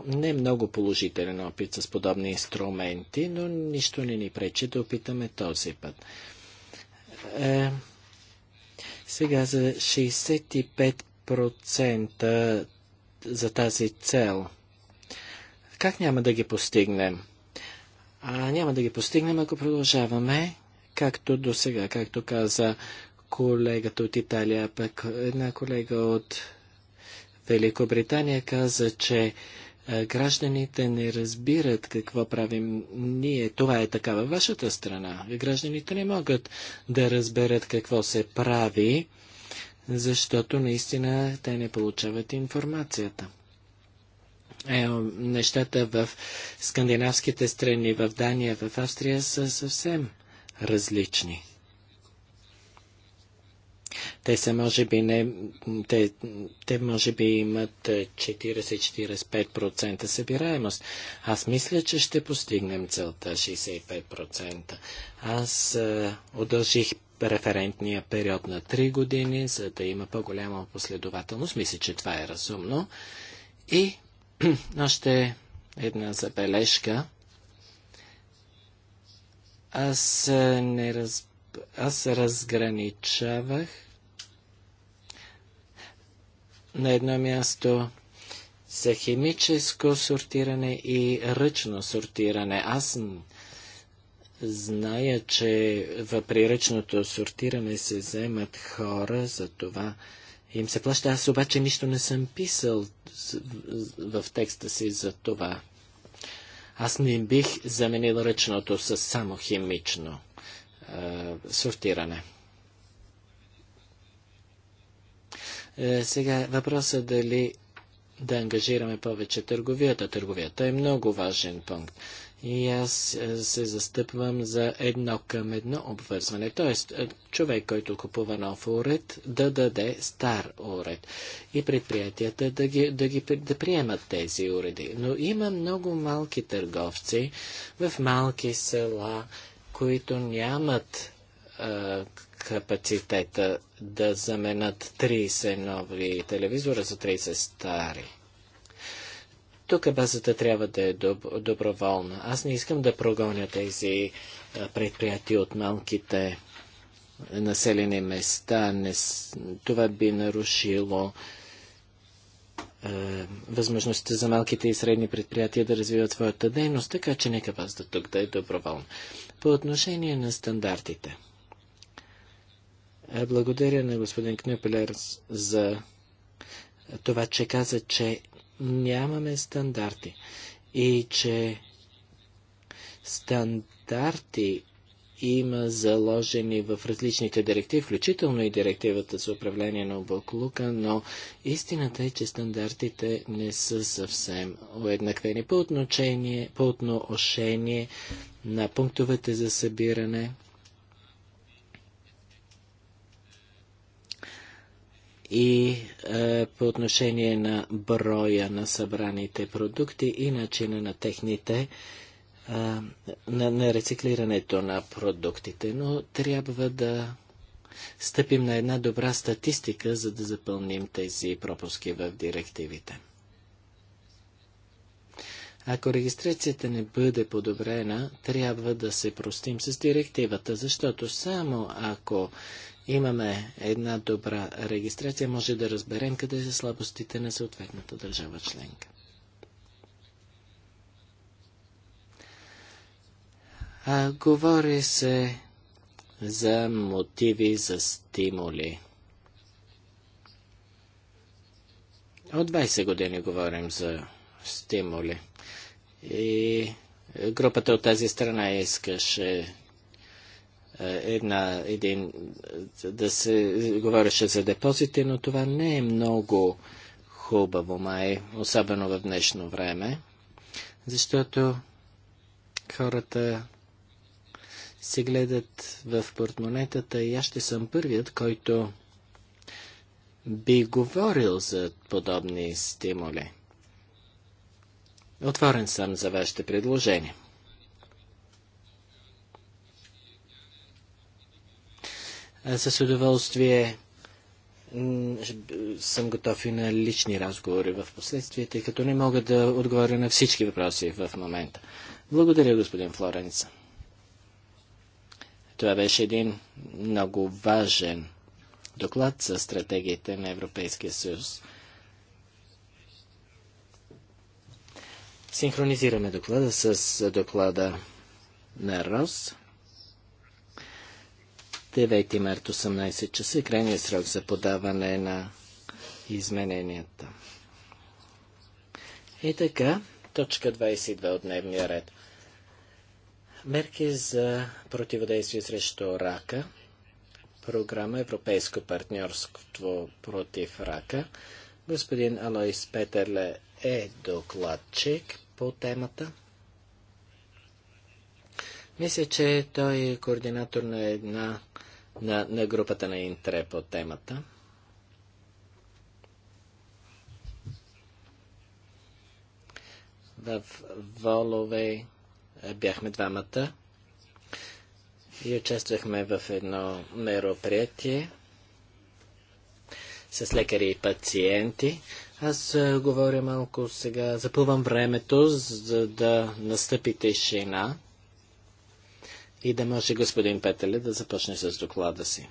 не много положителен опит с подобни инструменти, но нищо не ни пречи да опитаме този път. Е, сега за 65% за тази цел. Как няма да ги постигнем? А няма да ги постигнем, ако продължаваме както до сега, както каза колегата от Италия, пък една колега от Великобритания каза, че гражданите не разбират какво правим ние. Това е така във вашата страна. Гражданите не могат да разберат какво се прави, защото наистина те не получават информацията. Е, нещата в скандинавските страни, в Дания, в Австрия са съвсем различни. Те са, може би, не, те, те може би имат 40-45% е, събираемост. Аз мисля, че ще постигнем целта 65%. Аз а, е, удължих референтния период на 3 години, за да има по-голяма последователност. Мисля, че това е разумно. И <clears throat> още една забележка. Аз е, не раз... Аз разграничавах на едно място са химическо сортиране и ръчно сортиране. Аз зная, че в приръчното сортиране се вземат хора, за това им се плаща. Аз обаче нищо не съм писал в текста си за това. Аз не бих заменил ръчното с само химично е, сортиране. Е, сега въпросът е дали да ангажираме повече търговията. Търговията е много важен пункт. И аз е, се застъпвам за едно към едно обвързване. Тоест, е, човек, който купува нов уред, да даде стар уред. И предприятията да ги, да ги да приемат тези уреди. Но има много малки търговци в малки села, които нямат капацитета да заменят 30 нови телевизора за 30 стари. Тук базата трябва да е доб- доброволна. Аз не искам да прогоня тези предприятия от малките населени места. Не, това би нарушило е, възможността за малките и средни предприятия да развиват своята дейност, така че нека базата тук да е доброволна. По отношение на стандартите – е, благодаря на господин Кнепелер за това, че каза, че нямаме стандарти и че стандарти има заложени в различните директиви, включително и директивата за управление на обоклука, но истината е, че стандартите не са съвсем уеднаквени по отношение, по отношение на пунктовете за събиране и е, по отношение на броя на събраните продукти и начина на техните е, на, на рециклирането на продуктите. Но трябва да стъпим на една добра статистика, за да запълним тези пропуски в директивите. Ако регистрацията не бъде подобрена, трябва да се простим с директивата, защото само ако имаме една добра регистрация, може да разберем къде са слабостите на съответната държава членка. А, говори се за мотиви, за стимули. От 20 години говорим за стимули. И групата от тази страна искаше е, една, един, да се говореше за депозити, но това не е много хубаво, май, е особено в днешно време, защото хората се гледат в портмонетата и аз ще съм първият, който би говорил за подобни стимули. Отворен съм за вашите предложения. Е, с удоволствие съм готов и на лични разговори в последствие, тъй като не мога да отговоря на всички въпроси в момента. Благодаря, господин Флоренца. Това беше един много важен доклад за стратегиите на Европейския съюз. Синхронизираме доклада с доклада на РОС. 9 март 18 часа е крайния срок за подаване на измененията. И така, точка 22 от дневния ред. Мерки за противодействие срещу рака. Програма Европейско партньорство против рака. Господин Алоис Петерле е докладчик по темата. Мисля, че той е координатор на една на, на групата на Интре по темата. В Волове е, бяхме двамата и участвахме в едно мероприятие с лекари и пациенти. Аз е, говоря малко сега, запълвам времето, за да настъпи тишина и да може господин Петеле да започне с доклада си.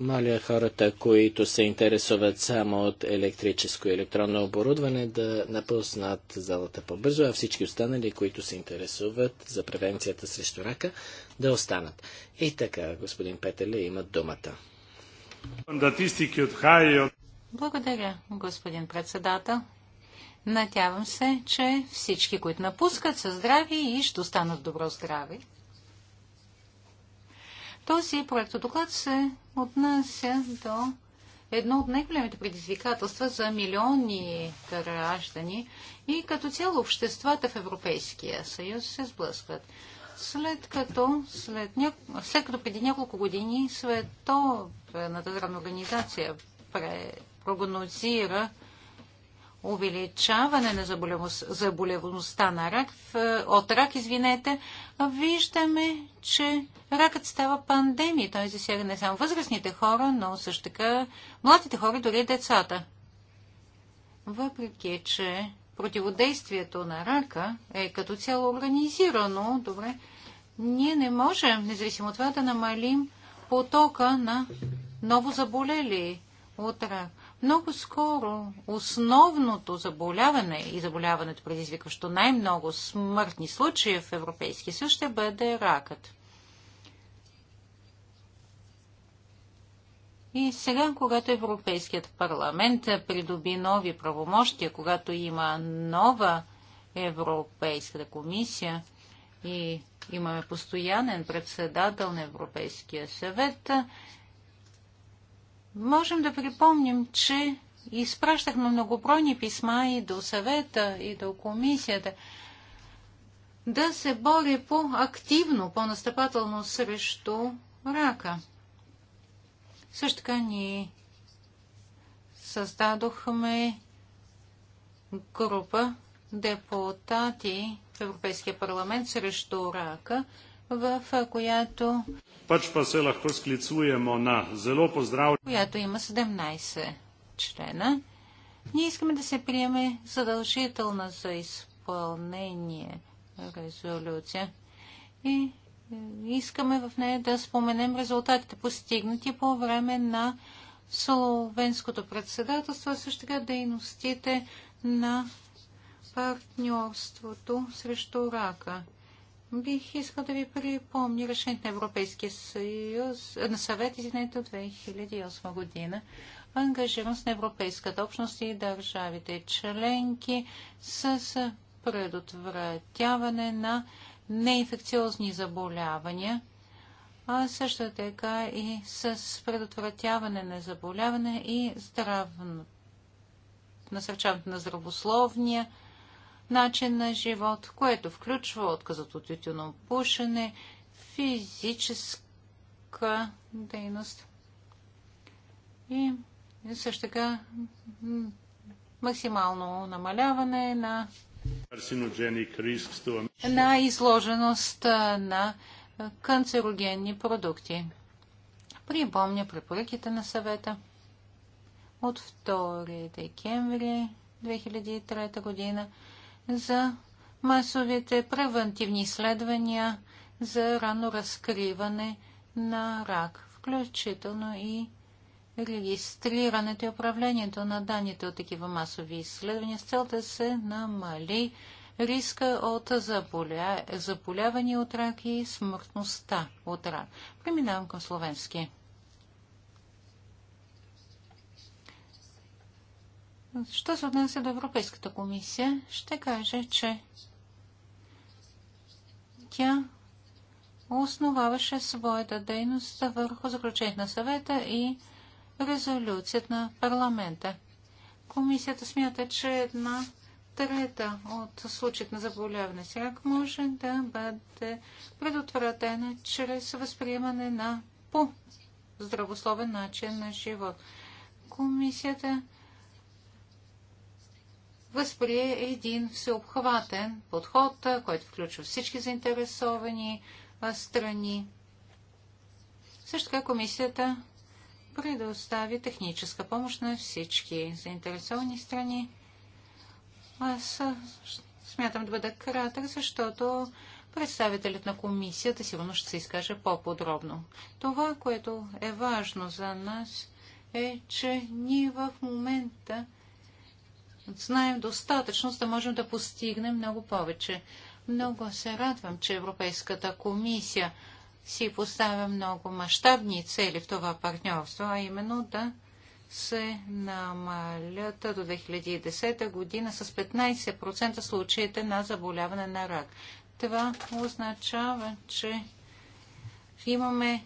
Моля хората, които се интересуват само от електрическо и електронно оборудване, да напуснат залата по-бързо, а всички останали, които се интересуват за превенцията срещу рака, да останат. И така, господин Петеле, имат думата. Благодаря, господин председател. Надявам се, че всички, които напускат, са здрави и ще останат добро здраве. Този проектодоклад се отнася до едно от най-големите предизвикателства за милиони граждани и като цяло обществата в Европейския съюз се сблъскват. След като, след, ня... след като преди няколко години Световната здравна организация пре... прогнозира увеличаване на заболеваността на рак, от рак, извинете, виждаме, че ракът става пандемия. Той засяга не само възрастните хора, но също така младите хора, дори децата. Въпреки, че противодействието на рака е като цяло организирано, добре, ние не можем, независимо от това, да намалим потока на ново заболели от рак. Много скоро основното заболяване и заболяването предизвикващо най-много смъртни случаи в Европейския съюз ще бъде ракът. И сега, когато Европейският парламент придоби нови правомощия, когато има нова Европейската комисия и имаме постоянен председател на Европейския съвет, Можем да припомним, че изпращахме многобройни писма и до съвета, и до комисията да се бори по-активно, по-настъпателно срещу рака. Също така ние създадохме група депутати в Европейския парламент срещу рака – в която, pač pa se lahko на zelo pozdrav... която има 17 члена. Ние искаме да се приеме задължителна за изпълнение резолюция и е, искаме в нея да споменем резултатите постигнати по време на Словенското председателство, а също така дейностите на партньорството срещу рака. Бих искал да ви припомня решението на Европейския съюз, на съвет, извинете, от 2008 година, ангажираност на Европейската общност и държавите членки с предотвратяване на неинфекциозни заболявания, а също така и с предотвратяване на заболяване и здравно, насърчаването на здравословния начин на живот, което включва отказът от пушене, физическа дейност и също така максимално намаляване на ами- на изложеност на канцерогенни продукти. Припомня препоръките на съвета от 2 декември 2003 година за масовите превентивни изследвания за рано разкриване на рак, включително и регистрирането и управлението на данните от такива масови изследвания с цел да се намали риска от заболя... от рак и смъртността от рак. Преминавам към словенски. Що се отнася до Европейската комисия, ще кажа, че тя основаваше своята дейност върху заключението на съвета и резолюцията на парламента. Комисията смята, че една трета от случаите на заболяване с може да бъде предотвратена чрез възприемане на по-здравословен начин на живот. Комисията възприе един всеобхватен подход, който включва всички заинтересовани страни. Също така комисията предостави техническа помощ на всички заинтересовани страни. Аз смятам да бъда кратък, защото представителят на комисията сигурно ще се изкаже по-подробно. Това, което е важно за нас, е, че ние в момента знаем достатъчно, за да можем да постигнем много повече. Много се радвам, че Европейската комисия си поставя много мащабни цели в това партньорство, а именно да се намалят до 2010 година с 15% случаите на заболяване на рак. Това означава, че имаме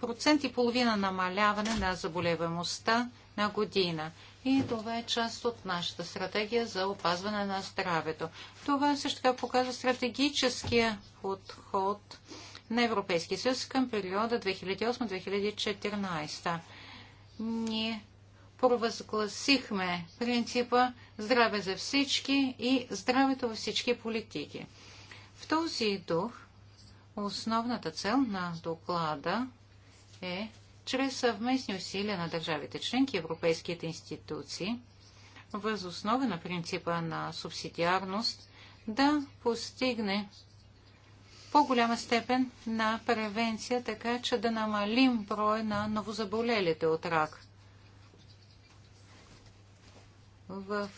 процент и половина намаляване на заболеваемостта на година и това е част от нашата стратегия за опазване на здравето. Това също така показва стратегическия подход на Европейския съюз към периода 2008-2014. Ние провъзгласихме принципа здраве за всички и здравето във всички политики. В този дух основната цел на доклада е чрез съвместни усилия на държавите членки и европейските институции, въз основа на принципа на субсидиарност, да постигне по-голяма степен на превенция, така че да намалим броя на новозаболелите от рак. В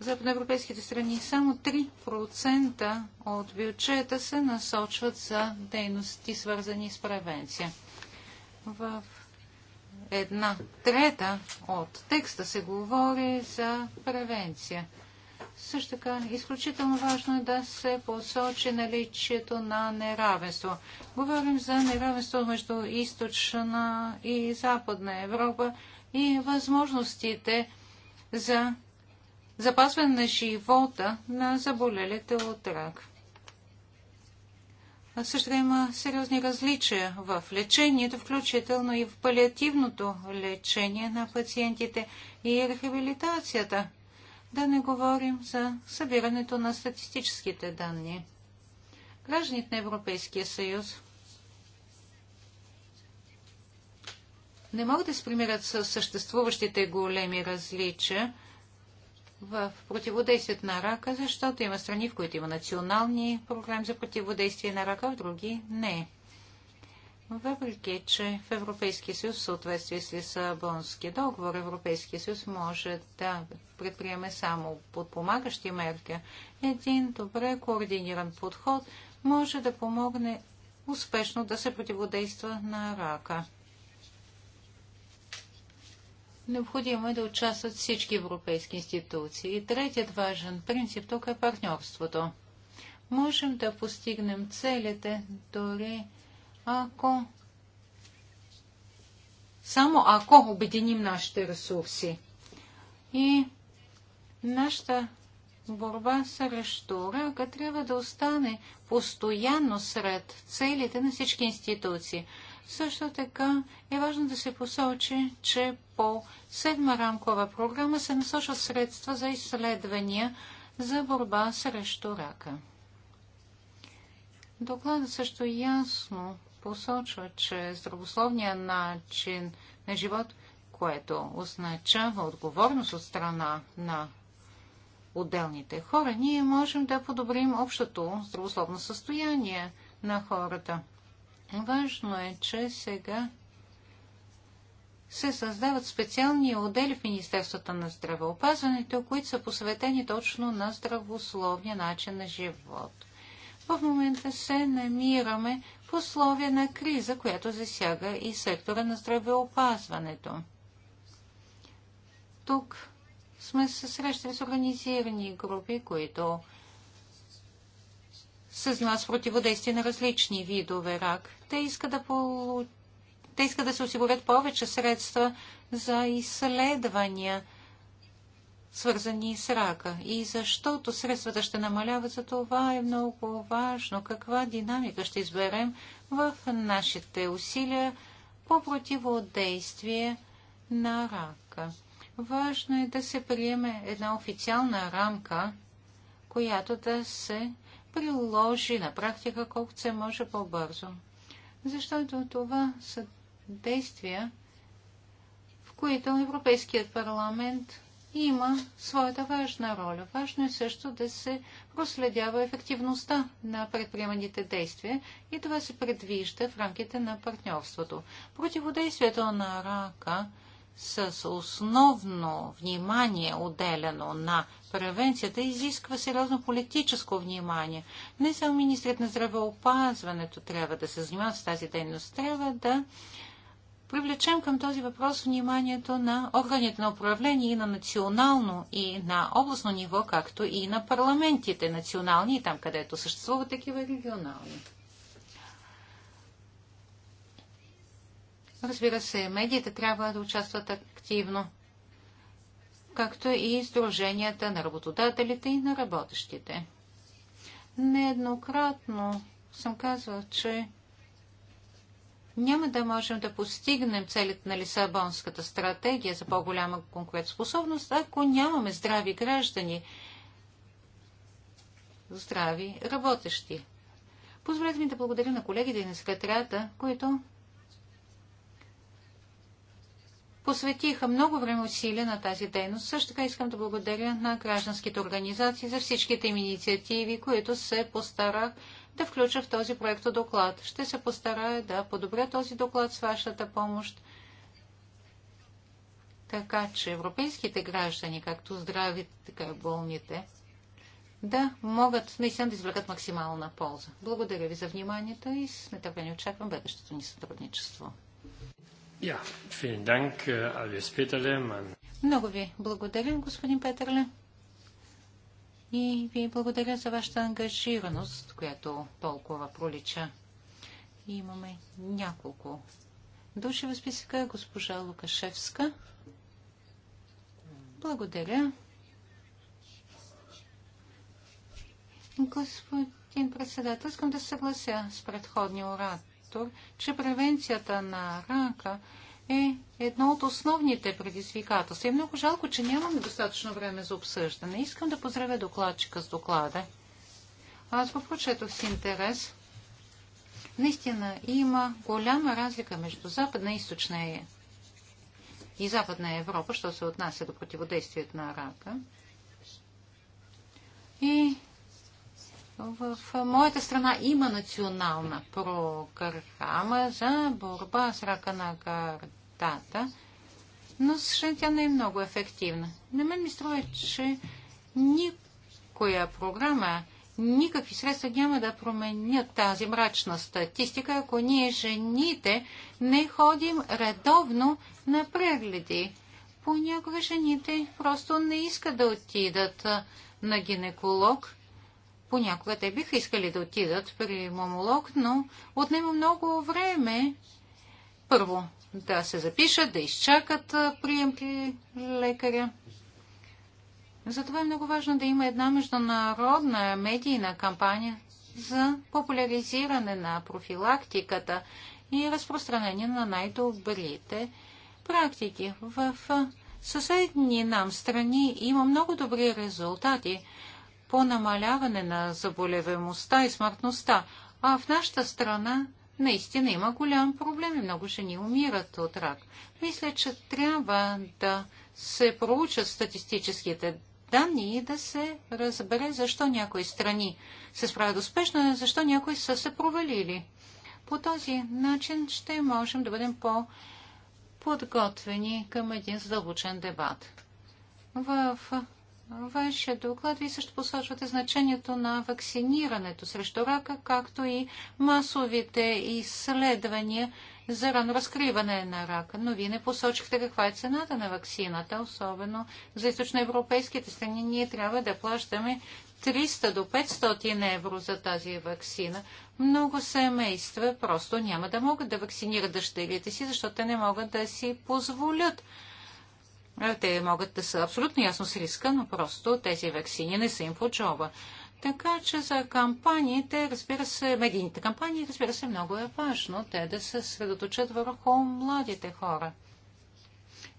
западноевропейските страни само 3% от бюджета се насочват за дейности, свързани с превенция в една трета от текста се говори за превенция. Също така, изключително важно е да се посочи наличието на неравенство. Говорим за неравенство между източна и западна Европа и възможностите за запазване на живота на заболелите от рак. Също така има сериозни различия в лечението, включително и в палиативното лечение на пациентите и рехабилитацията. Да не говорим за събирането на статистическите данни. Гражданите на Европейския съюз не могат да се примирят с съществуващите големи различия в противодействието на рака, защото има страни, в които има национални програми за противодействие на рака, в други не. Въпреки, че в Европейския съюз, в съответствие с Лисабонския договор, Европейския съюз може да предприеме само подпомагащи мерки, един добре координиран подход може да помогне успешно да се противодейства на рака. Необходимо е да участват всички европейски институции. третият важен принцип тук е партньорството. Можем да постигнем целите, дори ако само ако обединим нашите ресурси. И нашата борба срещу рака трябва да остане постоянно сред целите на всички институции. Също така е важно да се посочи, че по седма рамкова програма се насочат средства за изследвания за борба срещу рака. Докладът също ясно посочва, че здравословният начин на живот, което означава отговорност от страна на отделните хора, ние можем да подобрим общото здравословно състояние на хората. Важно е, че сега се създават специални отдели в Министерството на здравеопазването, които са посветени точно на здравословния начин на живот. В момента се намираме в условия на криза, която засяга и сектора на здравеопазването. Тук сме се срещали с организирани групи, които с нас противодействие на различни видове рак. Те искат да, полу... Те искат да се осигурят повече средства за изследвания, свързани с рака. И защото средствата ще намаляват, за това е много важно каква динамика ще изберем в нашите усилия по противодействие на рака. Важно е да се приеме една официална рамка, която да се приложи на практика колкото се може по-бързо. Защото това са действия, в които Европейският парламент има своята важна роля. Важно е също да се проследява ефективността на предприеманите действия и това се предвижда в рамките на партньорството. Противодействието на рака – с основно внимание отделено на превенцията изисква сериозно политическо внимание. Не само министрът на здравеопазването трябва да се занимава с тази дейност, трябва да привлечем към този въпрос вниманието на органите на управление и на национално и на областно ниво, както и на парламентите национални и там, където съществуват такива регионални. Разбира се, медиите трябва да участват активно, както и издруженията на работодателите и на работещите. Нееднократно съм казвал, че няма да можем да постигнем целите на Лисабонската стратегия за по-голяма конкурентоспособност, ако нямаме здрави граждани, здрави работещи. Позволете ми да благодаря на колегите и на секретарята, които посветиха много време усилия на тази дейност. Също така искам да благодаря на гражданските организации за всичките им инициативи, които се постарах да включа в този проект доклад. Ще се постарая да подобря този доклад с вашата помощ, така че европейските граждани, както здравите, така и болните, да могат наистина да извлекат максимална полза. Благодаря ви за вниманието и с нетърпение очаквам бъдещето ни сътрудничество. Ja, vielen Dank, äh, Много ви благодаря, господин Петърле. И ви благодаря за вашата ангажираност, която толкова пролича. И имаме няколко души в списъка. Госпожа Лукашевска. Благодаря. Господин председател, искам да съглася с предходния урат сектор, че превенцията на рака е едно от основните предизвикателства. И е много жалко, че нямаме достатъчно време за обсъждане. Искам да поздравя докладчика с доклада. Аз го прочетох с интерес. Наистина има голяма разлика между Западна и Източна Е. И Западна Европа, що се отнася до противодействието на рака. И в моята страна има национална програма за борба с рака на гърдата, но също тя не е много ефективна. На мен ми струва, че никоя програма, никакви средства няма да променят тази мрачна статистика, ако ние жените не ходим редовно на прегледи. Понякога жените просто не искат да отидат на гинеколог – Понякога те биха искали да отидат при мамолог, но отнема много време първо да се запишат, да изчакат прием при лекаря. Затова е много важно да има една международна медийна кампания за популяризиране на профилактиката и разпространение на най-добрите практики. В съседни нам страни има много добри резултати, по намаляване на заболеваемостта и смъртността. А в нашата страна наистина има голям проблем и много жени умират от рак. Мисля, че трябва да се проучат статистическите данни и да се разбере защо някои страни се справят успешно, защо някои са се провалили. По този начин ще можем да бъдем по-подготвени към един задълбочен дебат. В вашия доклад ви също посочвате значението на вакцинирането срещу рака, както и масовите изследвания за рано разкриване на рака. Но вие не посочихте каква е цената на вакцината, особено за източноевропейските страни. Ние трябва да плащаме 300 до 500 евро за тази вакцина. Много семейства просто няма да могат да вакцинират дъщерите си, защото те не могат да си позволят те могат да са абсолютно ясно с риска, но просто тези вакцини не са им по джоба. Така че за кампаниите, разбира се, медийните кампании, разбира се, много е важно те да се средоточат върху младите хора.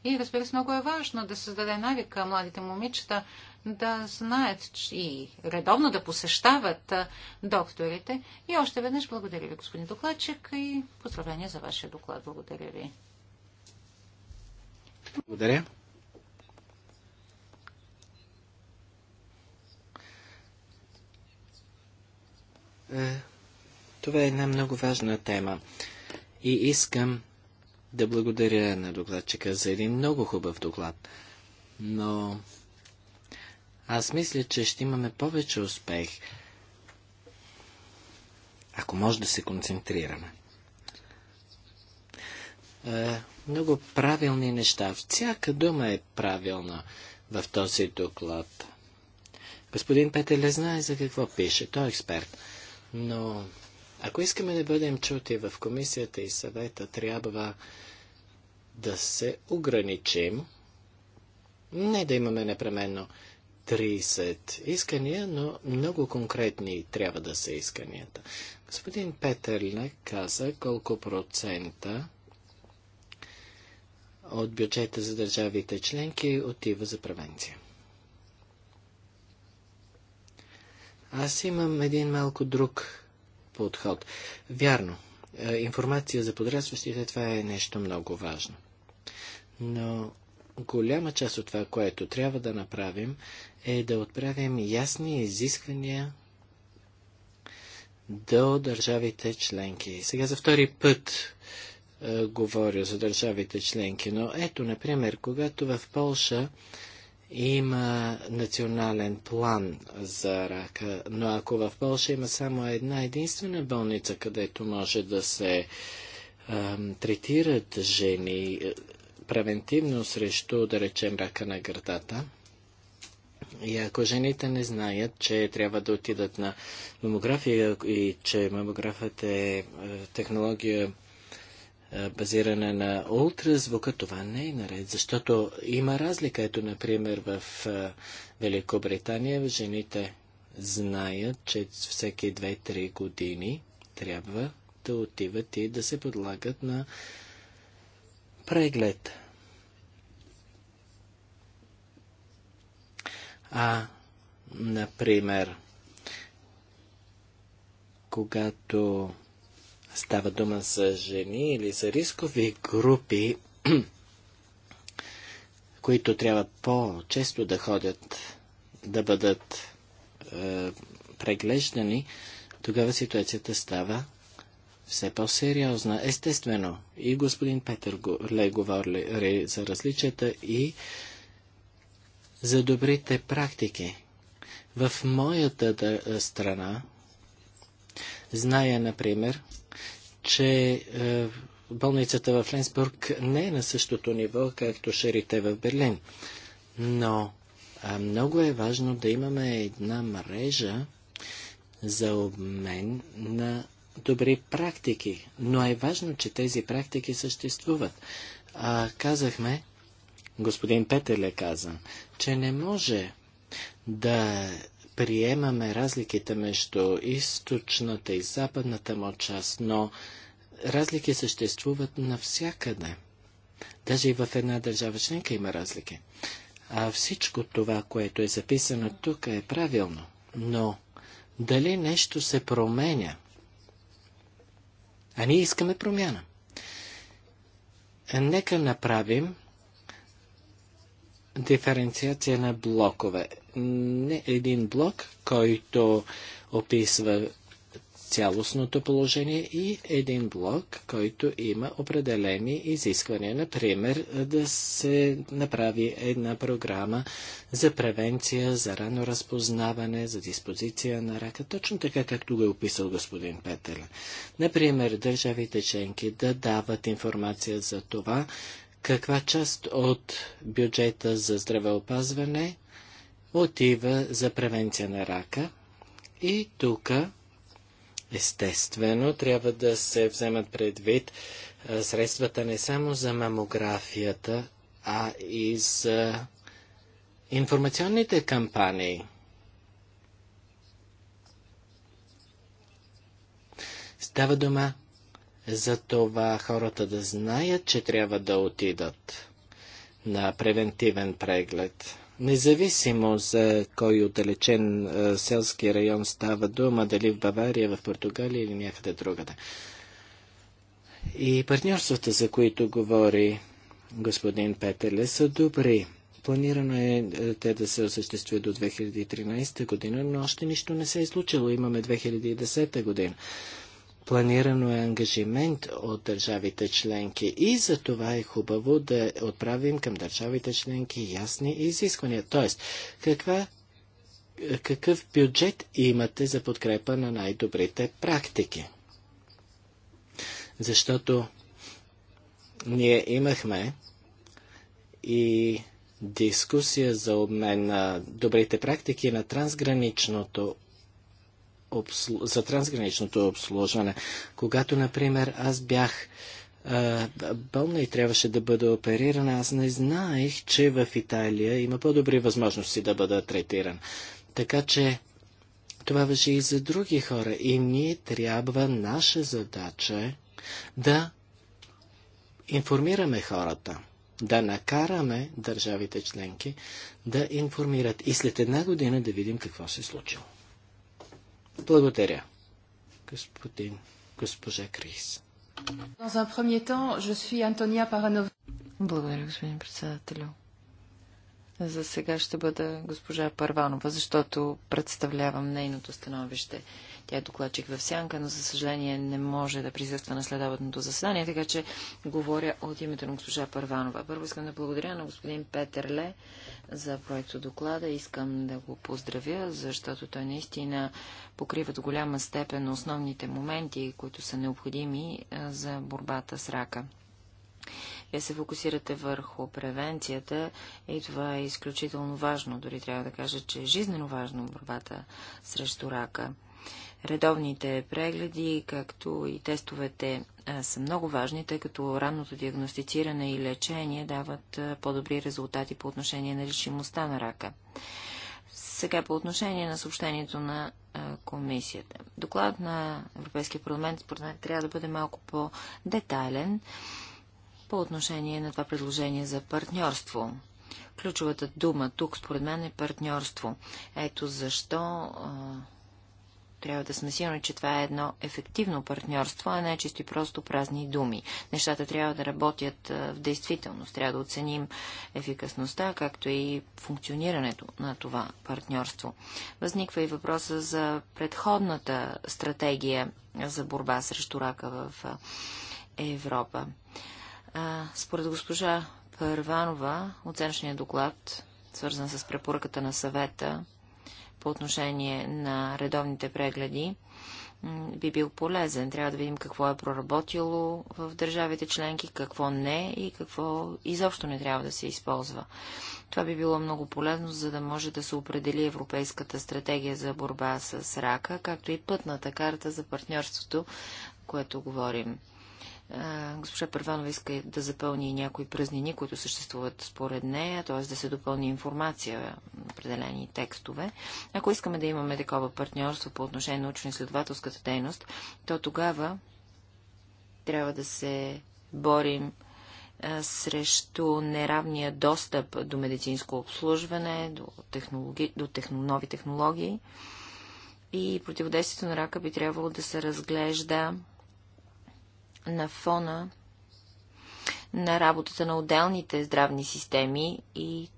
И разбира се, много е важно да създаде навика младите момичета да знаят и редовно да посещават докторите. И още веднъж благодаря ви, господин докладчик, и поздравления за вашия доклад. Благодаря ви. Благодаря. Е, това е една много важна тема. И искам да благодаря на докладчика за един много хубав доклад. Но аз мисля, че ще имаме повече успех, ако може да се концентрираме. Е, много правилни неща. Всяка дума е правилна в този доклад. Господин Петеле знае за какво пише. Той е експерт. Но ако искаме да бъдем чути в комисията и съвета, трябва да се ограничим. Не да имаме непременно 30 искания, но много конкретни трябва да са исканията. Господин Петърля каза колко процента от бюджета за държавите членки отива за превенция. Аз имам един малко друг подход. Вярно, е, информация за подрастващите, това е нещо много важно. Но голяма част от това, което трябва да направим, е да отправим ясни изисквания до държавите членки. Сега за втори път е, говоря за държавите членки, но ето, например, когато в Полша има национален план за рака, но ако в Польша има само една единствена болница, където може да се ам, третират жени е, превентивно срещу, да речем, рака на гърдата, и ако жените не знаят, че трябва да отидат на мамография и че мамографът е, е технология базиране на ултразвука, това не е наред, защото има разлика. Ето, например, в Великобритания жените знаят, че всеки 2-3 години трябва да отиват и да се подлагат на преглед. А, например, когато Става дума за жени или за рискови групи, <clears throat> които трябва по-често да ходят, да бъдат е, преглеждани, тогава ситуацията става все по-сериозна. Естествено, и господин Петър Ле говори за различията и за добрите практики. В моята страна, зная, например, че е, болницата в Ленсбург не е на същото ниво, както шерите в Берлин. Но е, много е важно да имаме една мрежа за обмен на добри практики. Но е важно, че тези практики съществуват. А, казахме, господин Петеле каза, че не може да приемаме разликите между източната и западната му част, но разлики съществуват навсякъде. Даже и в една държава членка има разлики. А всичко това, което е записано тук, е правилно. Но дали нещо се променя? А ние искаме промяна. Нека направим диференциация на блокове не един блок, който описва цялостното положение и един блок, който има определени изисквания. Например, да се направи една програма за превенция, за рано разпознаване, за диспозиция на рака, точно така както го е описал господин Петеле. Например, държавите членки да дават информация за това, каква част от бюджета за здравеопазване – отива за превенция на рака. И тук, естествено, трябва да се вземат предвид средствата не само за мамографията, а и за информационните кампании. Става дума за това хората да знаят, че трябва да отидат на превентивен преглед. Независимо за кой отдалечен е, селски район става дума, дали в Бавария, в Португалия или някъде другата. И партньорствата, за които говори господин Петеле, са добри. Планирано е, е те да се осъществят до 2013 година, но още нищо не се е случило. Имаме 2010 година. Планирано е ангажимент от държавите членки и за това е хубаво да отправим към държавите членки ясни изисквания. Тоест, каква, какъв бюджет имате за подкрепа на най-добрите практики? Защото ние имахме и дискусия за обмен на добрите практики на трансграничното за трансграничното обслужване. Когато, например, аз бях болна и трябваше да бъда оперирана, аз не знаех, че в Италия има по-добри възможности да бъда третиран. Така че това въжи и за други хора. И ние трябва, наша задача е да информираме хората, да накараме държавите членки да информират и след една година да видим какво се е случило. Благодаря, господин, госпожа Крис. Благодаря, господин председателю. За сега ще бъда госпожа Парванова, защото представлявам нейното становище. Тя е докладчик в Сянка, но за съжаление не може да присъства на следобедното заседание, така че говоря от името на госпожа Първанова. Първо искам да благодаря на господин Петър Ле за проекто доклада. Искам да го поздравя, защото той наистина покрива до голяма степен основните моменти, които са необходими за борбата с рака. Вие се фокусирате върху превенцията и това е изключително важно. Дори трябва да кажа, че е жизнено важно борбата срещу рака. Редовните прегледи, както и тестовете са много важни, тъй като ранното диагностициране и лечение дават по-добри резултати по отношение на лечимостта на рака. Сега по отношение на съобщението на комисията. Докладът на Европейския парламент, според мен, трябва да бъде малко по-детайлен по отношение на това предложение за партньорство. Ключовата дума тук, според мен, е партньорство. Ето защо а, трябва да сме сигурни, че това е едно ефективно партньорство, а не чисто и просто празни думи. Нещата трябва да работят в действителност. Трябва да оценим ефикасността, както и функционирането на това партньорство. Възниква и въпроса за предходната стратегия за борба срещу рака в Европа. Според госпожа Първанова, оценъчният доклад, свързан с препоръката на съвета, по отношение на редовните прегледи би бил полезен. Трябва да видим какво е проработило в държавите членки, какво не и какво изобщо не трябва да се използва. Това би било много полезно, за да може да се определи Европейската стратегия за борба с рака, както и пътната карта за партньорството, което говорим госпожа Първанова иска да запълни някои празнини, които съществуват според нея, т.е. да се допълни информация на определени текстове. Ако искаме да имаме такова партньорство по отношение на научно-изследователската дейност, то тогава трябва да се борим срещу неравния достъп до медицинско обслужване, до, технологи... до техно... нови технологии. И противодействието на рака би трябвало да се разглежда на фона на работата на отделните здравни системи и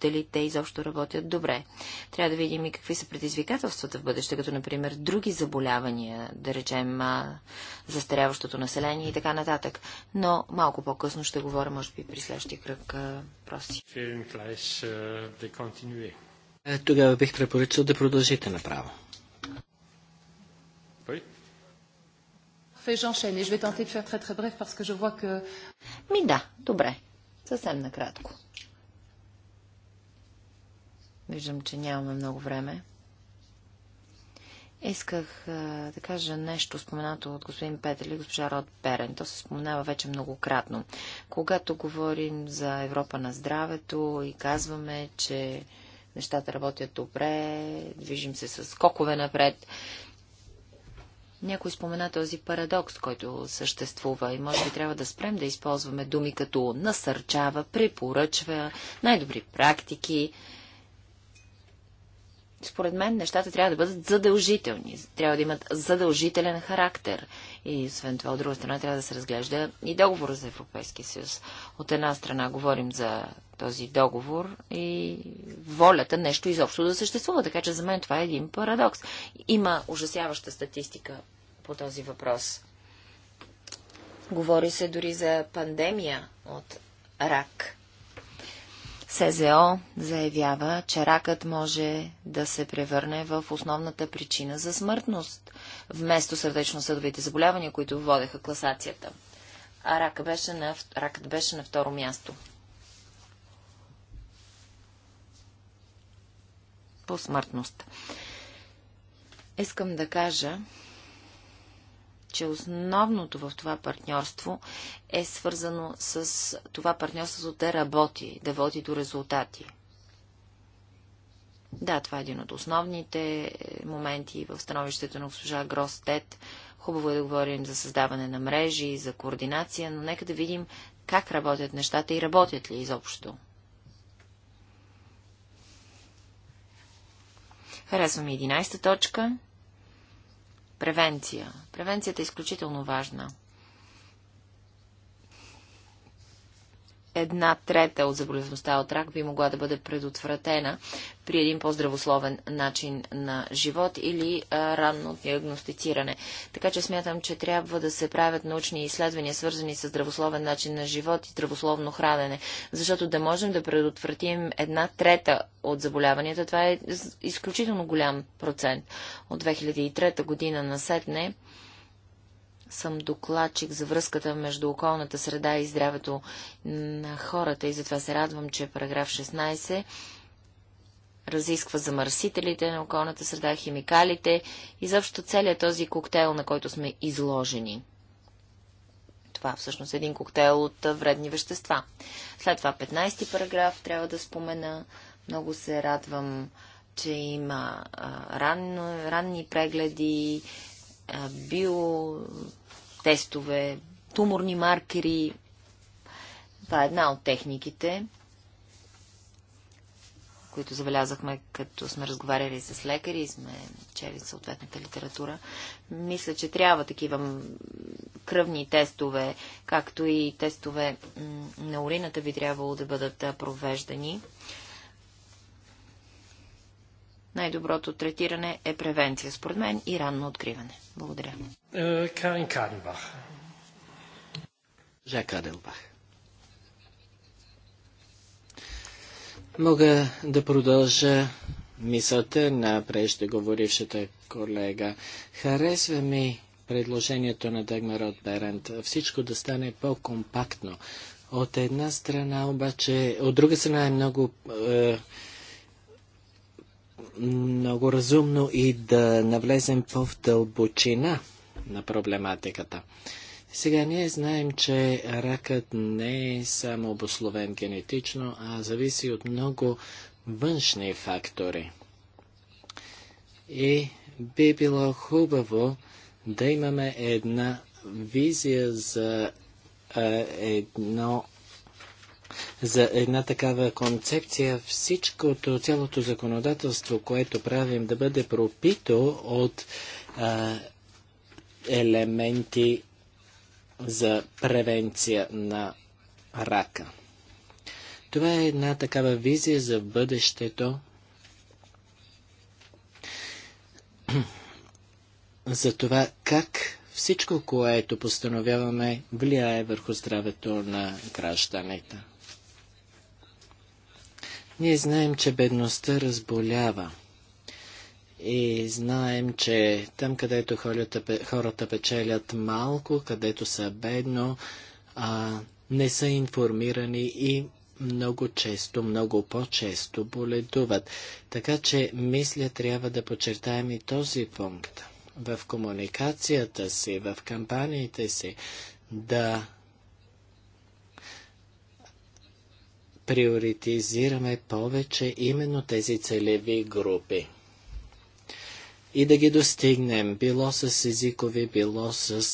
дали те изобщо работят добре. Трябва да видим и какви са предизвикателствата в бъдеще, като например други заболявания, да речем застаряващото население и така нататък. Но малко по-късно ще говоря, може би, при следващия кръг проси. Е, тогава бих препоръчал да продължите направо. Oui j'enchaîne et je vais tenter de faire très très bref parce que je vois que... Ми да, добре. Съвсем накратко. Виждам, че нямаме много време. Исках а, да кажа нещо, споменато от господин Петър или госпожа Род Перен. То се споменава вече многократно. Когато говорим за Европа на здравето и казваме, че нещата работят добре, движим се с кокове напред, някой спомена този парадокс, който съществува и може би трябва да спрем да използваме думи като насърчава, препоръчва, най-добри практики, според мен нещата трябва да бъдат задължителни, трябва да имат задължителен характер. И освен това, от друга страна, трябва да се разглежда и договор за Европейския съюз. От една страна говорим за този договор и волята нещо изобщо да съществува. Така че за мен това е един парадокс. Има ужасяваща статистика по този въпрос. Говори се дори за пандемия от рак. СЗО заявява, че ракът може да се превърне в основната причина за смъртност, вместо сърдечно-съдовите заболявания, които водеха класацията. А ракът беше на, ракът беше на второ място. По смъртност. Искам да кажа, че основното в това партньорство е свързано с това партньорството да работи, да води до резултати. Да, това е един от основните е, моменти в становището на госпожа Гростет. Хубаво е да говорим за създаване на мрежи, за координация, но нека да видим как работят нещата и работят ли изобщо. Харесваме 11 точка. Превенция. Превенцията е изключително важна. една трета от заболевността от рак би могла да бъде предотвратена при един по-здравословен начин на живот или а, ранно диагностициране. Така че смятам, че трябва да се правят научни изследвания, свързани с здравословен начин на живот и здравословно хранене, защото да можем да предотвратим една трета от заболяванията, това е изключително голям процент. От 2003 година на сетне съм докладчик за връзката между околната среда и здравето на хората и затова се радвам, че параграф 16 разисква замърсителите на околната среда, химикалите и заобщо целият този коктейл, на който сме изложени. Това всъщност е един коктейл от вредни вещества. След това 15 параграф трябва да спомена. Много се радвам, че има а, ран, ранни прегледи, био тестове, туморни маркери. Това е една от техниките, които забелязахме, като сме разговаряли с лекари и сме чели съответната литература. Мисля, че трябва такива кръвни тестове, както и тестове на урината би трябвало да бъдат провеждани най-доброто третиране е превенция, според мен, и ранно откриване. Благодаря. Е, Карин Каденбах. Жак Каденбах. Мога да продължа мисълта на преждеговорившата колега. Харесва ми предложението на Дагмар от Берент. Всичко да стане по-компактно. От една страна обаче, от друга страна е много е, много разумно и да навлезем по-в дълбочина на проблематиката. Сега ние знаем, че ракът не е само обословен генетично, а зависи от много външни фактори. И би било хубаво да имаме една визия за е, едно за една такава концепция всичкото, цялото законодателство, което правим, да бъде пропито от а, елементи за превенция на рака. Това е една такава визия за бъдещето. <clears throat> За това как всичко, което постановяваме, влияе върху здравето на гражданите. Ние знаем, че бедността разболява. И знаем, че там, където хората, печелят малко, където са бедно, а, не са информирани и много често, много по-често боледуват. Така че, мисля, трябва да подчертаем и този пункт. В комуникацията си, в кампаниите си, да приоритизираме повече именно тези целеви групи и да ги достигнем било с езикови, било с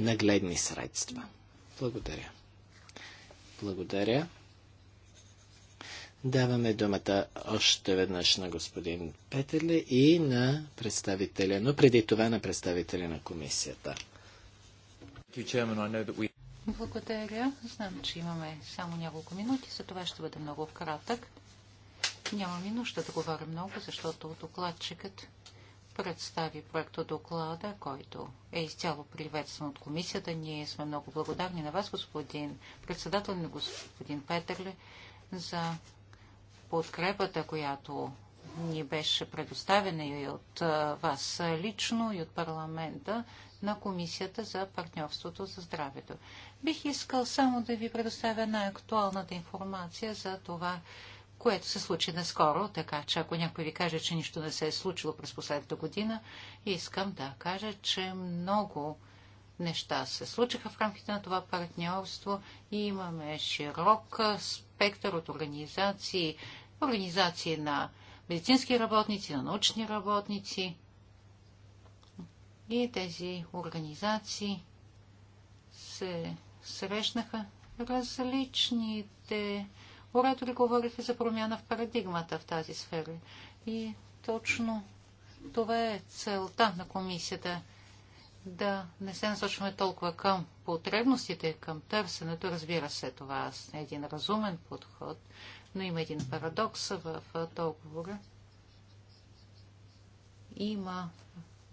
нагледни средства. Благодаря. Благодаря. Даваме думата още веднъж на господин Петеле и на представителя, но преди това на представителя на комисията. Благодаря. Знам, че имаме само няколко минути, за това ще бъде много кратък. Нямам и нужда да говоря много, защото докладчикът представи проекта доклада, който е изцяло приветстван от комисията. Ние сме много благодарни на вас, господин председател, на господин Петърле, за подкрепата, която ни беше предоставена и от вас лично, и от парламента на Комисията за партньорството за здравето. Бих искал само да ви предоставя най-актуалната информация за това, което се случи наскоро, така че ако някой ви каже, че нищо не се е случило през последната година, искам да кажа, че много неща се случиха в рамките на това партньорство и имаме широк спектър от организации, организации на медицински работници, на научни работници, и тези организации се срещнаха. Различните оратори говориха за промяна в парадигмата в тази сфера. И точно това е целта на комисията да не се насочваме толкова към потребностите, към търсенето. Разбира се, това е един разумен подход, но има един парадокс в договора. Има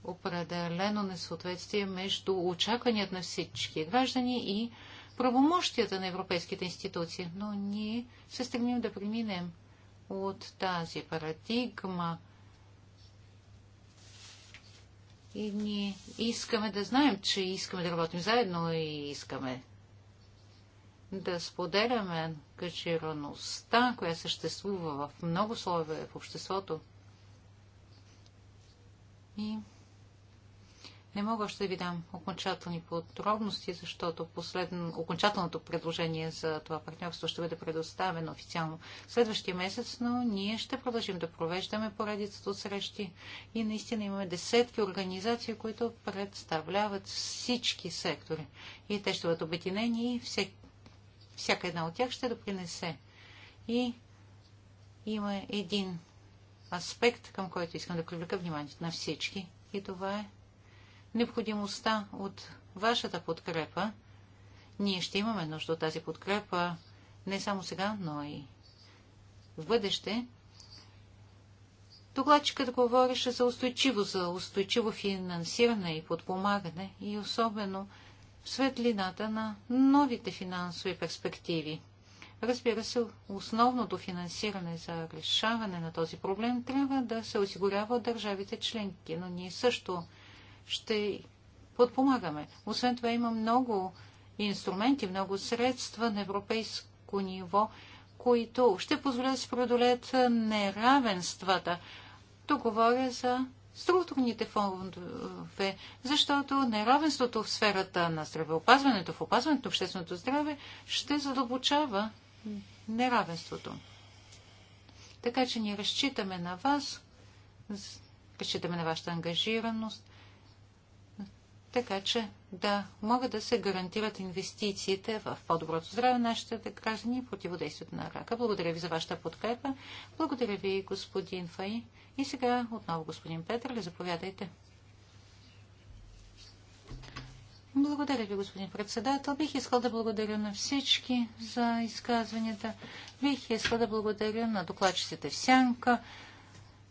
определено несъответствие между очакванията на всички граждани и правомощията на европейските институции. Но ние се стремим да преминем от тази парадигма и ние искаме да знаем, че искаме да работим заедно и искаме да споделяме ангажираността, която съществува в много слоеве в обществото. И не мога още да ви дам окончателни подробности, защото последно, окончателното предложение за това партньорство ще бъде предоставено официално следващия месец, но ние ще продължим да провеждаме поредицата от срещи и наистина имаме десетки организации, които представляват всички сектори. И те ще бъдат обединени и всек, всяка една от тях ще допринесе. И има един аспект, към който искам да привлека вниманието на всички. И това е необходимостта от вашата подкрепа. Ние ще имаме нужда от тази подкрепа не само сега, но и в бъдеще. Докладчикът говореше за устойчиво, за устойчиво финансиране и подпомагане и особено в светлината на новите финансови перспективи. Разбира се, основното финансиране за решаване на този проблем трябва да се осигурява от държавите членки, но ние също ще подпомагаме. Освен това има много инструменти, много средства на европейско ниво, които ще позволят да се преодолеят неравенствата. Тук говоря за структурните фондове, защото неравенството в сферата на здравеопазването, в опазването на общественото здраве ще задълбочава неравенството. Така че ние разчитаме на вас, разчитаме на вашата ангажираност, така че да могат да се гарантират инвестициите в по-доброто здраве на нашите граждани и противодействието на рака. Благодаря ви за вашата подкрепа. Благодаря ви, господин Фаи. И сега отново господин Петър, заповядайте. Благодаря ви, господин председател. Бих искал да благодаря на всички за изказванията. Бих искал да благодаря на докладчиците в Сянка,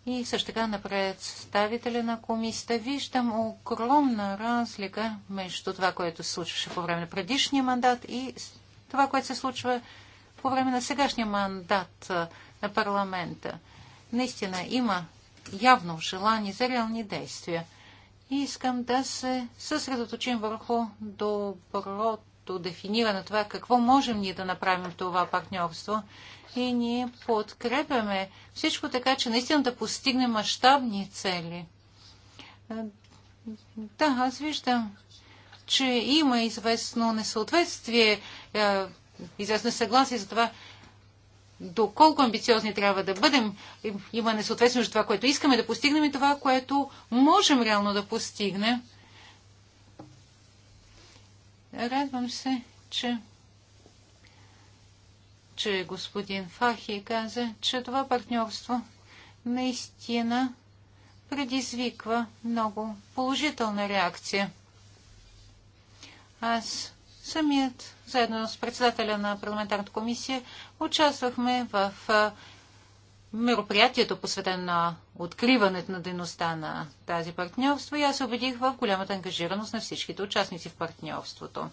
и също така на представителя на комисията. Виждам огромна разлика между това, което се случваше по време на предишния мандат и това, което се случва по време на сегашния мандат на парламента. Наистина има явно желание за реални действия. И искам да се съсредоточим върху доброто като дефинира на това какво можем ние да направим в това партньорство. И ние подкрепяме всичко така, че наистина да постигнем мащабни цели. Да, аз виждам, че има известно несъответствие, известно съгласие за това, доколко амбициозни трябва да бъдем. Има несъответствие между това, което искаме да постигнем и това, което можем реално да постигнем. Радвам се, че, че господин Фахи каза, че това партньорство наистина предизвиква много положителна реакция. Аз самият, заедно с председателя на парламентарната комисия, участвахме в мероприятието, посветено на откриването на дейността на тази партньорство и аз се убедих в голямата ангажираност на всичките участници в партньорството.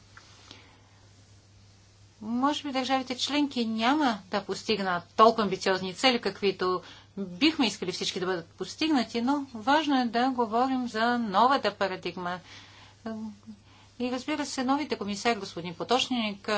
Може би държавите членки няма да постигнат толкова амбициозни цели, каквито бихме искали всички да бъдат постигнати, но важно е да говорим за новата парадигма. И разбира се, новите комисари, господин Поточник,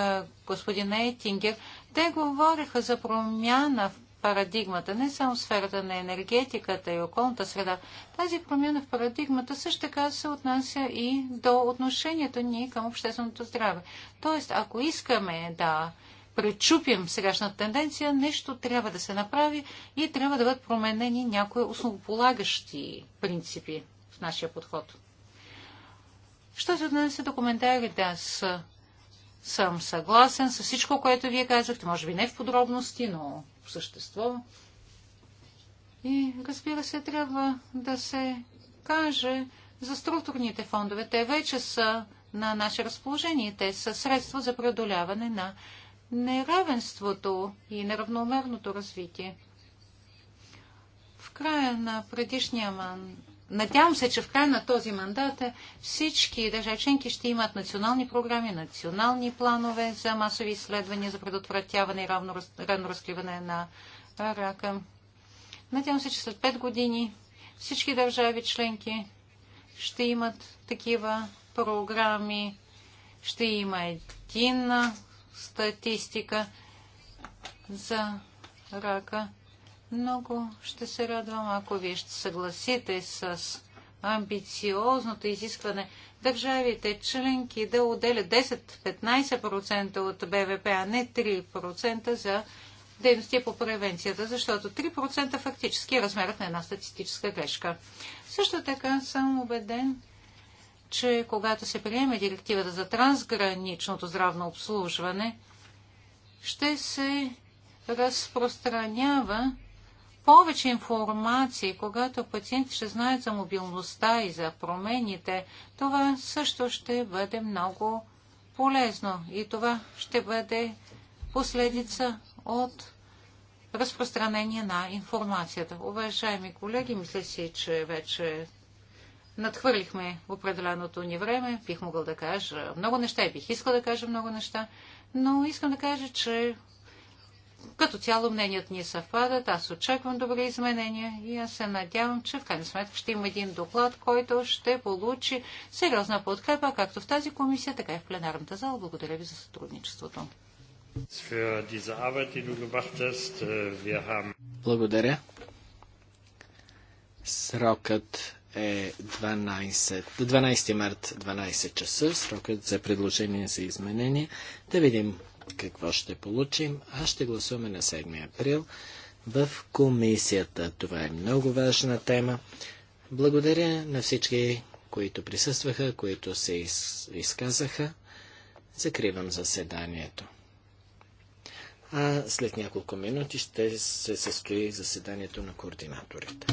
господин Ейтингер, те говориха за промяна в парадигмата, не само в сферата на енергетиката и околната среда. Тази промяна в парадигмата също така се отнася и до отношението ни към общественото здраве. Тоест, ако искаме да пречупим сегашната тенденция, нещо трябва да се направи и трябва да бъдат променени някои основополагащи принципи в нашия подход. Що се отнася до коментарите с съм съгласен с всичко, което вие казахте. Може би не в подробности, но в същество. И разбира се, трябва да се каже за структурните фондове. Те вече са на наше разположение. Те са средства за преодоляване на неравенството и неравномерното развитие. В края на предишния мандат Надявам се, че в края на този мандат е, всички държави членки ще имат национални програми, национални планове за масови изследвания, за предотвратяване и равно, ранно разкриване на рака. Надявам се, че след 5 години всички държави членки ще имат такива програми, ще има единна статистика за рака. Много ще се радвам, ако вие ще съгласите с амбициозното изискване държавите членки да отделят 10-15% от БВП, а не 3% за дейности по превенцията, защото 3% фактически е размерът на една статистическа грешка. Също така съм убеден, че когато се приеме директивата за трансграничното здравно обслужване, ще се разпространява повече информации, когато пациентите ще знаят за мобилността и за промените, това също ще бъде много полезно и това ще бъде последица от разпространение на информацията. Уважаеми колеги, мисля си, че вече надхвърлихме определеното ни време. Бих могъл да кажа много неща и бих искал да кажа много неща, но искам да кажа, че като цяло мненият ни съвпадат, аз очаквам добри изменения и аз се надявам, че в крайна сметка ще има един доклад, който ще получи сериозна подкрепа, както в тази комисия, така и в пленарната зала. Благодаря ви за сътрудничеството. Благодаря. Срокът е 12, 12 март 12 часа, срокът за предложение за изменение. Да видим какво ще получим, а ще гласуваме на 7 април в комисията. Това е много важна тема. Благодаря на всички, които присъстваха, които се из... изказаха. Закривам заседанието. А след няколко минути ще се състои заседанието на координаторите.